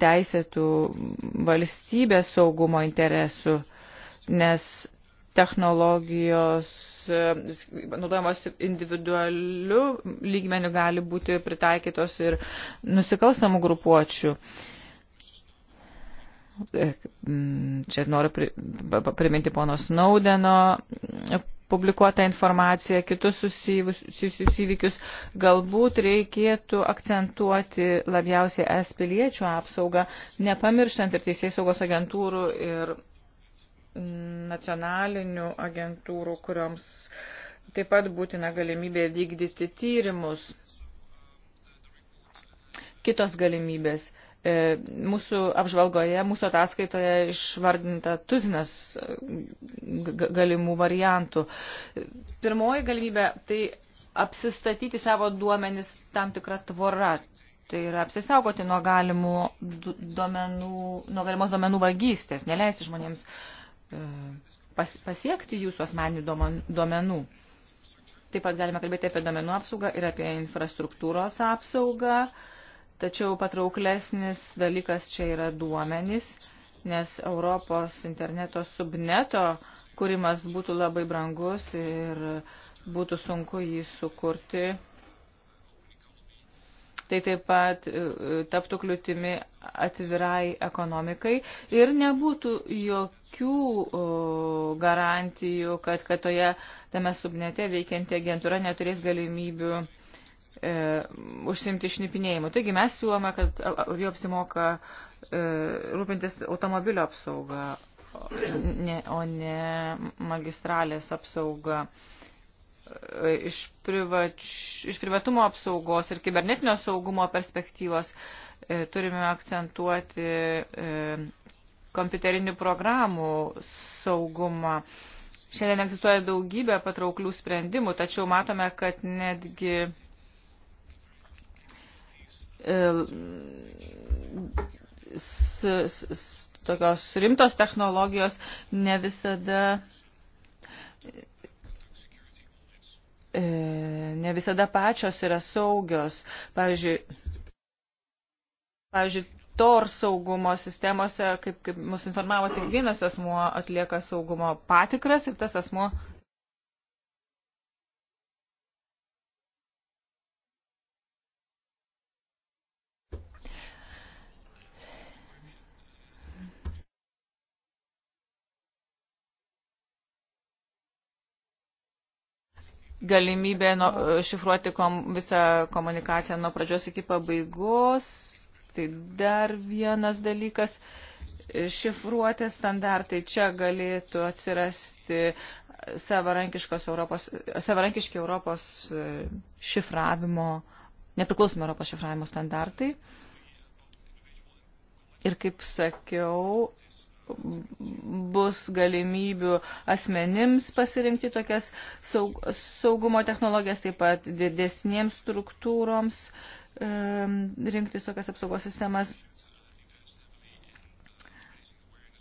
teisėtų valstybės saugumo interesų, nes technologijos e, naudojamos individualiu lygmeniu gali būti pritaikytos ir nusikalstamų grupuočių. E, Čia noriu priminti pono Snaudeno publikuotą informaciją, kitus susijusius įvykius. Galbūt reikėtų akcentuoti labiausiai es piliečių apsaugą, nepamirštant ir teisės saugos agentūrų ir nacionalinių agentūrų, kurioms taip pat būtina galimybė vykdyti tyrimus. Kitos galimybės. Uh, E, mūsų apžvalgoje, mūsų ataskaitoje išvardinta tuzinas e, galimų variantų. Pirmoji galimybė tai apsistatyti savo duomenis tam tikrą tvorą. Tai yra apsisaugoti nuo, galimų duomenų, nuo galimos duomenų vagystės, neleisti žmonėms e, pas, pasiekti jūsų asmeninių duomenų. Taip pat galime kalbėti apie duomenų apsaugą ir apie infrastruktūros apsaugą. Uh, Tačiau patrauklesnis dalykas čia yra duomenys, nes Europos interneto subneto kūrimas būtų labai brangus ir būtų sunku jį sukurti. Tai taip pat e, taptų kliūtimi atvirai ekonomikai ir nebūtų jokių garantijų, kad, kad toje tame subnete veikianti agentūra neturės galimybių e, užsimti šnipinėjimu. Taigi mes siūlome, kad jau apsimoka e, rūpintis automobilio apsauga, ne, o ne magistralės apsauga. E, iš, privač, iš privatumo apsaugos ir kibernetinio saugumo perspektyvos e, turime akcentuoti e, kompiuterinių programų saugumą. Šiandien egzistuoja daugybė patrauklių sprendimų, tačiau matome, kad netgi E, s, s, tokios rimtos technologijos ne visada e, ne visada pačios yra saugios. Pavyzdžiui, pavyzdžiui Tor saugumo sistemose, kaip, kaip mus informavo, tik vienas asmuo atlieka saugumo patikras ir tas asmuo uh, galimybė no, e, šifruoti kom, visą komunikaciją nuo pradžios iki pabaigos. Tai dar vienas dalykas. Šifruoti standartai čia galėtų atsirasti Europos, savarankiški Europos e, šifravimo, nepriklausomi Europos šifravimo standartai. Ir kaip sakiau, bus galimybių asmenims pasirinkti tokias saug, saugumo technologijas, taip pat didesniems struktūroms e, rinktis tokias apsaugos sistemas.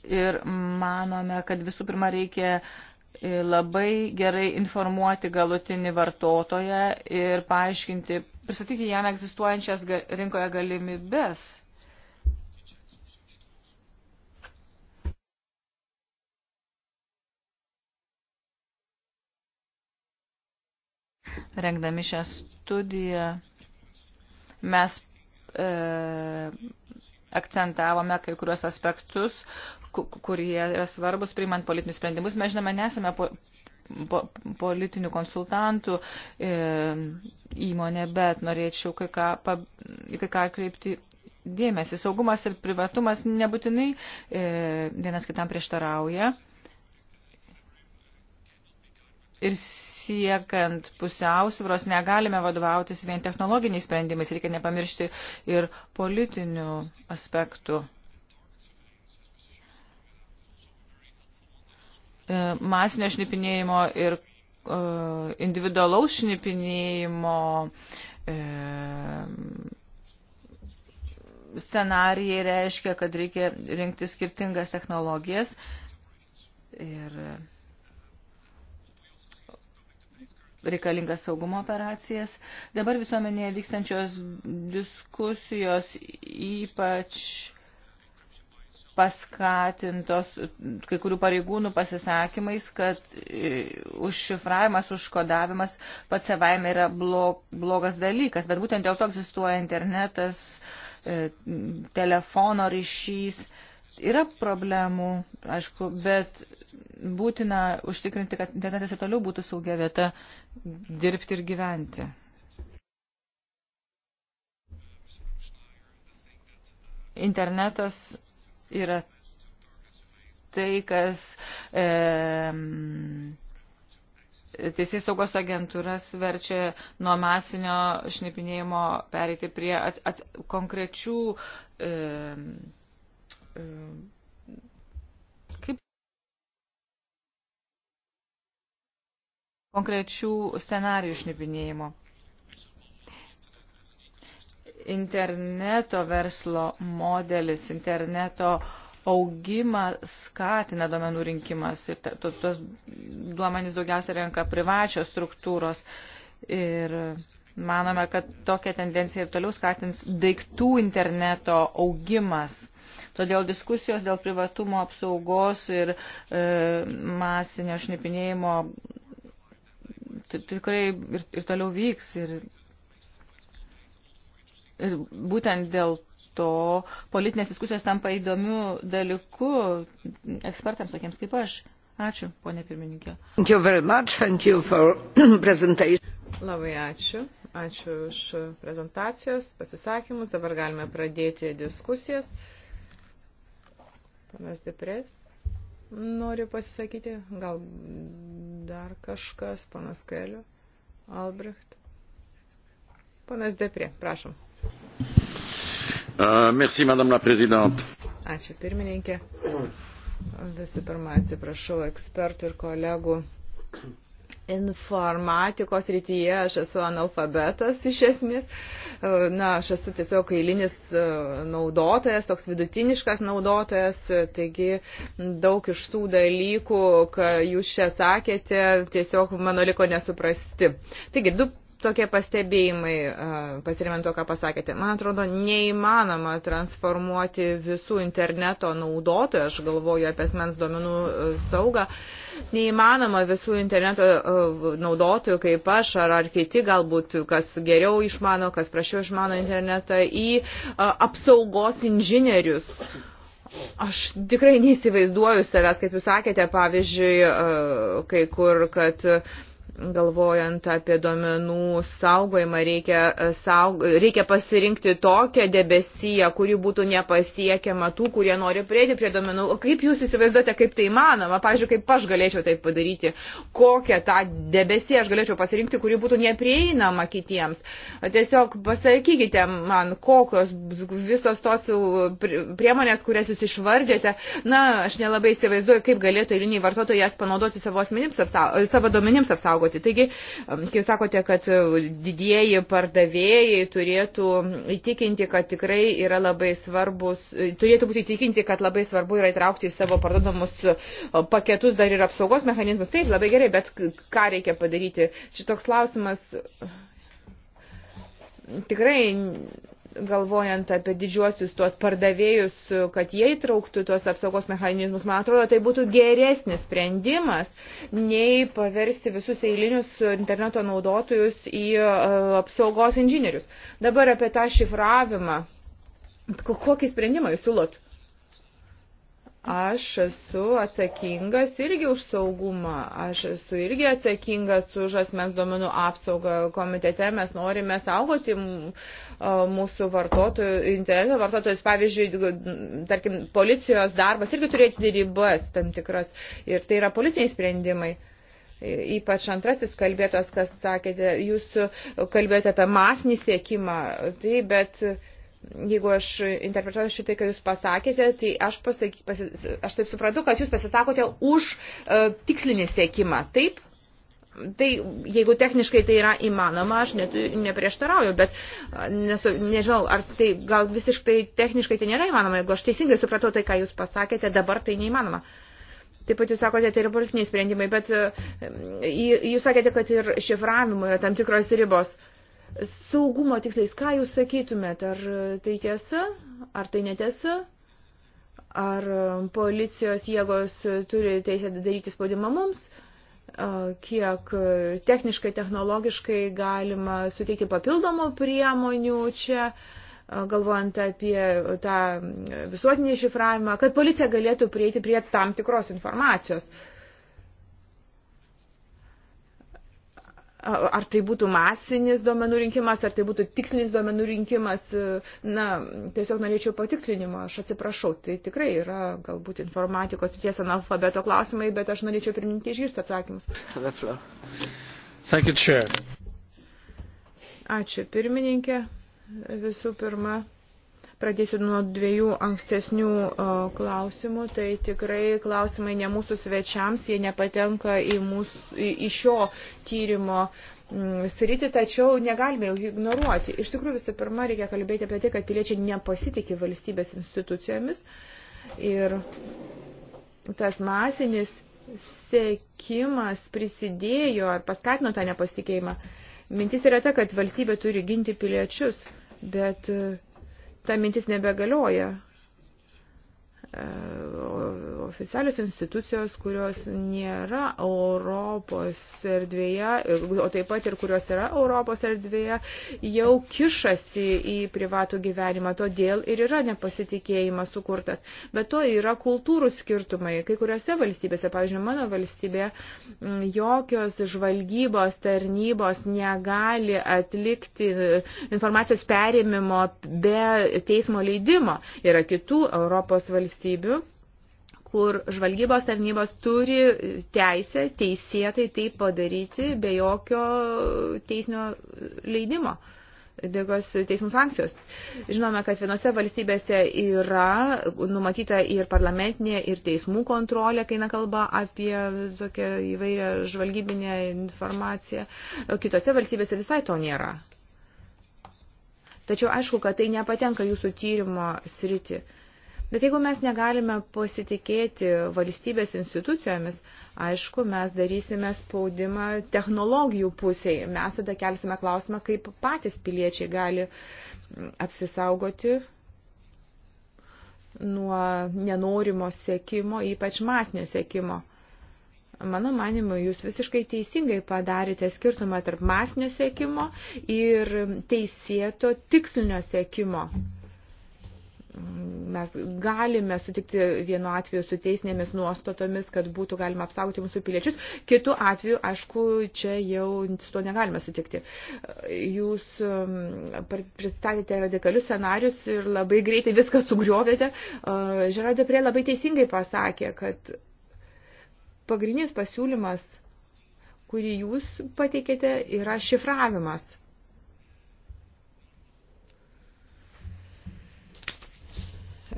Ir manome, kad visų pirma reikia e, labai gerai informuoti galutinį vartotoją ir paaiškinti, pristatyti jam egzistuojančias rinkoje galimybes rengdami šią studiją, mes e, akcentavome kai kuriuos aspektus, kurie yra svarbus priimant politinius sprendimus. Mes žinome, nesame po, po, politinių konsultantų e, įmonė, bet norėčiau kai ką, pa, kai ką kreipti dėmesį. Saugumas ir privatumas nebūtinai e, vienas kitam prieštarauja. E, ir siekant pusiausvros negalime vadovautis vien technologiniais sprendimais, reikia nepamiršti ir politinių aspektų. E, masinio šnipinėjimo ir e, individualaus šnipinėjimo e, scenarijai reiškia, kad reikia rinkti skirtingas technologijas ir reikalingas saugumo operacijas. Dabar visuomenėje vykstančios diskusijos ypač paskatintos kai kurių pareigūnų pasisakymais, kad e, užšifravimas, užkodavimas pats savaime yra blog, blogas dalykas, bet būtent dėl to egzistuoja internetas, e, telefono ryšys, Yra problemų, aišku, bet būtina užtikrinti, kad internetas ir toliau būtų saugia vieta dirbti ir gyventi. Internetas yra tai, kas e, teisės saugos agentūras verčia nuo masinio šnipinėjimo pereiti prie ats, ats, konkrečių e, E, kaip konkrečių scenarijų šnipinėjimo. Interneto verslo modelis, interneto augimą skatina duomenų rinkimas ir tos duomenys daugiausia renka privačios struktūros ir manome, kad tokia tendencija ir toliau skatins daiktų interneto augimas Todėl diskusijos dėl privatumo apsaugos ir e, masinio šnipinėjimo tikrai ir, ir toliau vyks. Ir, ir būtent dėl to politinės diskusijos tampa įdomių dalykų ekspertams tokiems kaip aš. Ačiū, ponė pirmininkė. Labai ačiū. Ačiū už prezentacijas, pasisakymus. Dabar galime pradėti diskusijas. Panas Deprės nori pasisakyti, gal dar kažkas, panas Kelio, Albrecht. Panas Deprė, prašom. Uh, merci, madame la présidente. Ačiū, pirmininkė. Visų pirma, atsiprašau ekspertų ir kolegų informatikos rytyje aš esu analfabetas iš esmės. E, na, aš esu tiesiog eilinis e, naudotojas, toks vidutiniškas naudotojas, e, taigi daug iš tų dalykų, ką jūs čia sakėte, tiesiog mano liko nesuprasti. Taigi, du tokie pastebėjimai, pasirėmint to, ką pasakėte. Man atrodo, neįmanoma transformuoti visų interneto naudotojų, aš galvoju apie asmens duomenų saugą, Neįmanoma visų interneto e, naudotojų kaip aš ar, ar kiti galbūt, kas geriau išmano, kas prašiau išmano internetą, į e, apsaugos inžinierius. Aš tikrai neįsivaizduoju savęs, kaip jūs sakėte, pavyzdžiui, e, kai kur, kad uh, galvojant apie duomenų saugojimą, reikia, e, saug, reikia pasirinkti tokią debesiją, kuri būtų nepasiekiama tų, kurie nori prieiti prie duomenų. Kaip jūs įsivaizduojate, kaip tai manoma? Pavyzdžiui, kaip aš galėčiau tai padaryti? Kokią tą debesiją aš galėčiau pasirinkti, kuri būtų neprieinama kitiems? Tiesiog pasakykite man, kokios visos tos priemonės, kurias jūs išvardėte. Na, aš nelabai įsivaizduoju, kaip galėtų eiliniai vartotojai jas panaudoti savo, asmenims, savo duomenims apsaugoti apsaugoti. Taigi, kai sakote, kad e, didieji pardavėjai turėtų įtikinti, kad tikrai yra labai svarbus, e, turėtų būti įtikinti, kad labai svarbu yra įtraukti į savo parduodamus e, paketus dar ir apsaugos mechanizmus. Taip, labai gerai, bet ką reikia padaryti? Šitoks klausimas tikrai galvojant apie didžiuosius tuos pardavėjus, kad jie įtrauktų tuos apsaugos mechanizmus, man atrodo, tai būtų geresnis sprendimas, nei paversti visus eilinius interneto naudotojus į e, apsaugos inžinierius. Dabar apie tą šifravimą. Kokį sprendimą jūs siūlot? aš esu atsakingas irgi už saugumą, aš esu irgi atsakingas už asmens duomenų apsaugą. Komitete mes norime saugoti mūsų vartotojų, interneto vartotojus. Pavyzdžiui, tarkim, policijos darbas irgi turėti ribas tam tikras ir tai yra policiniai sprendimai ypač antrasis kalbėtos, kas sakėte, jūs kalbėjote apie masinį siekimą, tai bet jeigu aš interpretuoju šitai, ką jūs pasakėte, tai aš, pasaky, pasi, aš taip suprantu, kad jūs pasisakote už uh, e, tikslinį sėkimą, taip? Tai jeigu techniškai tai yra įmanoma, aš net, neprieštarauju, bet e, nesu, nežinau, ar tai gal visiškai techniškai tai nėra įmanoma. Jeigu aš teisingai supratau tai, ką jūs pasakėte, dabar tai neįmanoma. Taip pat jūs sakote, tai yra politiniai sprendimai, bet e, jūs sakėte, kad ir šifravimo yra tam tikros ribos. Uh, saugumo tikslais, ką jūs sakytumėt, ar tai tiesa, ar tai netiesa, ar um, policijos jėgos turi teisę daryti spaudimą mums, kiek e, techniškai, technologiškai galima suteikti papildomų priemonių čia, galvojant apie tą visuotinį šifravimą, kad policija galėtų prieiti prie tam tikros informacijos. Ar tai būtų masinis duomenų rinkimas, ar tai būtų tikslinis duomenų rinkimas, e, na, tiesiog norėčiau patikslinimo, aš atsiprašau, tai tikrai yra galbūt informatikos ties analfabeto klausimai, bet aš norėčiau priminti išgirsti atsakymus. Ačiū, pirmininkė. Visų pirma, Pradėsiu nuo dviejų ankstesnių klausimų. Tai tikrai klausimai ne mūsų svečiams, jie nepatenka į, mūsų, į šio tyrimo mm, sritį, tačiau negalime jų ignoruoti. Iš tikrųjų, visų pirma, reikia kalbėti apie tai, kad piliečiai nepasitikė valstybės institucijomis ir tas masinis sekimas prisidėjo ar paskatino tą nepasitikėjimą. Mintis yra ta, kad valstybė turi ginti piliečius, bet uh, ta mintis nebegalioja. E, oficialios institucijos, kurios nėra Europos erdvėje, o taip pat ir kurios yra Europos erdvėje, jau kišasi į privatų gyvenimą. Todėl ir yra nepasitikėjimas sukurtas. Bet to yra kultūrų skirtumai. Kai kuriuose valstybėse, pavyzdžiui, mano valstybė, jokios žvalgybos tarnybos negali atlikti informacijos perėmimo be teismo leidimo. Yra kitų Europos valstybių valstybių kur žvalgybos tarnybos turi teisę teisėtai tai padaryti be jokio teisinio leidimo, be jokios teismų sankcijos. Žinome, kad vienose valstybėse yra numatyta ir parlamentinė, ir teismų kontrolė, kai nekalba apie tokią įvairią žvalgybinę informaciją. Kitose valstybėse visai to nėra. Tačiau aišku, kad tai nepatenka jūsų tyrimo sritį. Uh, Bet jeigu mes negalime pasitikėti valstybės institucijomis, aišku, mes darysime spaudimą technologijų pusiai. Mes tada kelsime klausimą, kaip patys piliečiai gali mm, apsisaugoti nuo nenorimo sėkimo, ypač masinio sėkimo. Mano manimu, jūs visiškai teisingai padarėte skirtumą tarp masinio sėkimo ir teisėto tikslinio sėkimo mes galime sutikti vienu atveju su teisinėmis nuostatomis, kad būtų galima apsaugoti mūsų piliečius, kitu atveju, aišku, čia jau su to negalime sutikti. Jūs um, pristatėte radikalius scenarius ir labai greitai viską sugriovėte. Uh, Žeradė prie labai teisingai pasakė, kad pagrindinis pasiūlymas kurį jūs pateikėte, yra šifravimas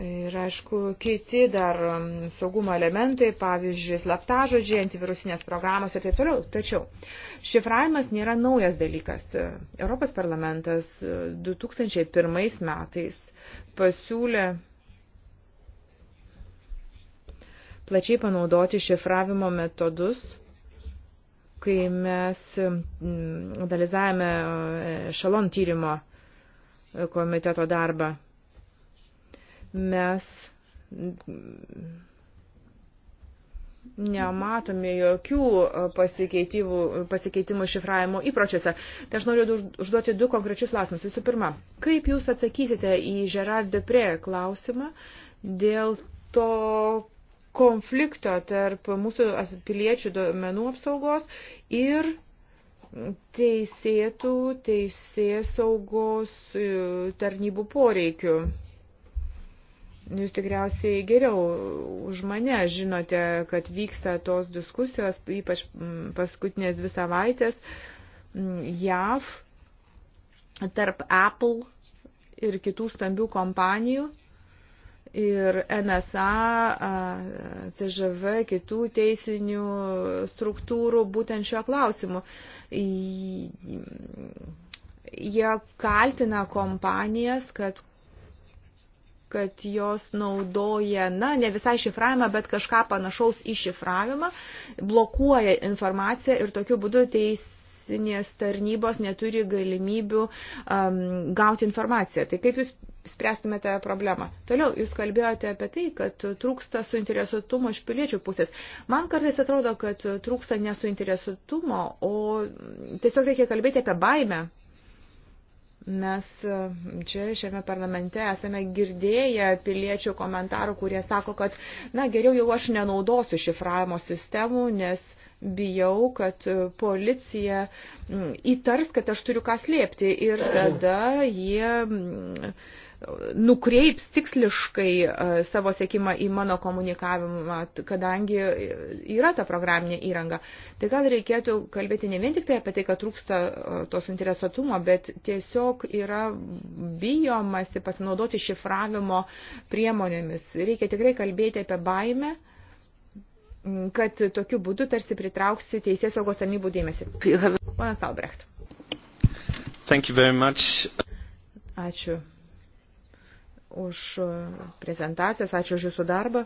Ir aišku, kiti dar um, saugumo elementai, pavyzdžiui, slaptažodžiai, antivirusinės programos ir taip toliau. Tačiau šifravimas nėra naujas dalykas. Europos parlamentas 2001 e, metais pasiūlė plačiai panaudoti šifravimo metodus kai mes analizavome e, šalon tyrimo e, komiteto darbą mes nematome jokių e, pasikeitimų šifravimo įpročiuose. Tai aš noriu užduoti du konkrečius klausimus. Visų pirma, kaip Jūs atsakysite į Gerard Depre klausimą dėl to konflikto tarp mūsų piliečių duomenų apsaugos ir teisėtų, teisės saugos e, tarnybų poreikių jūs tikriausiai geriau už mane žinote, kad vyksta tos diskusijos, ypač mm, paskutinės dvi savaitės mm, JAV tarp Apple ir kitų stambių kompanijų ir NSA, CŽV, kitų teisinių struktūrų būtent šiuo klausimu. Jie kaltina kompanijas, kad kad jos naudoja, na, ne visai šifravimą, bet kažką panašaus į šifravimą, blokuoja informaciją ir tokiu būdu teisinės tarnybos neturi galimybių um, gauti informaciją. Tai kaip jūs spręstumėte problemą. Toliau, jūs kalbėjote apie tai, kad trūksta suinteresuotumo iš piliečių pusės. Man kartais atrodo, kad trūksta nesuinteresuotumo, o tiesiog reikia kalbėti apie baimę Mes e, čia šiame parlamente esame girdėję piliečių komentarų, kurie sako, kad, na, geriau jau aš nenaudosiu šifravimo sistemų, nes bijau, kad e, policija įtars, kad aš turiu ką slėpti ir tada jie nukreips tiksliškai e, savo sėkimą į mano komunikavimą, kadangi e, yra ta programinė įranga. Tai gal reikėtų kalbėti ne vien tik tai apie tai, kad trūksta e, tos interesatumo, bet tiesiog yra bijomasi pasinaudoti šifravimo priemonėmis. Reikia tikrai kalbėti apie baimę kad tokiu būdu tarsi pritrauksiu teisės saugos tarnybų dėmesį. Ponas Albrecht. Thank you very much. Ačiū už prezentacijas, ačiū už jūsų darbą.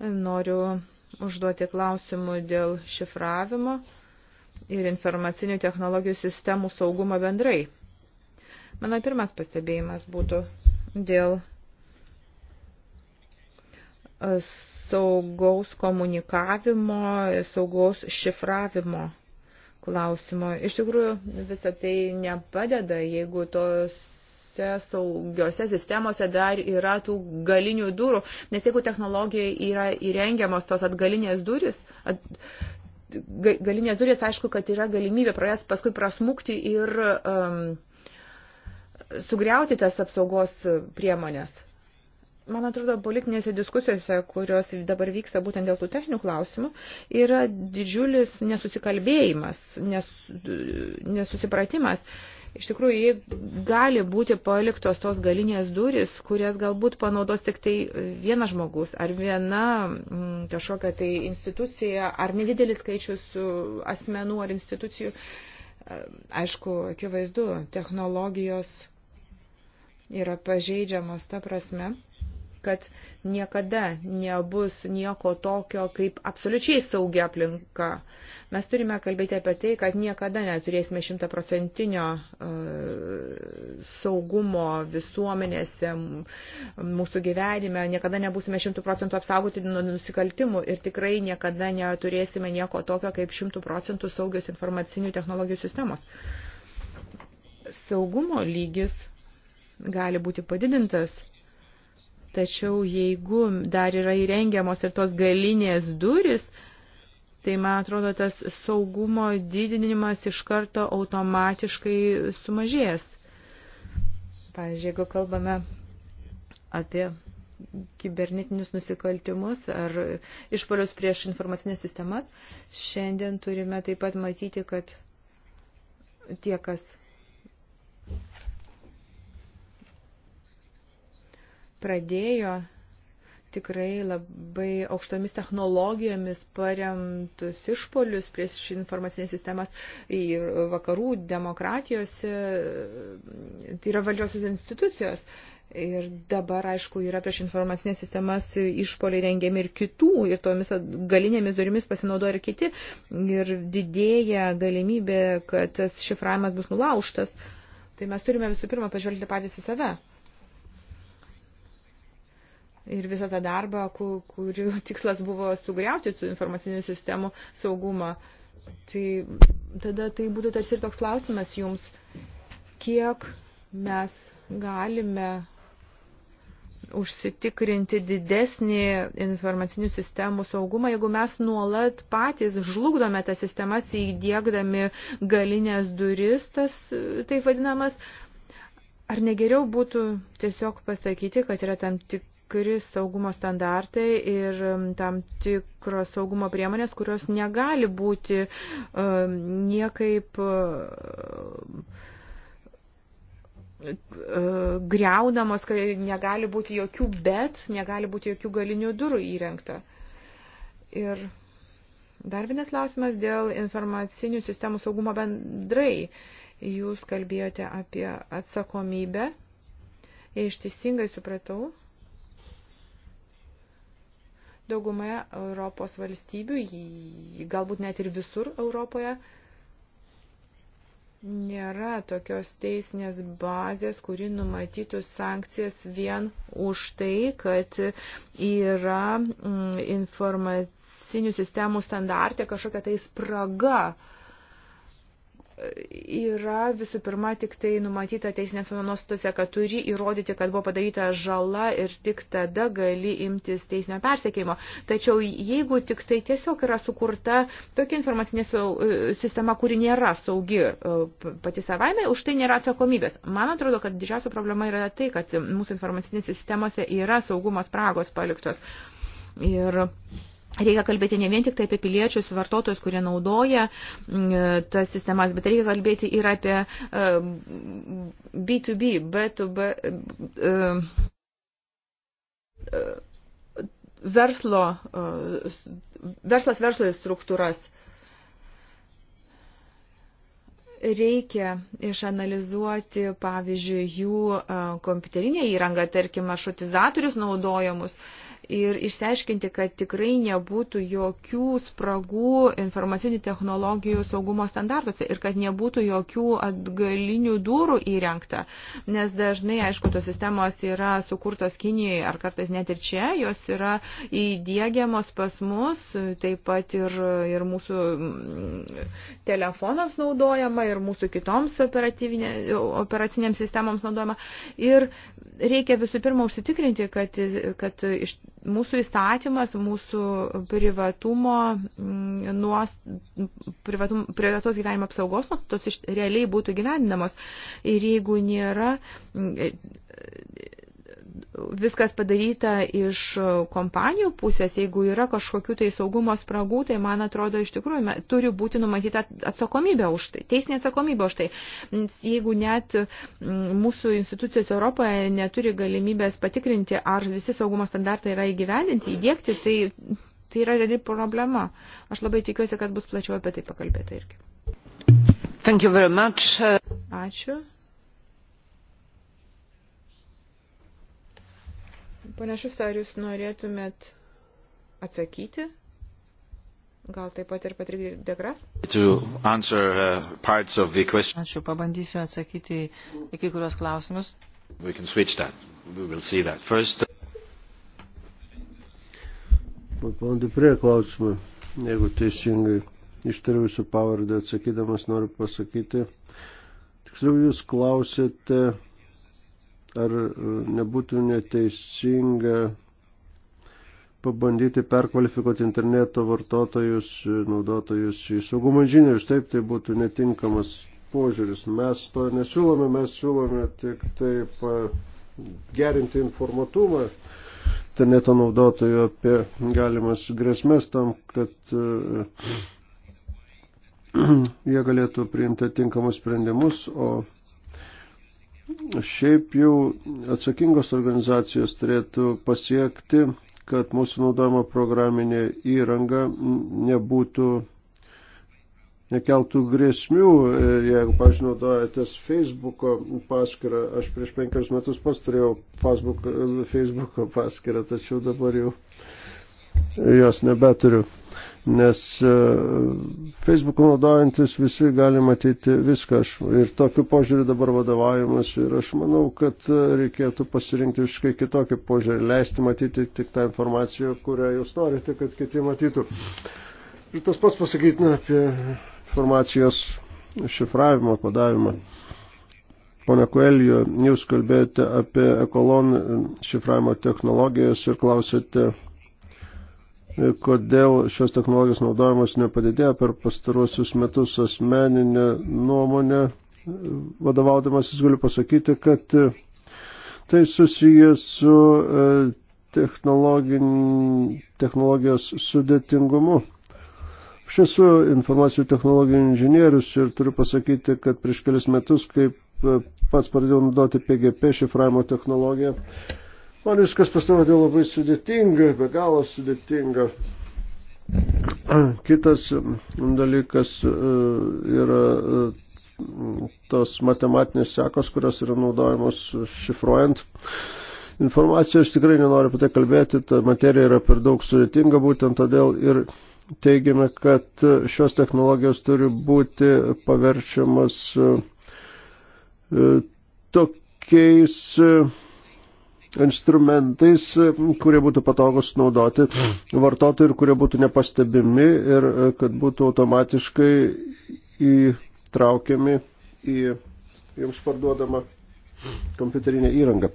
Noriu užduoti klausimų dėl šifravimo ir informacinių technologijų sistemų saugumo bendrai. Mano pirmas pastebėjimas būtų dėl e, saugaus komunikavimo, e, saugaus šifravimo klausimo. Iš tikrųjų, visą tai nepadeda, jeigu tos tose saugiose sistemose dar yra tų galinių durų. Nes jeigu technologija yra įrengiamos tos atgalinės duris, at, ga, galinės duris, aišku, kad yra galimybė pro jas paskui prasmukti ir um, sugriauti tas apsaugos priemonės. Man atrodo, politinėse diskusijose, kurios dabar vyksta būtent dėl tų techninių klausimų, yra didžiulis nesusikalbėjimas, nes, nesusipratimas. Iš tikrųjų, jie gali būti paliktos tos galinės duris, kurias galbūt panaudos tik tai vienas žmogus ar viena m, mm, kažkokia tai institucija ar nedidelis skaičius asmenų ar institucijų. Aišku, akivaizdu, technologijos yra pažeidžiamos ta prasme kad niekada nebus nieko tokio kaip absoliučiai saugia aplinka. Mes turime kalbėti apie tai, kad niekada neturėsime šimtaprocentinio e, saugumo visuomenėse, mūsų gyvenime, niekada nebusime šimtų procentų apsaugoti nuo nusikaltimų ir tikrai niekada neturėsime nieko tokio kaip šimtų procentų saugios informacinių technologijų sistemos. Saugumo lygis gali būti padidintas Tačiau jeigu dar yra įrengiamos ir tos galinės duris, tai man atrodo, tas saugumo didinimas iš karto automatiškai sumažės. Pavyzdžiui, jeigu kalbame apie kibernetinius nusikaltimus ar išpolius prieš informacinės sistemas, šiandien turime taip pat matyti, kad tie, kas pradėjo tikrai labai aukštomis technologijomis paremtus išpolius prieš informacinės sistemas į vakarų demokratijose, tai yra valdžiosios institucijos. Ir dabar, aišku, yra prieš informacinės sistemas išpoliai rengiami ir kitų, ir tomis galinėmis durimis pasinaudoja ir kiti, ir didėja galimybė, kad tas šifravimas bus nulauštas. Tai mes turime visų pirma pažvelgti patys į save ir visą tą darbą, kurių tikslas buvo sugriauti su informacinių sistemų saugumą. Tai tada tai būtų tarsi ir toks klausimas jums, kiek mes galime užsitikrinti didesnį informacinių sistemų saugumą, jeigu mes nuolat patys žlugdome tas sistemas įdėkdami galinės duris, tas taip vadinamas. Ar negeriau būtų tiesiog pasakyti, kad yra tam tik tikri saugumo standartai ir um, tam tikros saugumo priemonės, kurios negali būti um, niekaip uh, greunamos, kai negali būti jokių bet, negali būti jokių galinių durų įrengta. Ir dar vienas klausimas dėl informacinių sistemų saugumo bendrai. Jūs kalbėjote apie atsakomybę jei iš teisingai supratau, daugumoje Europos valstybių, galbūt net ir visur Europoje, nėra tokios teisinės bazės, kuri numatytų sankcijas vien už tai, kad yra mm, informacinių sistemų standartė kažkokia tai spraga. Uh, yra visų pirma tik tai numatyta teisinėse nuostatose, kad turi įrodyti, kad buvo padaryta žala ir tik tada gali imtis teisinio persiekimo. Tačiau jeigu tik tai tiesiog yra sukurta tokia informacinė e, sistema, kuri nėra saugi e, pati savaime, už tai nėra atsakomybės. Man atrodo, kad didžiausia problema yra tai, kad mūsų informacinėse sistemose yra saugumo spragos paliktos. Ir Reikia kalbėti ne vien tik tai apie piliečius, vartotojus, kurie naudoja mm, tas sistemas, bet reikia kalbėti ir apie B2B, B2B verslo, verslas verslo struktūras. Reikia išanalizuoti, pavyzdžiui, jų kompiuterinę įrangą, tarkim, maršrutizatorius naudojamus. Uh, ir išsiaiškinti, kad tikrai nebūtų jokių spragų informacinių technologijų saugumo standartuose ir kad nebūtų jokių atgalinių durų įrengta. Nes dažnai, aišku, tos sistemos yra sukurtos Kinijoje ar kartais net ir čia, jos yra įdėgiamos pas mus, taip pat ir, ir mūsų mm, telefonams naudojama, ir mūsų kitoms operacinėms sistemoms naudojama. Ir reikia visų pirma užsitikrinti, kad, kad iš mūsų įstatymas, mūsų privatumo, mm, nuos, privatum, privatos gyvenimo apsaugos nuostatos realiai būtų gyvendinamos. Ir jeigu nėra mm, viskas padaryta iš kompanijų pusės, jeigu yra kažkokių tai saugumo spragų, tai man atrodo iš tikrųjų me, turi būti numatyta atsakomybė už tai, teisinė atsakomybė už tai. Jeigu net mūsų institucijos Europoje neturi galimybės patikrinti, ar visi saugumo standartai yra įgyvendinti, įdėkti, tai, tai yra reali problema. Aš labai tikiuosi, kad bus plačiau apie tai pakalbėta irgi. Thank you very much. Ačiū. Panašus, ar jūs norėtumėt atsakyti? Gal taip pat ir Patrik Degraf? Uh, Ačiū, pabandysiu atsakyti į kai kurios klausimus. First... Uh, Pabandį prie klausimą, jeigu teisingai ištariu jūsų pavardę atsakydamas, noriu pasakyti. Tiksliau, jūs klausėte ar e, nebūtų neteisinga pabandyti perkvalifikuoti interneto vartotojus, e, naudotojus į saugumo inžinierius. Taip, tai būtų netinkamas požiūris. Mes to nesiūlome, mes siūlome tik taip e, gerinti informatumą interneto naudotojų apie galimas grėsmės tam, kad jie galėtų priimti tinkamus sprendimus, o Šiaip jau atsakingos organizacijos turėtų pasiekti, kad mūsų naudojama programinė įranga nebūtų nekeltų grėsmių, jeigu, pavyzdžiui, naudojatės Facebook'o paskirą. Aš prieš penkius metus pas turėjau Facebook, Facebook'o paskirą, tačiau dabar jau jos nebeturiu nes e, Facebook'u naudojantis visi gali matyti viską. Aš ir tokiu požiūriu dabar vadovaujamas ir aš manau, kad e, reikėtų pasirinkti visiškai kitokį požiūrį, leisti matyti tik tą informaciją, kurią jūs norite, kad kiti matytų. Ir tas pats pasakytina apie informacijos šifravimo, kodavimą. Pone Koelio, jūs kalbėjote apie ekolon šifravimo technologijas ir klausėte kodėl šios technologijos naudojimas nepadidėjo per pastaruosius metus asmeninę nuomonę. Vadovaudamasis galiu pasakyti, kad e, tai susijęs su e, technologijos sudėtingumu. Aš esu informacijų technologijų inžinierius ir turiu pasakyti, kad prieš kelis metus, kaip e, pats pradėjau naudoti PGP šifravimo technologiją, Man viskas pasirodė labai sudėtinga, be galo sudėtinga. Kitas um, dalykas uh, yra uh, tos matematinės sekos, kurios yra naudojamos šifruojant informaciją. Aš tikrai nenoriu apie tai kalbėti, ta materija yra per daug sudėtinga, būtent todėl ir teigiame, kad uh, šios technologijos turi būti paverčiamas tokiais instrumentais, kurie būtų patogus naudoti vartotojai ir kurie būtų nepastebimi ir e, kad būtų automatiškai įtraukiami į jums parduodamą kompiuterinę įrangą.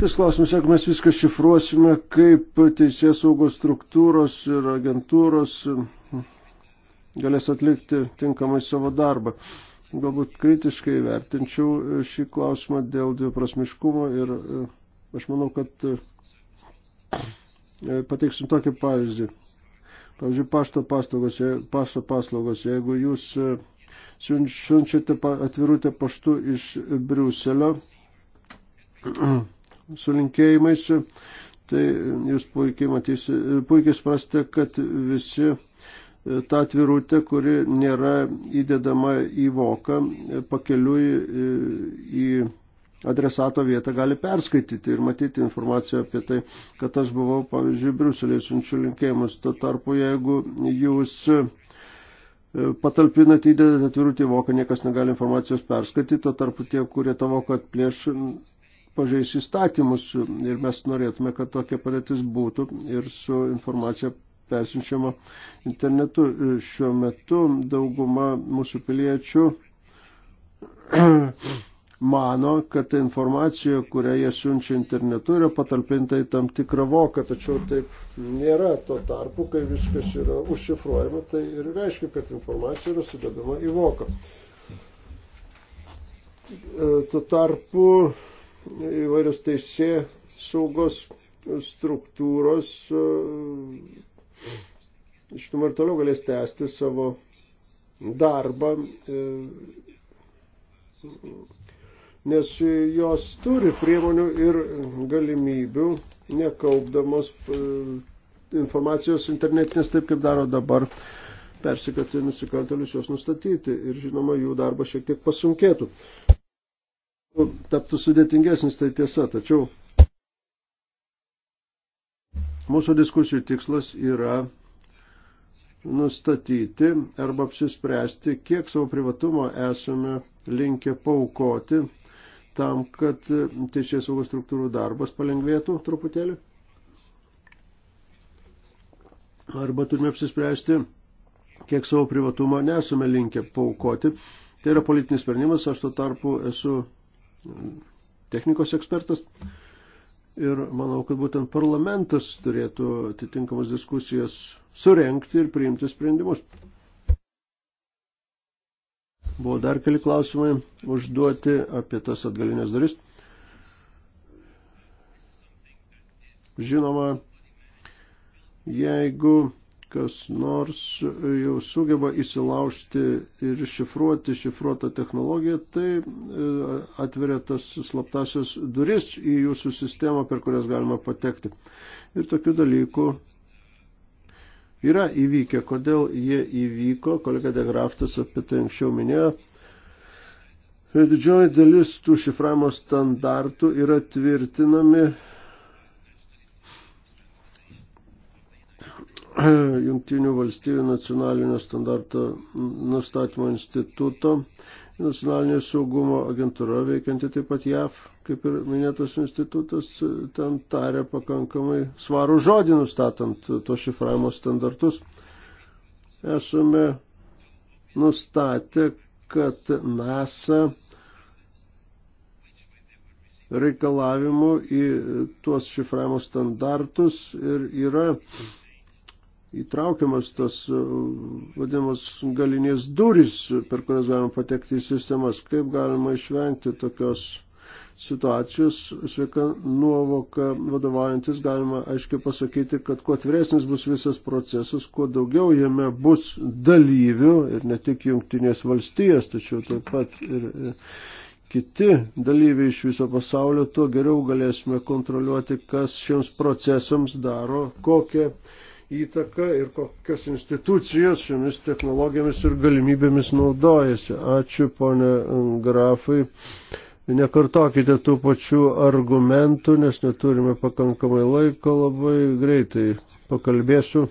Kis klausimas, jeigu mes viską šifruosime, kaip teisės saugos struktūros ir agentūros galės atlikti tinkamai savo darbą galbūt kritiškai vertinčiau e, šį klausimą dėl dviprasmiškumo ir e, aš manau, kad e, pateiksim tokį pavyzdį. Pavyzdžiui, pašto paslaugos, pašto paslaugos jeigu jūs siunčiate atvirutę paštu iš Briuselio su linkėjimais, tai jūs puikiai matysite, puikiai sprastė, kad visi tą atvirutę, kuri nėra įdedama į voką, pakeliui e, į adresato vietą gali perskaityti ir matyti informaciją apie tai, kad aš buvau, pavyzdžiui, Briuselėje siunčiu linkėjimus. Tuo tarpu, jeigu jūs e, patalpinat įdedat atvirutį voką, niekas negali informacijos perskaityti, tuo tarpu tie, kurie tavo, kad plėš pažeis įstatymus ir mes norėtume, kad tokia padėtis būtų ir su informacija persinčiama internetu. Šiuo metu dauguma mūsų piliečių mano, kad ta informacija, kurią jie siunčia internetu, yra patalpinta į tam tikrą voką, tačiau taip nėra. Tuo tarpu, kai viskas yra užšifruojama, tai ir reiškia, kad informacija yra sudedama į voką. E, tuo tarpu įvairios teisė saugos struktūros e, žinoma, ir toliau galės tęsti savo darbą, e, nes jos turi priemonių ir galimybių, nekaupdamos e, informacijos internetinės taip, kaip daro dabar, persikoti nusikaltelius jos nustatyti ir, žinoma, jų darbas šiek tiek pasunkėtų. Taptų sudėtingesnis, tai tiesa, tačiau Mūsų diskusijų tikslas yra nustatyti arba apsispręsti, kiek savo privatumo esame linkę paukoti tam, kad teisės saugos struktūrų darbas palengvėtų truputėlį. Arba turime apsispręsti, kiek savo privatumą nesame linkę paukoti. Tai yra politinis sprendimas, aš tuo tarpu esu technikos ekspertas. Ir manau, kad būtent parlamentas turėtų atitinkamas diskusijas surenkti ir priimti sprendimus. Buvo dar keli klausimai užduoti apie tas atgalinės dalis. Žinoma, jeigu kas nors jau sugeba įsilaužti ir šifruoti šifruotą technologiją, tai e, atveria tas slaptasias duris į jūsų sistemą, per kurias galima patekti. Ir tokių dalykų yra įvykę. Kodėl jie įvyko, kolega Degraftas apie tai anksčiau minėjo. Didžioji dalis tų šifravimo standartų yra tvirtinami Junktinių valstybių nacionalinio standarto nustatymo instituto, nacionalinė saugumo agentūra veikianti taip pat JAV, kaip ir minėtas institutas, ten tarė pakankamai svarų žodį nustatant to šifravimo standartus. Esame nustatę, kad NASA reikalavimų į tuos šifravimo standartus ir yra įtraukiamas tas e, vadinamas galinės durys, per kurias galima patekti į sistemas. Kaip galima išvengti tokios situacijos sveika nuovoka vadovaujantis galima aiškiai pasakyti, kad kuo atviresnis bus visas procesas, kuo daugiau jame bus dalyvių ir ne tik jungtinės valstijos, tačiau taip pat ir e, kiti dalyviai iš viso pasaulio, tuo geriau galėsime kontroliuoti, kas šiems procesams daro, kokią įtaka ir kokios institucijos šiomis technologijomis ir galimybėmis naudojasi. Ačiū, ponė um, Grafai. Nekartokite tų pačių argumentų, nes neturime pakankamai laiko, labai greitai pakalbėsiu.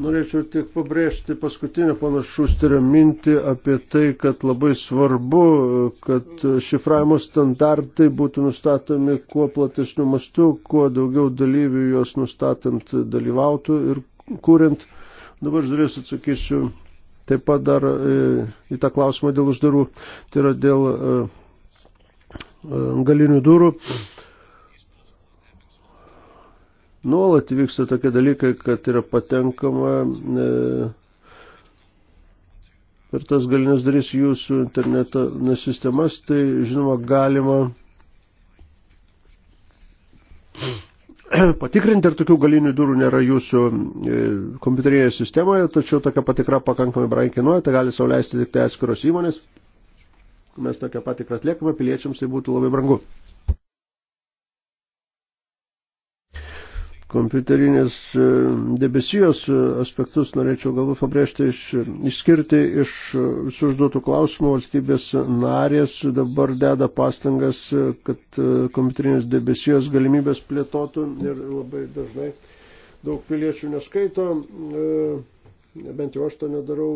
Norėčiau tik pabrėžti paskutinę pono Šusterio mintį apie tai, kad labai svarbu, kad šifravimo standartai būtų nustatomi kuo platesniu mastu, kuo daugiau dalyvių juos nustatant dalyvautų ir kūrint. Dabar aš dalies atsakysiu taip pat dar e, į tą klausimą dėl uždarų, tai yra dėl e, e, galinių durų nuolat vyksta tokie dalykai, kad yra patenkama e, per tas galinės darys jūsų interneto sistemas, tai žinoma galima patikrinti, ar tokių galinių durų nėra jūsų e, kompiuterinėje sistemoje, tačiau tokia patikra pakankamai brangiai kainuoja, tai gali sauliaisti tik tai atskiros įmonės. Mes tokią patikrą atliekame, piliečiams tai būtų labai brangu. kompiuterinės e, debesijos e, aspektus norėčiau galbūt pabrėžti, iš, išskirti iš e, užduotų klausimų valstybės narės dabar deda pastangas, kad kompiuterinės debesijos galimybės plėtotų ir labai dažnai daug piliečių neskaito, bent jau aš to nedarau,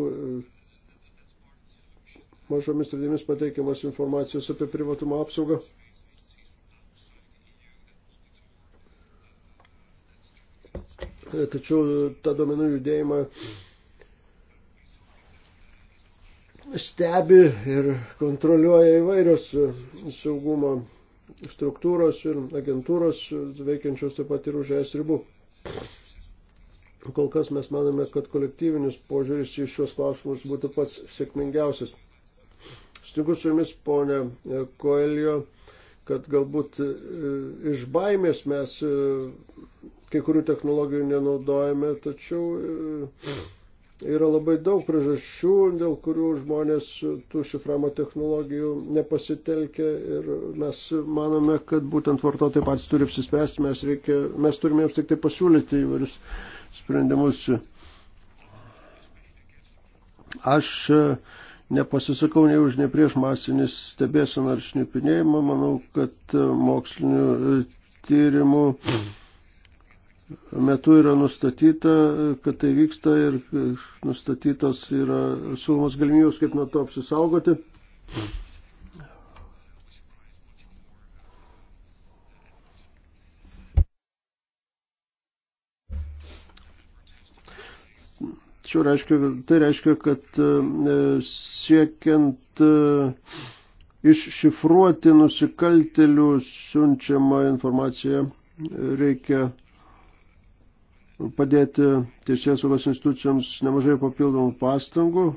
mažomis radėmis pateikiamas informacijos apie privatumo apsaugą. tačiau tą domenų judėjimą stebi ir kontroliuoja įvairios saugumo struktūros ir agentūros veikiančios taip pat ir už es ribų. Kol kas mes manome, kad kolektyvinis požiūris į šios klausimus būtų pats sėkmingiausias. Stingu su jumis, ponė Koelio kad galbūt e, iš baimės mes e, kai kurių technologijų nenaudojame, tačiau e, yra labai daug priežasčių, dėl kurių žmonės tų šiframo technologijų nepasitelkia ir mes manome, kad būtent vartotojai patys turi apsispręsti, mes, reikia, mes turime jiems tik tai pasiūlyti įvairius sprendimus. Aš uh, nepasisakau nei už, nei prieš masinį stebėseną ar šnipinėjimą. Manau, kad e, mokslinių e, tyrimų metu yra nustatyta, e, kad tai vyksta ir nustatytos yra siūlomas galimybės, kaip nuo to apsisaugoti. Tačiau reiškia, tai reiškia, kad e, siekiant e, iššifruoti nusikaltelių siunčiamą informaciją reikia padėti teisės saugos institucijoms nemažai papildomų pastangų.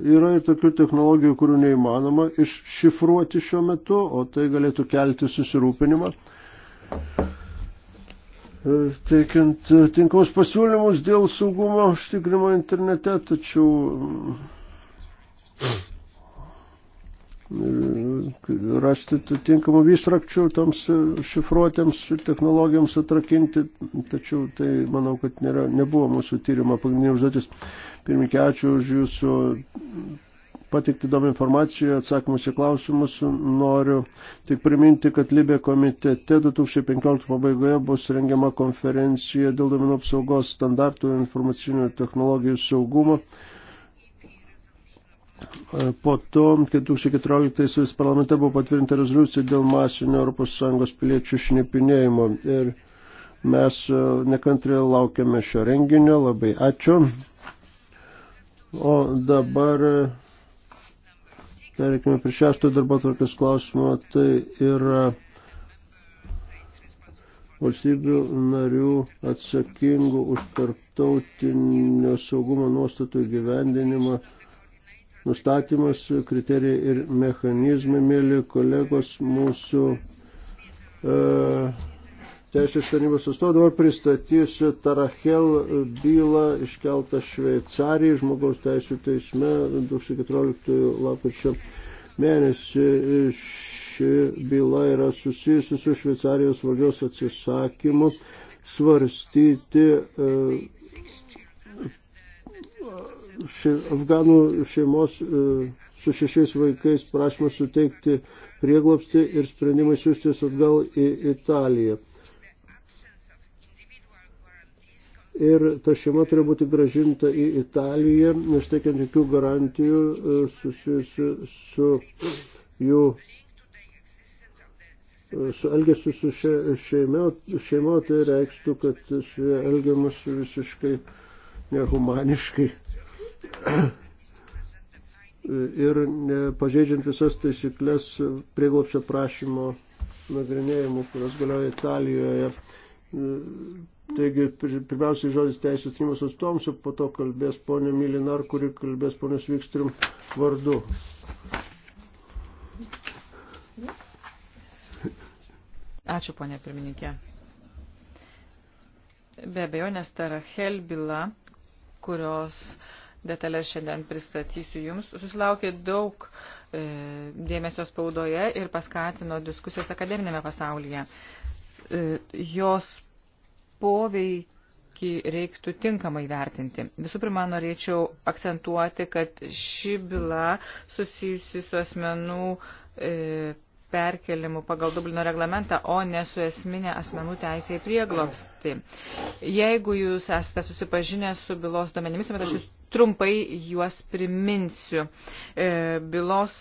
Yra ir tokių technologijų, kurių neįmanoma iššifruoti šiuo metu, o tai galėtų kelti susirūpinimą teikiant e, tinkamus pasiūlymus dėl saugumo užtikrimo internete, tačiau mm, rasti tinkamų vysrakčių toms e, šifruotėms technologijoms atrakinti, tačiau tai manau, kad nėra, nebuvo mūsų tyrimo pagrindinė užduotis. Pirmininkė, ačiū už jūsų pateikti įdomią informaciją, atsakymus į klausimus. Noriu tik priminti, kad Libė komitete 2015 pabaigoje bus rengiama konferencija dėl domenų apsaugos standartų ir informacinių technologijų saugumo. Po to, kai 2014 parlamente buvo patvirtinta rezoliucija dėl masinio ES piliečių šnipinėjimo. Ir mes e, nekantriai laukiame šio renginio. Labai ačiū. O dabar e, Perikime prie šeštojo darbo tvarkės klausimo. Tai yra valstybių narių atsakingų už tarptautinio saugumo nuostatų gyvendinimą nustatymas, kriterijai ir mechanizmai, mėly kolegos, mūsų e, Teisės tarnybos atstovą dabar pristatysiu Tarachel bylą iškeltą Šveicarijai žmogaus teisų teisme 2014 lapkričio mėnesį. Ši byla yra susijusi su Šveicarijos valdžios atsisakymu svarstyti e, ši, afganų šeimos e, su šešiais vaikais prašymą suteikti prieglopstį ir sprendimą siūstis atgal į Italiją. ir ta šeima turi būti gražinta į Italiją, neštekiant tai jokių garantijų e, susijusių su jų e, su elgesiu su še, šeima, šeima, tai reikštų, kad su jie elgiamas visiškai nehumaniškai ir pažeidžiant visas taisyklės prieglopščio prašymo nagrinėjimų, kurios galioja Italijoje, Taigi, pirmiausiai žodis teisės tyrimas atstovams, o po to kalbės ponė Milinar, kuri kalbės ponės Vykstrim vardu. Ačiū, ponė pirmininkė. Be abejo, nes ta Rahel byla, kurios detalės šiandien pristatysiu jums, susilaukė daug e, dėmesio spaudoje ir paskatino diskusijas akademinėme pasaulyje. E, jos poveikį reiktų tinkamai vertinti. Visų pirma, norėčiau akcentuoti, kad ši byla susijusi su asmenų e, perkelimu pagal Dublino reglamentą, o ne su esminė asmenų teisė į prieglobstį. Jeigu jūs esate susipažinę su bylos domenimis, bet aš jūs trumpai juos priminsiu. E, bylos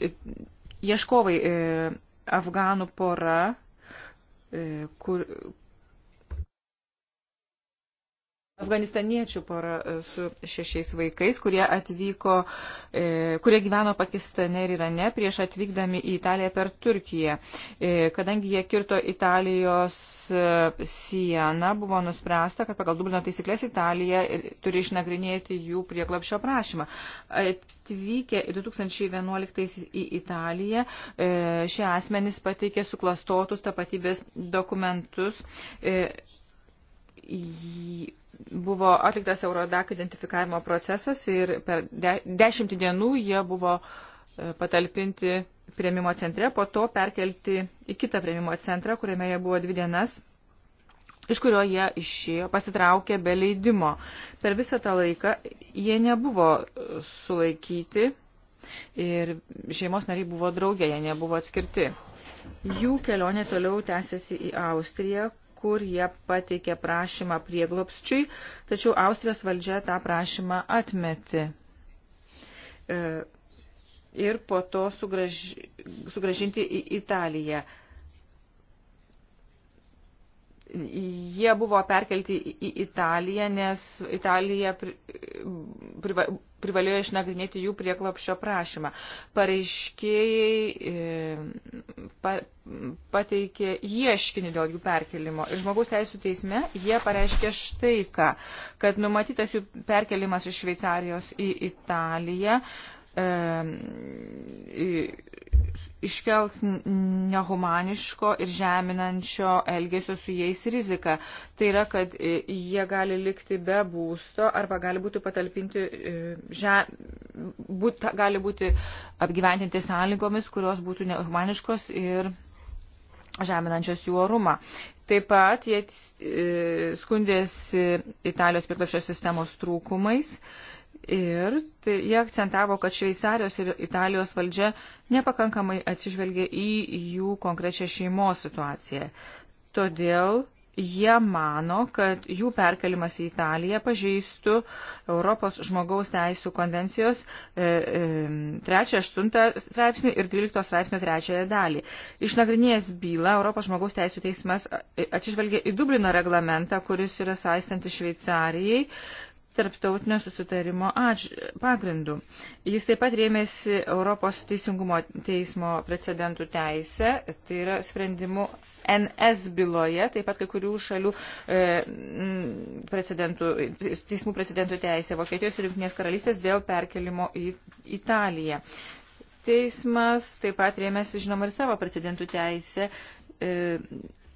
e, ieškovai e, afganų pora, e, kur, afganistaniečių pora e, su šešiais vaikais, kurie atvyko, e, kurie gyveno Pakistane ir Irane prieš atvykdami į Italiją per Turkiją. E, kadangi jie kirto Italijos e, sieną, buvo nuspręsta, kad pagal Dublino taisyklės Italija turi išnagrinėti jų prieglapšio prašymą. Atvykę 2011 į Italiją, e, šie asmenys pateikė suklastotus tapatybės dokumentus. E, buvo atliktas Eurodak identifikavimo procesas ir per de, dešimtį dienų jie buvo e, patalpinti prieimimo centre, po to perkelti į kitą prieimimo centrą, kuriame jie buvo dvi dienas, iš kurio jie išėjo, pasitraukė be leidimo. Per visą tą laiką jie nebuvo e, sulaikyti ir šeimos nariai buvo draugė, jie nebuvo atskirti. Jų kelionė toliau tęsiasi į Austriją, kur jie pateikė prašymą prieglopščiui, tačiau Austrijos valdžia tą prašymą atmeti. E, ir po to sugraž... sugražinti į Italiją jie buvo perkelti į Italiją, nes Italija priva, privalėjo išnagrinėti jų prieklapšio prašymą. Pareiškėjai e, pa, pateikė ieškinį dėl jų perkelimo. Ir žmogaus teisų teisme jie pareiškė štai ką, kad numatytas jų perkelimas iš Šveicarijos į Italiją iškels nehumaniško ir žeminančio elgesio su jais rizika. Tai yra, kad e, jie gali likti be būsto arba gali būti patalpinti, e, že, būt, gali būti apgyventinti sąlygomis, kurios būtų nehumaniškos ir žeminančios jų orumą. Taip pat jie e, skundėsi Italijos prieglapščio sistemos trūkumais. E, Ir tai, jie akcentavo, kad Šveicarijos ir Italijos valdžia nepakankamai atsižvelgia į jų konkrečią šeimos situaciją. Todėl jie mano, kad jų perkelimas į Italiją pažeistų Europos žmogaus teisų konvencijos 3.8 e, e, straipsnį ir 12 straipsnio 3 dalį. Išnagrinėjęs bylą, Europos žmogaus teisų teismas atsižvelgia į Dublino reglamentą, kuris yra saistanti Šveicarijai tarptautinio susitarimo atž... pagrindų. Jis taip pat rėmėsi Europos teisingumo teismo precedentų teisę, tai yra sprendimu NS byloje, taip pat kai kurių šalių e, precedentų, teismų precedentų teisė Vokietijos ir Junktinės karalystės dėl perkelimo į Italiją. Teismas taip pat rėmėsi, žinoma, ir savo precedentų teisę e,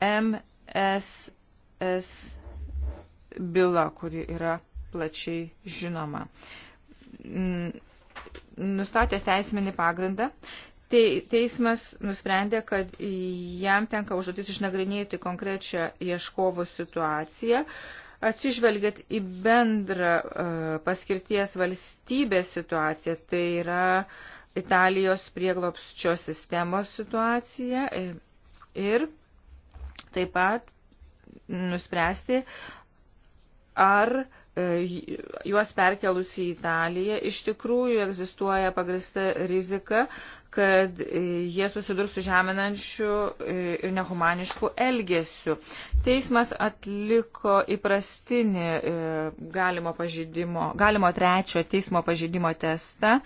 MSS byla, kuri yra plačiai žinoma. Mm, nustatęs teisminį pagrindą, Te, teismas nusprendė, kad jam tenka užduotis išnagrinėti konkrečią ieškovo situaciją, atsižvelgiant į bendrą uh, paskirties valstybės situaciją, tai yra Italijos prieglopsčio sistemos situacija e, ir taip pat nuspręsti, ar uh, E, juos perkelus į Italiją, iš tikrųjų egzistuoja pagrista rizika, kad e, jie susidurs su žeminančiu e, ir nehumanišku elgesiu. Teismas atliko įprastinį galimo, pažydimo, galimo trečio teismo pažydimo testą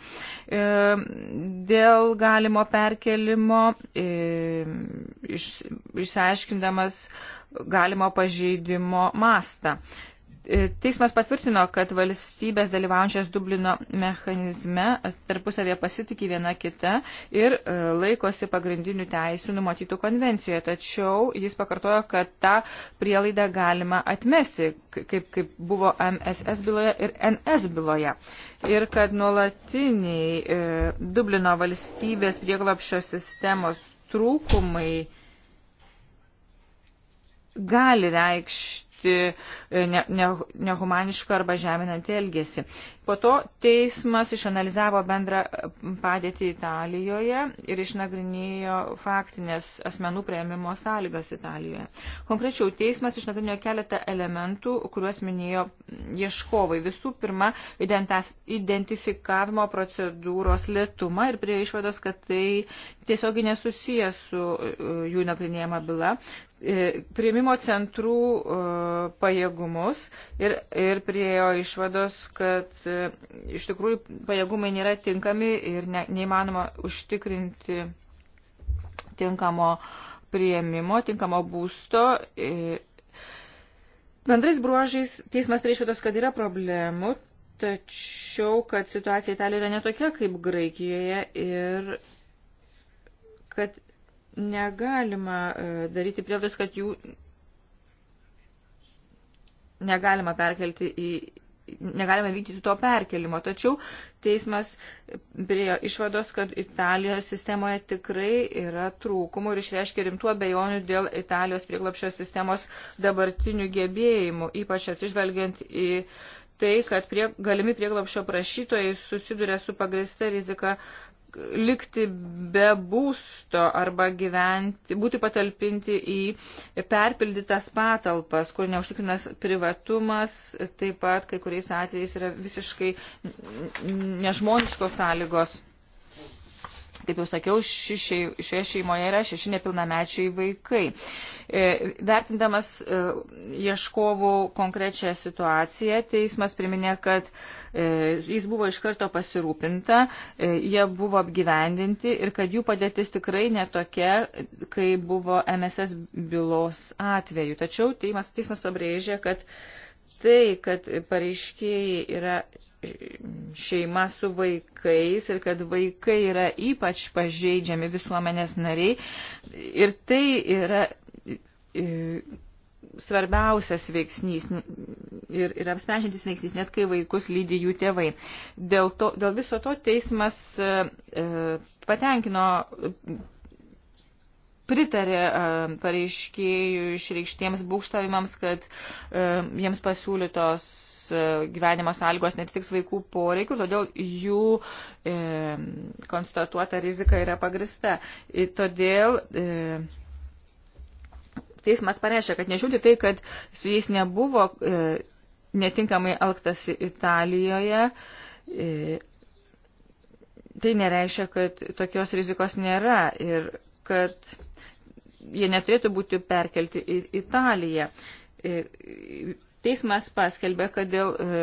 dėl galimo perkelimo, iš, išsiaiškindamas galimo pažydimo mastą. Teismas patvirtino, kad valstybės dalyvaujančios Dublino mechanizme tarpusavėje pasitikė viena kita ir e, laikosi pagrindinių teisų numatytų konvencijoje. Tačiau jis pakartojo, kad tą prielaidą galima atmesti, kaip, kaip buvo MSS byloje ir NS byloje. Ir kad nuolatiniai e, Dublino valstybės prieglapšio sistemos trūkumai gali reikšti bausti e, ne, ne, nehumanišką arba žeminantį elgesį. Po to teismas išanalizavo bendrą padėtį Italijoje ir išnagrinėjo faktinės asmenų prieimimo sąlygas Italijoje. Konkrečiau, teismas išnagrinėjo keletą elementų, kuriuos minėjo ieškovai. Visų pirma, identifikavimo procedūros lietumą ir prie išvados, kad tai tiesiog nesusijęs su e, jų nagrinėjama byla. E, prieimimo centrų e, pajėgumus ir, ir priejo išvados, kad e, iš tikrųjų pajėgumai nėra tinkami ir ne, neįmanoma užtikrinti tinkamo prieimimo, tinkamo būsto. Bendrais bruožais teismas prie išvados, kad yra problemų, tačiau kad situacija Italijoje yra netokia kaip Graikijoje ir kad Negalima e, daryti prielaidos, kad jų negalima perkelti į negalime vykdyti to perkelimo. Tačiau teismas priejo išvados, kad Italijos sistemoje tikrai yra trūkumų ir išreiškia rimtų abejonių dėl Italijos prieglapšio sistemos dabartinių gebėjimų, ypač atsižvelgiant į tai, kad prie, galimi prieglapšio prašytojai susiduria su pagrista rizika likti be būsto arba gyventi, būti patalpinti į perpildytas patalpas, kur neužtikrinas privatumas, taip pat kai kuriais atvejais yra visiškai nežmoniškos sąlygos. Kaip jau sakiau, ši, ši, šioje šeimoje yra šeši nepilnamečiai vaikai. E, vertindamas e, ieškovų konkrečią situaciją, teismas priminė, kad e, jis buvo iš karto pasirūpinta, e, jie buvo apgyvendinti ir kad jų padėtis tikrai netokia, kai buvo MSS bylos atveju. Tačiau teismas, teismas pabrėžė, kad e, tai, kad pareiškėjai yra šeima su vaikais ir kad vaikai yra ypač pažeidžiami visuomenės nariai. Ir tai yra e, svarbiausias veiksnys ir, ir apsprendžiantis veiksnys, net kai vaikus lydi jų tėvai. Dėl, to, dėl viso to teismas e, e patenkino pritarė e, pareiškėjų išreikštiems būkštavimams, kad e, jiems pasiūlytos e, gyvenimo sąlygos netitiks vaikų poreikių, todėl jų e, konstatuota rizika yra pagrista. Ir todėl e, teismas pareiškia, kad nežiūrėti tai, kad su jais nebuvo e, netinkamai elgtasi Italijoje, e, tai nereiškia, kad tokios rizikos nėra ir kad jie neturėtų būti perkelti į Italiją. E, teismas paskelbė, kad dėl e,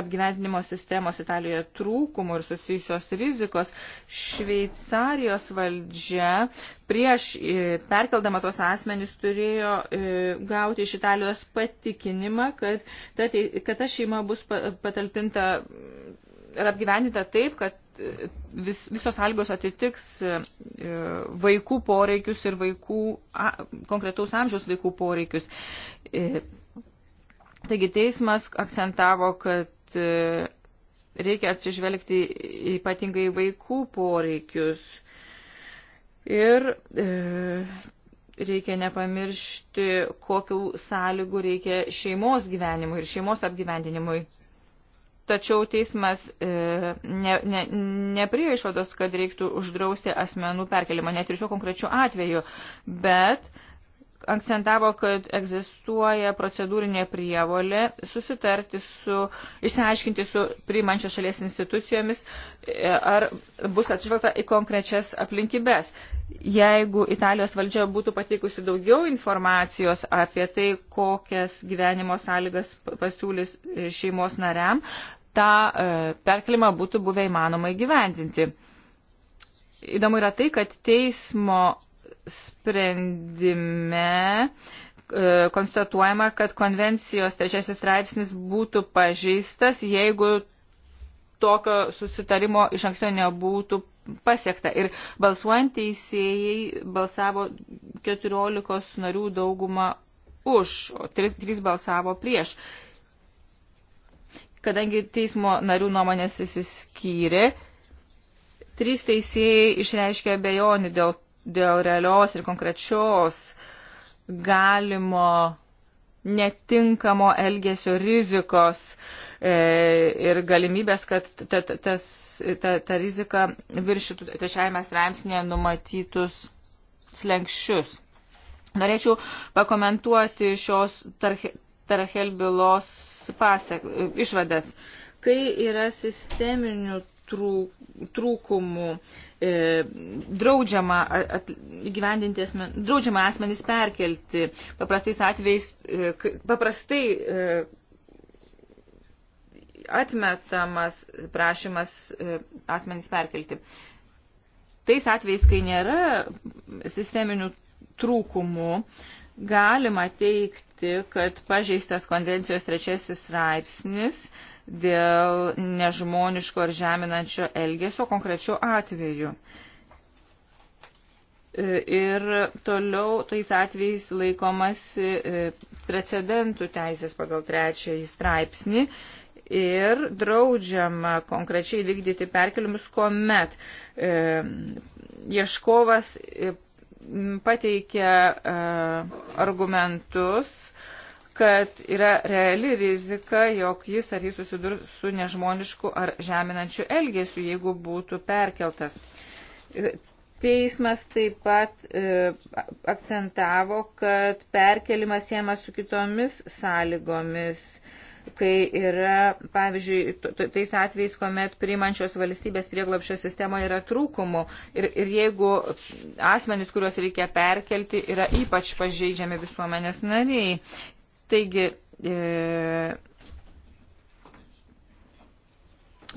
apgyvendinimo sistemos Italijoje trūkumų ir susijusios rizikos, Šveicarijos valdžia prieš e, perkeldama tos asmenys turėjo gauti iš Italijos patikinimą, kad ta, kad ta šeima bus patalpinta ir apgyvendinta taip, kad e, vis, visos sąlygos atitiks e, e, vaikų poreikius ir vaikų, a, konkretaus amžiaus vaikų poreikius. Taigi teismas akcentavo, kad reikia atsižvelgti ypatingai vaikų poreikius ir reikia nepamiršti, kokių sąlygų reikia šeimos gyvenimui ir šeimos apgyvendinimui. Tačiau teismas e, ne, ne, nepriejo išvados, kad reiktų uždrausti asmenų perkelimą, net ir šiuo konkrečiu atveju, bet e, akcentavo, kad egzistuoja procedūrinė prievolė susitarti su, išsiaiškinti su priimančia šalies institucijomis, e, ar bus atsižvelgta į konkrečias aplinkybės. Jeigu Italijos valdžia būtų pateikusi daugiau informacijos apie tai, kokias gyvenimo sąlygas pasiūlys šeimos nariam, tą e, perkelimą būtų buvę įmanoma įgyvendinti. Įdomu yra tai, kad teismo sprendime e, konstatuojama, kad konvencijos trečiasis straipsnis būtų pažeistas, jeigu tokio susitarimo iš anksto nebūtų pasiekta. Ir balsuojant teisėjai balsavo 14 narių daugumą už, o 3, 3 balsavo prieš. Kadangi teismo narių nuomonės įsiskyrė, trys teisėjai išreiškė bejonį dėl dėl realios ir konkrečios galimo netinkamo elgesio rizikos e, ir galimybės, kad ta, ta, tas, ta, ta rizika viršytų trečiajame straipsnėje numatytus slengščius. Norėčiau pakomentuoti šios Tarhel bylos pasiek, išvadas. Kai yra sisteminių trūkumų, e, draudžiama, at, asmen, draudžiama asmenys perkelti. Paprastais atvejais, e, paprastai e, atmetamas prašymas e, asmenys perkelti. Tais atvejais, kai nėra sisteminių trūkumų, galima teikti, kad pažeistas konvencijos trečiasis straipsnis e, dėl nežmoniško ar žeminančio elgesio konkrečių atveju. E, ir toliau tais atvejais laikomasi e, precedentų teisės pagal trečiąjį straipsnį ir draudžiama konkrečiai vykdyti perkelimus, kuomet e, ieškovas e, pateikia e, argumentus, e, kad yra reali rizika, jog jis ar jis susidurs su nežmonišku ar žeminančiu elgesiu, jeigu būtų perkeltas. Teismas taip pat e, akcentavo, kad perkelimas siemas su kitomis sąlygomis, kai yra, pavyzdžiui, tais atvejais, kuomet priimančios valstybės prieglapščio sistemoje yra trūkumų ir, ir jeigu asmenys, kuriuos reikia perkelti, yra ypač pažeidžiami visuomenės nariai. Taigi, e,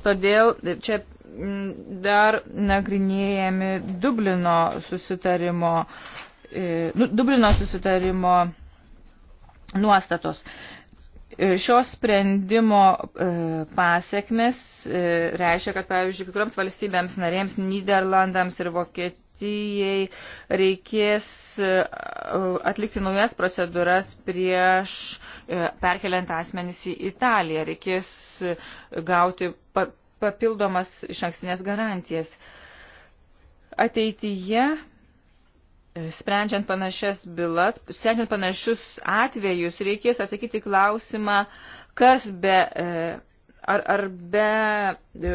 todėl čia dar nagrinėjami Dublino susitarimo, e, nu, Dublino susitarimo nuostatos. E, šios sprendimo e, pasiekmes e, reiškia, kad, pavyzdžiui, kiekvienoms valstybėms narėms, Niderlandams ir Vokietijai, valstijai reikės e, atlikti naujas procedūras prieš e, perkeliant asmenys į Italiją, reikės e, gauti papildomas išankstinės garantijas. Ateityje sprendžiant panašias bylas, sprendžiant panašius atvejus, reikės atsakyti klausimą, kas be e, ar, ar be e,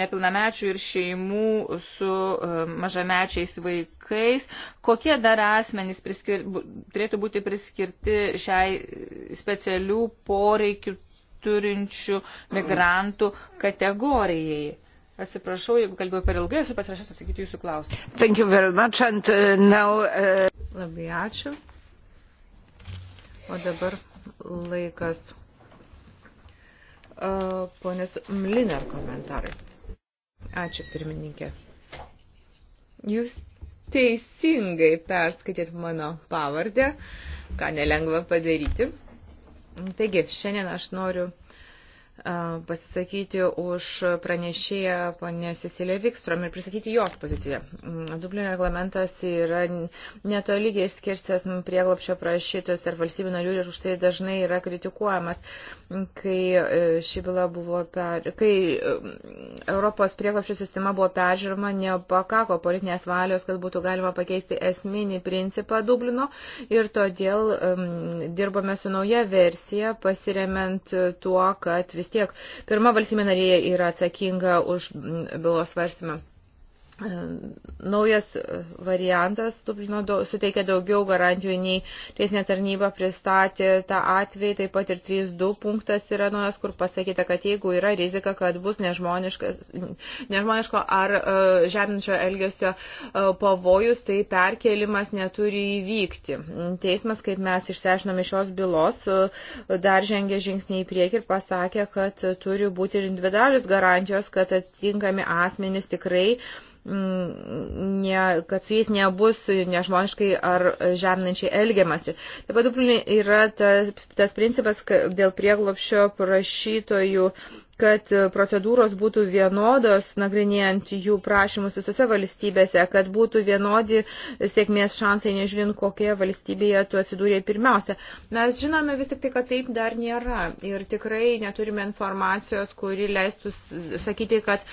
nepilnamečių ir šeimų su e, mažamečiais vaikais, kokie dar asmenys priskir, turėtų būti priskirti šiai specialių poreikių turinčių migrantų kategorijai. Atsiprašau, jeigu kalbėjau per ilgai, esu pasirašęs atsakyti jūsų klausimą. Thank you very much and uh, now... Uh... Labai ačiū. O dabar laikas ponės Mliner komentarai. Ačiū, pirmininkė. Jūs teisingai perskaitėt mano pavardę, ką nelengva padaryti. Taigi, šiandien aš noriu pasisakyti už pranešėją ponę Cecilę Vikstrom ir pristatyti jos poziciją. Mm, Dublino reglamentas yra netolygiai išskirstęs prieglopšio prašytus tarp valstybių narių ir už tai dažnai yra kritikuojamas, kai e, ši byla buvo per... kai e, Europos prieglopšio sistema buvo peržiūrima, nepakako politinės valios, kad būtų galima pakeisti esminį principą Dublino ir todėl um, dirbame su nauja versija, pasiremiant tuo, kad vis vis tiek pirma valstybė narėje yra atsakinga už bylos svarstymą. Naujas e, variantas Dublino suteikia daugiau garantijų nei teisinė tarnyba pristatė tą atvejį, taip pat ir 3.2 punktas yra naujas, kur pasakyta, kad jeigu yra rizika, kad bus nežmoniško ar e, žeminčio elgesio e, pavojus, tai perkelimas neturi įvykti. Teismas, kaip mes išsiaišinome šios bylos, dar žengė žingsnį į priekį ir pasakė, kad turi būti ir individualius garantijos, kad atitinkami asmenys tikrai ne, kad su jais nebus nežmoniškai ar žeminančiai elgiamasi. Taip pat yra tas, tas principas dėl prieglopšio prašytojų kad procedūros būtų vienodos, nagrinėjant jų prašymus visose valstybėse, kad būtų vienodi sėkmės šansai, nežiūrint, kokioje valstybėje tu atsidūrėjai pirmiausia. Mes žinome vis tik tai, kad taip dar nėra ir tikrai neturime informacijos, kuri leistų sakyti, kad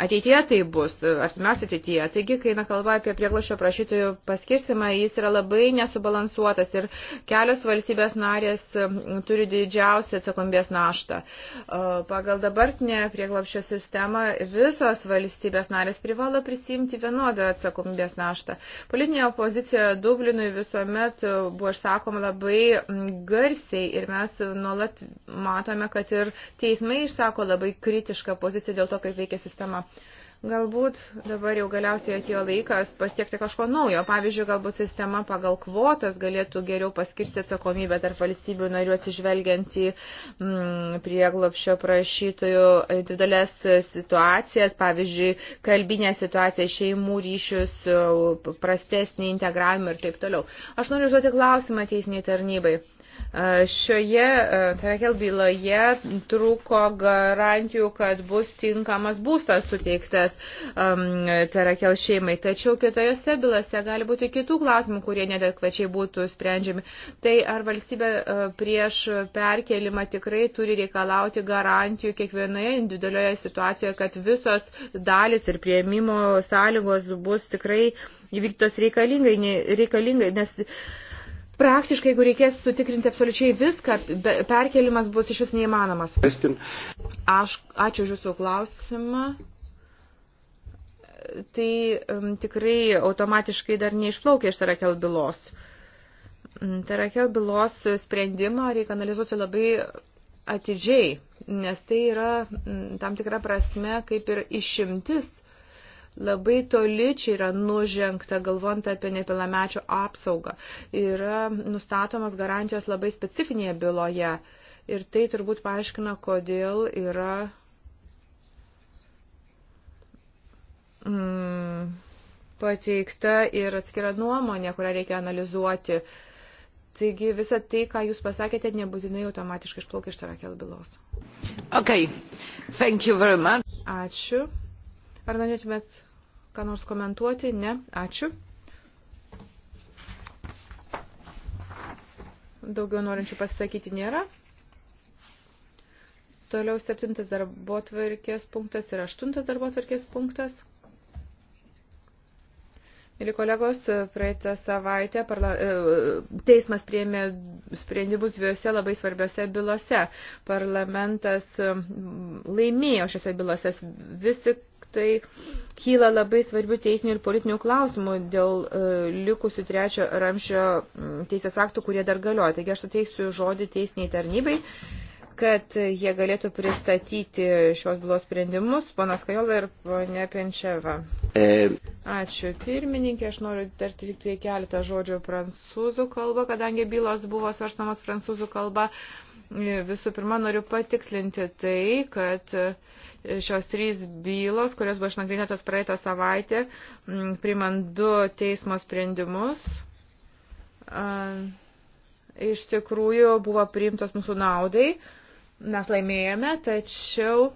Ateityje tai bus, e, artimiausia ateityje. Taigi, kai eina kalba apie prieglašio prašytojų paskirstimą, jis yra labai nesubalansuotas ir kelios valstybės narės e, turi didžiausią atsakomybės naštą. E, pagal dabartinę prieglapšio sistemą visos valstybės narės privalo prisimti vienodą atsakomybės naštą. Politinė opozicija Dublinui visuomet buvo išsakoma labai garsiai ir mes nuolat matome, kad ir teismai išsako labai kritišką poziciją dėl to, kaip veikia sistema. Galbūt dabar jau galiausiai atėjo laikas pasiekti kažko naujo. Pavyzdžiui, galbūt sistema pagal kvotas galėtų geriau paskirsti atsakomybę tarp valstybių narių atsižvelgiant į mm, prieglopšio prašytojų individualias situacijas, pavyzdžiui, kalbinę situaciją, šeimų ryšius, prastesnį integravimą ir taip toliau. Aš noriu užduoti klausimą teisiniai tarnybai. Šioje Trakel byloje trūko garantijų, kad bus tinkamas būstas suteiktas um, Trakel šeimai. Tačiau kitose bylose gali būti kitų klausimų, kurie nedekvačiai būtų sprendžiami. Tai ar valstybė prieš perkelimą tikrai turi reikalauti garantijų kiekvienoje individualioje situacijoje, kad visos dalis ir prieimimo sąlygos bus tikrai įvyktos reikalingai, reikalingai nes praktiškai, jeigu reikės sutikrinti absoliučiai viską, perkelimas bus iš jūs neįmanomas. Aš, ačiū už jūsų klausimą. Tai um, tikrai automatiškai dar neišplaukia iš Tarakel bylos. Mm, Tarakel bylos sprendimą reikia analizuoti labai atidžiai, nes tai yra m, mm, tam tikra prasme kaip ir išimtis labai toli čia yra nužengta, galvant apie nepilnamečio apsaugą. Yra nustatomas garantijos labai specifinėje byloje. Ir tai turbūt paaiškina, kodėl yra. Mm, pateikta ir atskira nuomonė, kurią reikia analizuoti. Taigi visą tai, ką jūs pasakėte, nebūtinai automatiškai išplaukia iš Tarakel bylos. Okay. Ačiū. Ar norėtumėt ką nors komentuoti? Ne, ačiū. Daugiau norinčių pasisakyti nėra. Toliau septintas darbo tvarkės punktas ir aštuntas darbo tvarkės punktas. Mėly kolegos, praeitą savaitę parla... E, teismas prieėmė sprendimus dviejose labai svarbiose bylose. Parlamentas laimėjo šiose bylose. Vis tik tai kyla labai svarbių teisinių ir politinių klausimų dėl e, likusių trečio ramšio teisės aktų, kurie dar galioja. Taigi aš suteiksiu žodį teisiniai tarnybai kad jie galėtų pristatyti šios bylos sprendimus, ponas Kajola ir ponė Penčeva. E. Ačiū pirmininkė, aš noriu tarti tik keletą žodžių prancūzų kalbą, kadangi bylos buvo svarstamos prancūzų kalba. Uh, Visų pirma, noriu patikslinti tai, kad šios trys bylos, kurios buvo išnagrinėtos praeitą savaitę, primant du teismo sprendimus, iš tikrųjų buvo priimtos mūsų naudai. Mes laimėjome, tačiau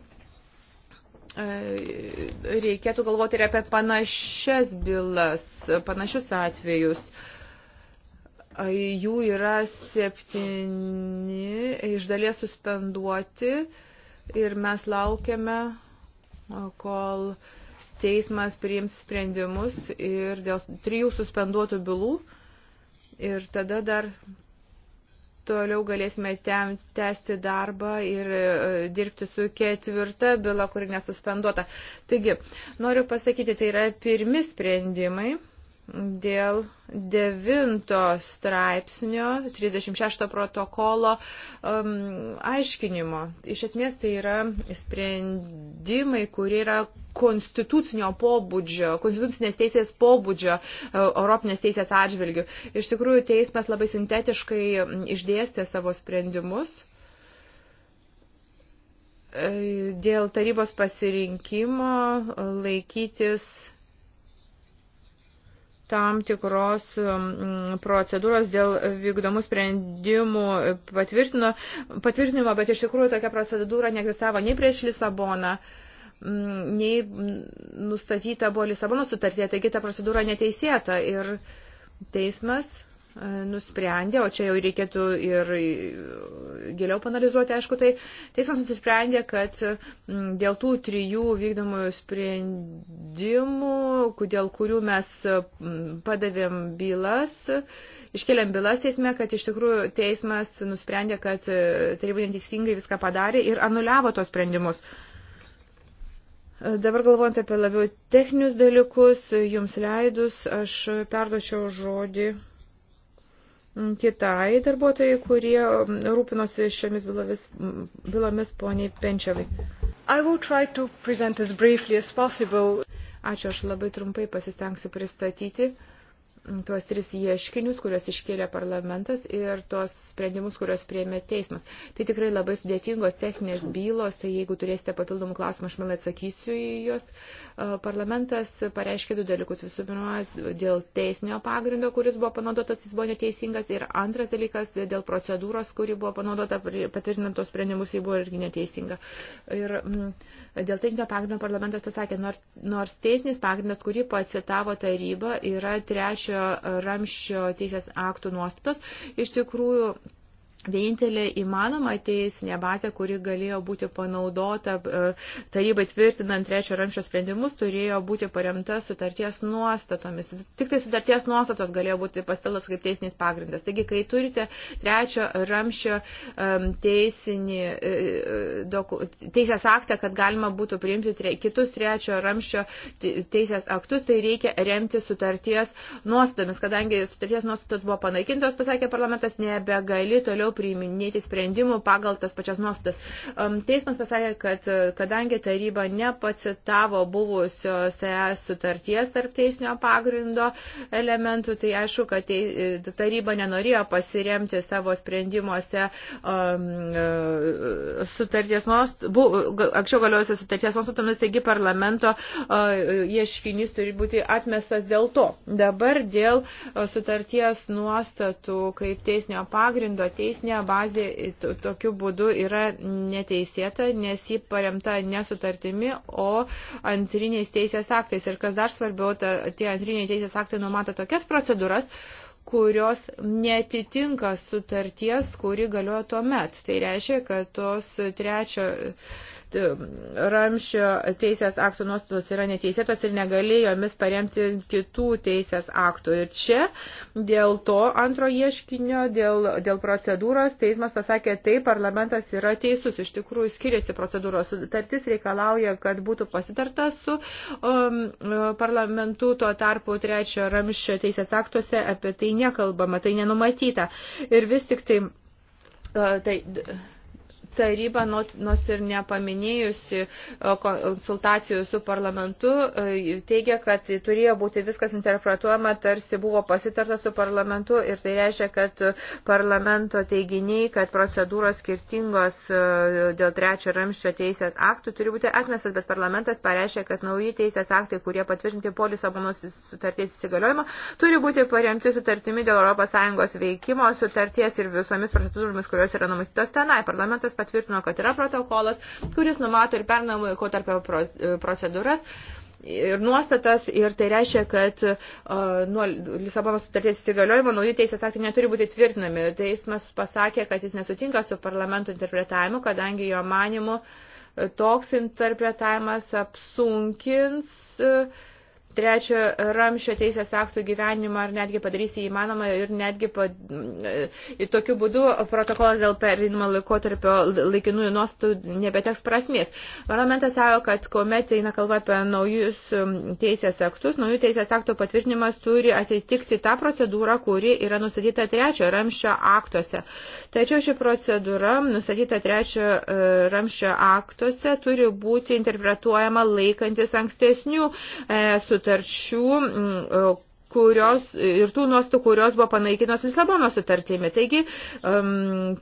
reikėtų galvoti ir apie panašias bylas, panašius atvejus. Jų yra septyni iš dalies suspenduoti ir mes laukiame, kol teismas priims sprendimus ir dėl trijų suspenduotų bylų. Ir tada dar toliau galėsime tęsti darbą ir e, dirbti su ketvirta byla, kuri nesuspenduota. Taigi, noriu pasakyti, tai yra pirmi sprendimai dėl 9 straipsnio 36 protokolo um, aiškinimo. Iš esmės tai yra sprendimai, kurie yra konstitucinio pobūdžio, konstitucinės teisės pobūdžio e, Europinės teisės atžvilgių. Iš tikrųjų, teismas labai sintetiškai išdėstė savo sprendimus e, dėl tarybos pasirinkimo laikytis tam tikros mm, procedūros dėl vykdomų sprendimų patvirtinimo, bet iš tikrųjų tokia procedūra neegzistavo nei prieš Lisaboną, mm, nei nustatyta buvo Lisabono sutartė, taigi ta procedūra neteisėta ir teismas nusprendė, o čia jau reikėtų ir giliau panalizuoti, aišku, tai teismas nusprendė, kad mm, dėl tų trijų vykdomųjų sprendimų, dėl kurių mes mm, padavėm bylas, iškeliam bylas teisme, kad iš tikrųjų teismas nusprendė, kad e, taryba neteisingai viską padarė ir anuliavo tos sprendimus. E, dabar galvojant apie labiau techninius dalykus, jums leidus, aš perdočiau žodį kitai darbuotojai, kurie rūpinosi šiomis bylomis, bylomis poniai Penčiavai. As as Ačiū, aš labai trumpai pasistengsiu pristatyti uh, tuos tris ieškinius, kuriuos iškėlė parlamentas ir tuos sprendimus, kuriuos prieėmė teismas. Tai tikrai labai sudėtingos techninės bylos, tai jeigu turėsite papildomų klausimų, aš man atsakysiu į juos. Parlamentas pareiškė du dalykus. Visų pirma, dėl teisinio pagrindo, kuris buvo panaudotas, jis buvo neteisingas. Ir antras dalykas, dėl procedūros, kuri buvo panaudota patvirtinant tos sprendimus, jis buvo irgi neteisinga. Ir mm, dėl teisinio pagrindo parlamentas pasakė, nors teisinis pagrindas, kurį pacitavo taryba, yra trečio ramščio teisės aktų nuostatos iš tikrųjų Vienintelė įmanoma teisinė bazė, kuri galėjo būti panaudota e, tarybai tvirtinant trečio ramščio sprendimus, turėjo būti paremta sutarties nuostatomis. Tik tai sutarties nuostatos galėjo būti pastelos kaip teisinis pagrindas. Taigi, kai turite trečio ramščio e, teisinį, e, teisės aktą, kad galima būtų priimti tre, kitus trečio ramščio teisės aktus, tai reikia remti sutarties nuostatomis. Kadangi sutarties nuostatos buvo panaikintos, pasakė parlamentas, nebegali toliau priiminėti sprendimų pagal tas pačias nuostatas. Teismas pasakė, kad e, kadangi taryba nepacitavo buvusios ES sutarties tarp teisinio pagrindo elementų, tai aišku, kad e, taryba nenorėjo pasiremti savo sprendimuose e, sutarties nuostatomis, anksčiau galiojusios sutarties nuostatomis, taigi parlamento ieškinys turi būti atmestas dėl to. Dabar dėl sutarties nuostatų kaip teisinio pagrindo teismas teisinė bazė tokiu būdu yra neteisėta, nes ji paremta ne sutartimi, o antriniais teisės aktais. Ir kas dar svarbiau, ta, tie antriniai teisės aktai numato tokias procedūras, kurios netitinka sutarties, kuri galioja tuo met. Tai reiškia, kad tos trečio Um, ramšio teisės aktų nuostatos yra neteisėtos ir negali jomis paremti kitų teisės aktų. Ir čia dėl to antro ieškinio, dėl, dėl procedūros, teismas pasakė, taip, parlamentas yra teisus, iš tikrųjų skiriasi procedūros. Sutartis reikalauja, kad būtų pasitarta su um, parlamentu, tuo tarpu trečio ramščio teisės aktuose apie tai nekalbama, tai nenumatyta. Ir vis tik tai. Uh, tai taryba, nors ir nepaminėjusi e, konsultacijų su parlamentu, e, teigia, kad turėjo būti viskas interpretuojama, tarsi buvo pasitarta su parlamentu ir tai reiškia, kad parlamento teiginiai, kad procedūros skirtingos e, dėl trečio ramščio teisės aktų turi būti atmestas, bet parlamentas pareiškia, kad nauji teisės aktai, kurie patvirtinti po Lisabonos sutarties įsigaliojimo, turi būti paremti sutartimi dėl ES veikimo sutarties ir visomis procedūromis, kurios yra numatytos tenai. Parlamentas patvirtino, kad yra protokolas, kuris numato ir pernamų laikotarpio e, procedūras ir nuostatas ir tai reiškia, kad uh, nuo Lisabonos sutarties įsigaliojimo nauji teisės aktai neturi būti tvirtinami. Teismas pasakė, kad jis nesutinka su parlamento interpretavimu, kadangi jo manimu e, toks interpretavimas apsunkins uh, trečio ramšio teisės aktų gyvenimą ar netgi padarys jį įmanomą ir netgi pad... E, tokiu būdu protokolas dėl perinimo laikotarpio laikinųjų nuostatų nebeteks prasmės. Parlamentas savo, kad kuomet eina kalba apie naujus um, teisės aktus, naujų teisės aktų patvirtinimas turi atitikti tą procedūrą, kuri yra nustatyta trečio ramščio aktuose. Tačiau ši procedūra nustatyta trečio e, ramščio aktuose turi būti interpretuojama laikantis ankstesnių e, su sutarčių, mm, e, kurios ir tų nuostų, kurios buvo panaikinos Lisabono sutartimi. Taigi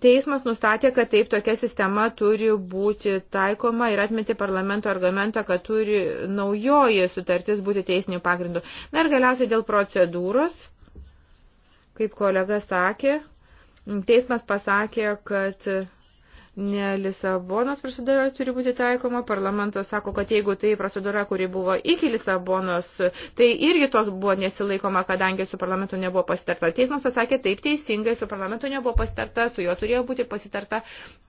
teismas nustatė, kad taip tokia sistema turi būti taikoma ir atmeti parlamento argumentą, kad turi naujoji sutartis būti teisinių pagrindų. Na ir galiausiai dėl procedūros, kaip kolega sakė, teismas pasakė, kad ne Lisabonos procedūra turi būti taikoma. Parlamentas sako, kad jeigu tai procedūra, kuri buvo iki Lisabonos, tai irgi tos buvo nesilaikoma, kadangi su parlamentu nebuvo pasitarta. Teismas pasakė, taip teisingai, su parlamentu nebuvo pasitarta, su juo turėjo būti pasitarta.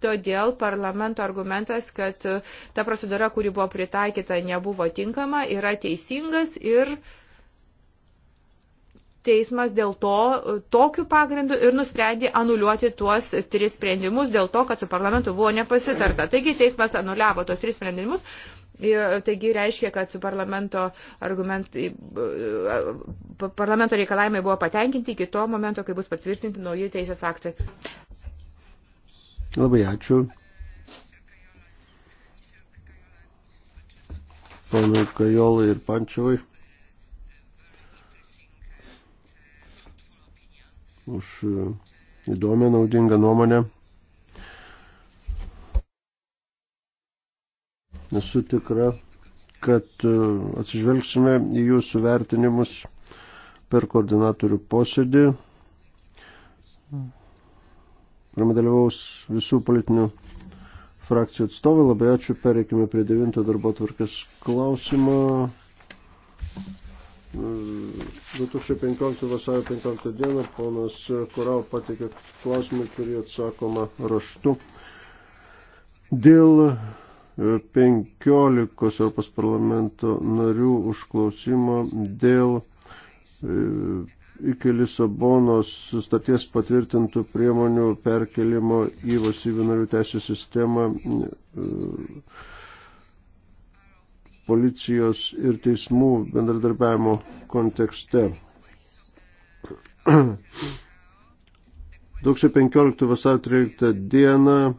Todėl parlamento argumentas, kad ta procedūra, kuri buvo pritaikyta, nebuvo tinkama, yra teisingas ir teismas dėl to tokiu pagrindu ir nusprendė anuliuoti tuos tris sprendimus dėl to, kad su parlamentu buvo nepasitarta. Taigi teismas anuliavo tuos tris sprendimus. Ir, taigi reiškia, kad su parlamento, argumentai, e, parlamento reikalavimai buvo patenkinti iki to momento, kai bus patvirtinti nauji teisės aktai. Labai ačiū. Ponui Kajolai ir Pančiovai. už e, įdomią, naudingą nuomonę. Nesu tikra, kad e, atsižvelgsime į jūsų vertinimus per koordinatorių posėdį. Kuriame dalyvaus visų politinių frakcijų atstovai. Labai ačiū. Pereikime prie devinto darbo tvarkės klausimo. 2015 mm, vasario 15 dieną ponas Korau patikė klausimą, kurį atsakoma raštu. Dėl 15 e, Europos parlamento narių užklausimo dėl e, iki Lisabonos sustaties patvirtintų priemonių perkelimo į valstybių narių teisės sistemą e, policijos ir teismų bendradarbiavimo kontekste. 2015 vasario 13 dieną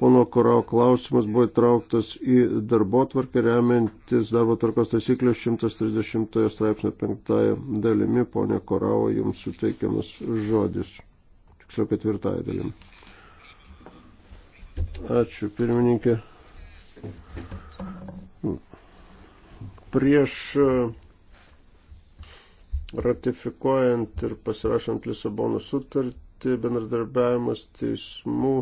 pono Korao klausimas buvo įtrauktas į darbo tvarkę remiantis darbo tvarkos taisyklės 130 straipsnio 5 dalimi. Pone Korao, jums suteikiamas žodis. Tiksliau ketvirtąją dalimi. Ačiū, pirmininkė. Prieš e, ratifikuojant ir pasirašant Lisabono sutartį, bendradarbiavimas teismų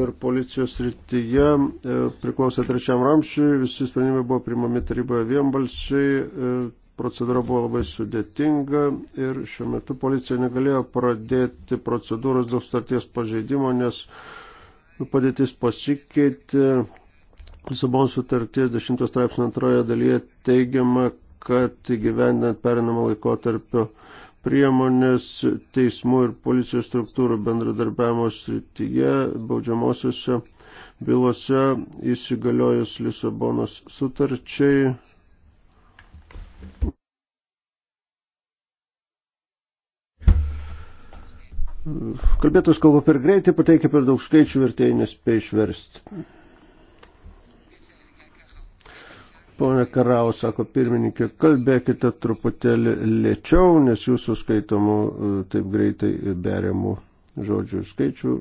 ir policijos rytyje e, priklausė trečiam ramščiui, visi sprendimai buvo primami taryboje vienbalsiai, e, procedūra buvo labai sudėtinga ir šiuo metu policija negalėjo pradėti procedūros dėl starties pažeidimo, nes nu, padėtis pasikeitė Lisabon sutarties 10 straipsnio antroje dalyje teigiama, kad gyvendant perinamą laikotarpio priemonės teismų ir policijos struktūrų bendradarbiavimo srityje baudžiamosiose bylose įsigaliojus Lisabonos sutarčiai. Kalbėtos kalba per greitai, pateikia per daug skaičių ir tai nespėja išversti. Pone Karau, sako pirmininkė, kalbėkite truputėlį lėčiau, nes jūsų skaitomų e, taip greitai beriamų žodžių skaičių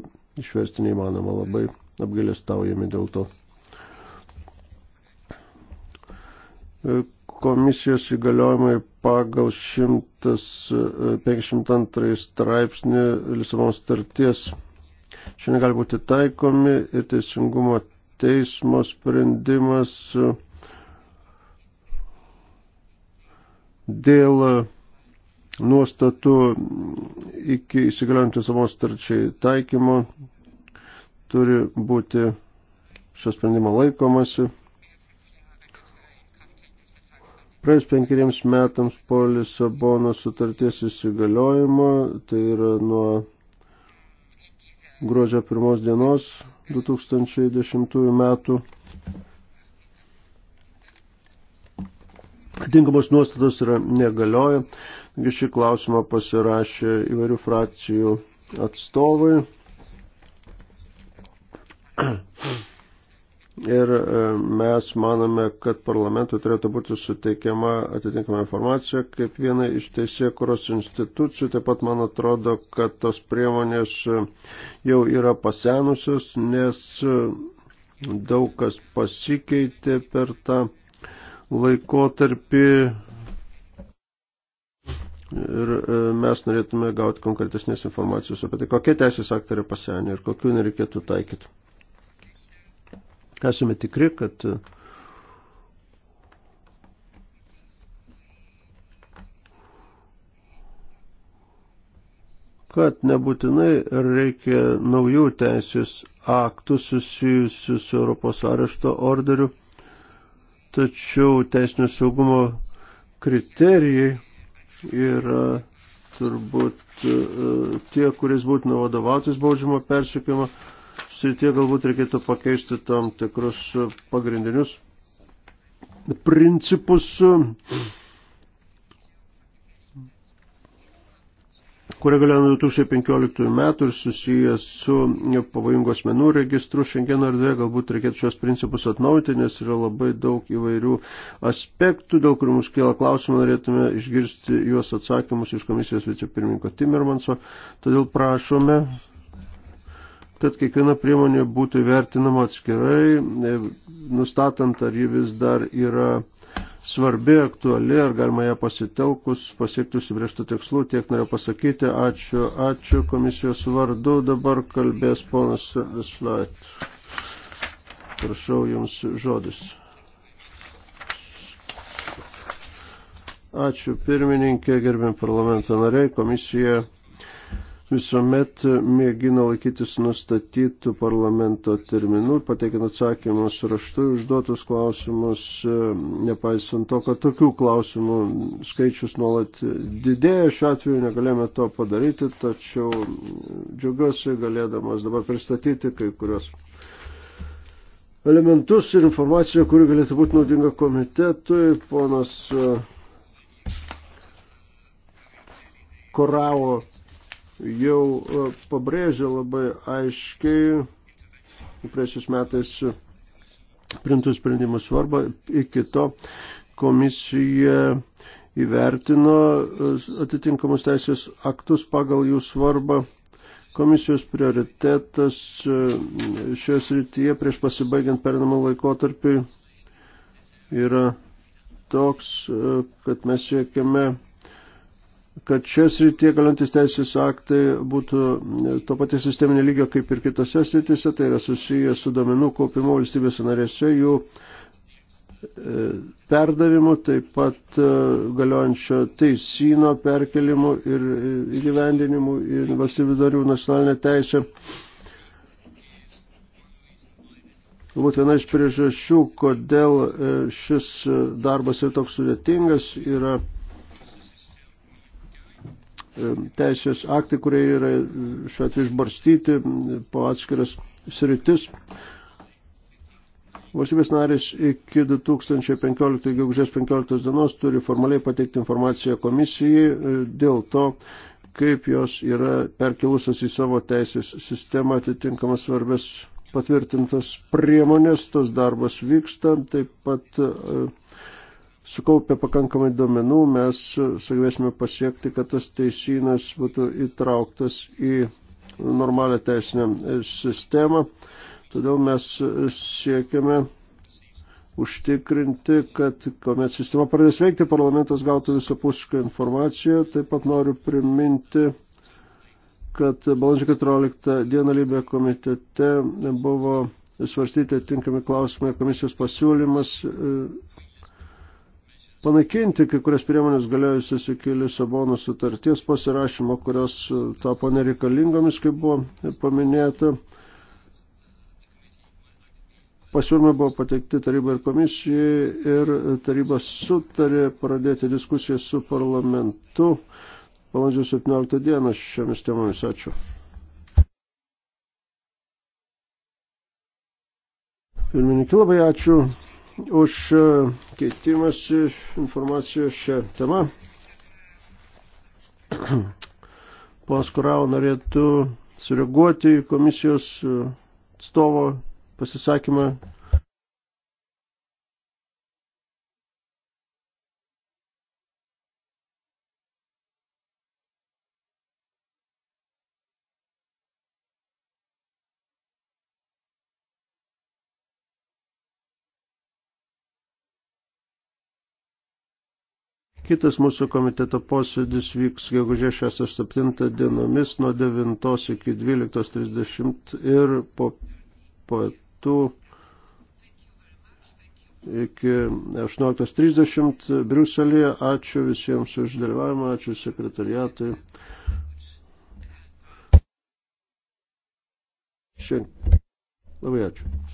išversti neįmanoma labai apgailestaujami dėl to. E, komisijos įgaliojimai pagal 152 e, straipsnį Lisabonos starties šiandien gali būti taikomi ir teisingumo teismo sprendimas uh, dėl e, nuostatų iki įsigaliojant visamos tarčiai taikymo turi būti šio sprendimo laikomasi. Praėjus penkeriems metams po Lisabono sutarties įsigaliojimo, tai yra nuo gruodžio pirmos dienos 2010 metų, atitinkamos nuostatos yra negalioja. Taigi šį klausimą pasirašė įvairių frakcijų atstovai. Ir e, mes manome, kad parlamentui turėtų būti suteikiama atitinkama informacija kaip viena iš teisėkuros institucijų. Taip pat man atrodo, kad tos priemonės jau yra pasenusios, nes daug kas pasikeitė per tą laikotarpį ir e, mes norėtume gauti konkretesnės informacijos apie tai, kokie teisės aktai pasenė ir kokių nereikėtų taikyti. Esame tikri, kad e, kad nebūtinai reikia naujų teisės aktų susijusių su Europos arešto orderiu Tačiau teisinio saugumo kriterijai yra turbūt e, tie, kuris būtina vadovautis baudžiamo persikimo srityje, galbūt reikėtų pakeisti tam tikrus pagrindinius principus. Mm kuria galėjo nuo 2015 metų ir susijęs su pavojingos menų registru Šengeno erdvėje, galbūt reikėtų šios principus atnaujinti, nes yra labai daug įvairių aspektų, dėl kurių mums kyla klausimų, norėtume išgirsti juos atsakymus iš komisijos vicepirmininko Timermanso. Todėl prašome kad kiekviena priemonė būtų vertinama atskirai, nustatant, ar ji vis dar yra svarbi, aktuali ir galima ją pasitelkus pasiekti užsibriežtų tikslų. Tiek noriu pasakyti. Ačiū, ačiū komisijos vardu. Dabar kalbės ponas Vislait. Prašau jums žodis. Ačiū pirmininkė, gerbim parlamento nariai, komisija visuomet mėgina laikytis nustatytų parlamento terminų, pateikiant atsakymus raštu, užduotus klausimus, e, nepaisant to, kad tokių klausimų skaičius nuolat didėja, šiuo atveju negalėjome to padaryti, tačiau džiugiuosi galėdamas dabar pristatyti kai kurios elementus ir informaciją, kuri galėtų būti naudinga komitetui. Ponas e, Koravo jau e, pabrėžė labai aiškiai praėjusiais metais printų sprendimų svarbą. Iki to komisija įvertino e, atitinkamus teisės aktus pagal jų svarbą. Komisijos prioritetas e, šioje srityje prieš pasibaigiant perinamą laikotarpį yra toks, kad mes siekiame kad šios rytie galantis teisės aktai būtų e, to paties sisteminio lygio kaip ir kitose srityse, tai yra susiję su domenų kaupimu valstybės narėse, jų e, perdavimu, taip pat e, galiojančio teisino perkelimu ir įgyvendinimu į valstybių darių nacionalinę teisę. Galbūt viena iš priežasčių, kodėl šis darbas yra toks sudėtingas, yra teisės aktai, kurie yra šiuo atveju išbarstyti po atskiras sritis. Valstybės narės iki 2015 gegužės 15 dienos turi formaliai pateikti informaciją komisijai e, dėl to, kaip jos yra perkilusios į savo teisės sistemą atitinkamas svarbės patvirtintas priemonės, tas darbas vyksta, taip pat uh, sukaupę pakankamai duomenų, mes sugebėsime pasiekti, kad tas teisynas būtų įtrauktas į normalią teisinę sistemą. Todėl mes siekiame užtikrinti, kad kuomet sistema pradės veikti, parlamentas gautų visapusišką informaciją. Taip pat noriu priminti, kad balandžio 14 dieną Libė komitete buvo svarstyti atitinkami klausimai komisijos pasiūlymas panaikinti kai kurias priemonės galėjusias iki Lisabono sutarties pasirašymo, kurios e, tapo nereikalingomis, kaip buvo paminėta. Pasiūlymai buvo pateikti tarybai ir komisijai ir taryba sutarė pradėti diskusiją su parlamentu balandžio 17 dieną šiomis temomis. Ačiū. Pirmininkė, labai ačiū už e, keitimąsi informacijos šią temą. Ponas Kurau norėtų sureaguoti į komisijos e, atstovo pasisakymą Kitas mūsų komiteto posėdis vyks gegužė 67 dienomis nuo 9 iki 12.30 ir po pietų iki 18.30 Briuselėje. Ačiū visiems už dalyvavimą, ačiū sekretariatui. Šiandien. Labai ačiū.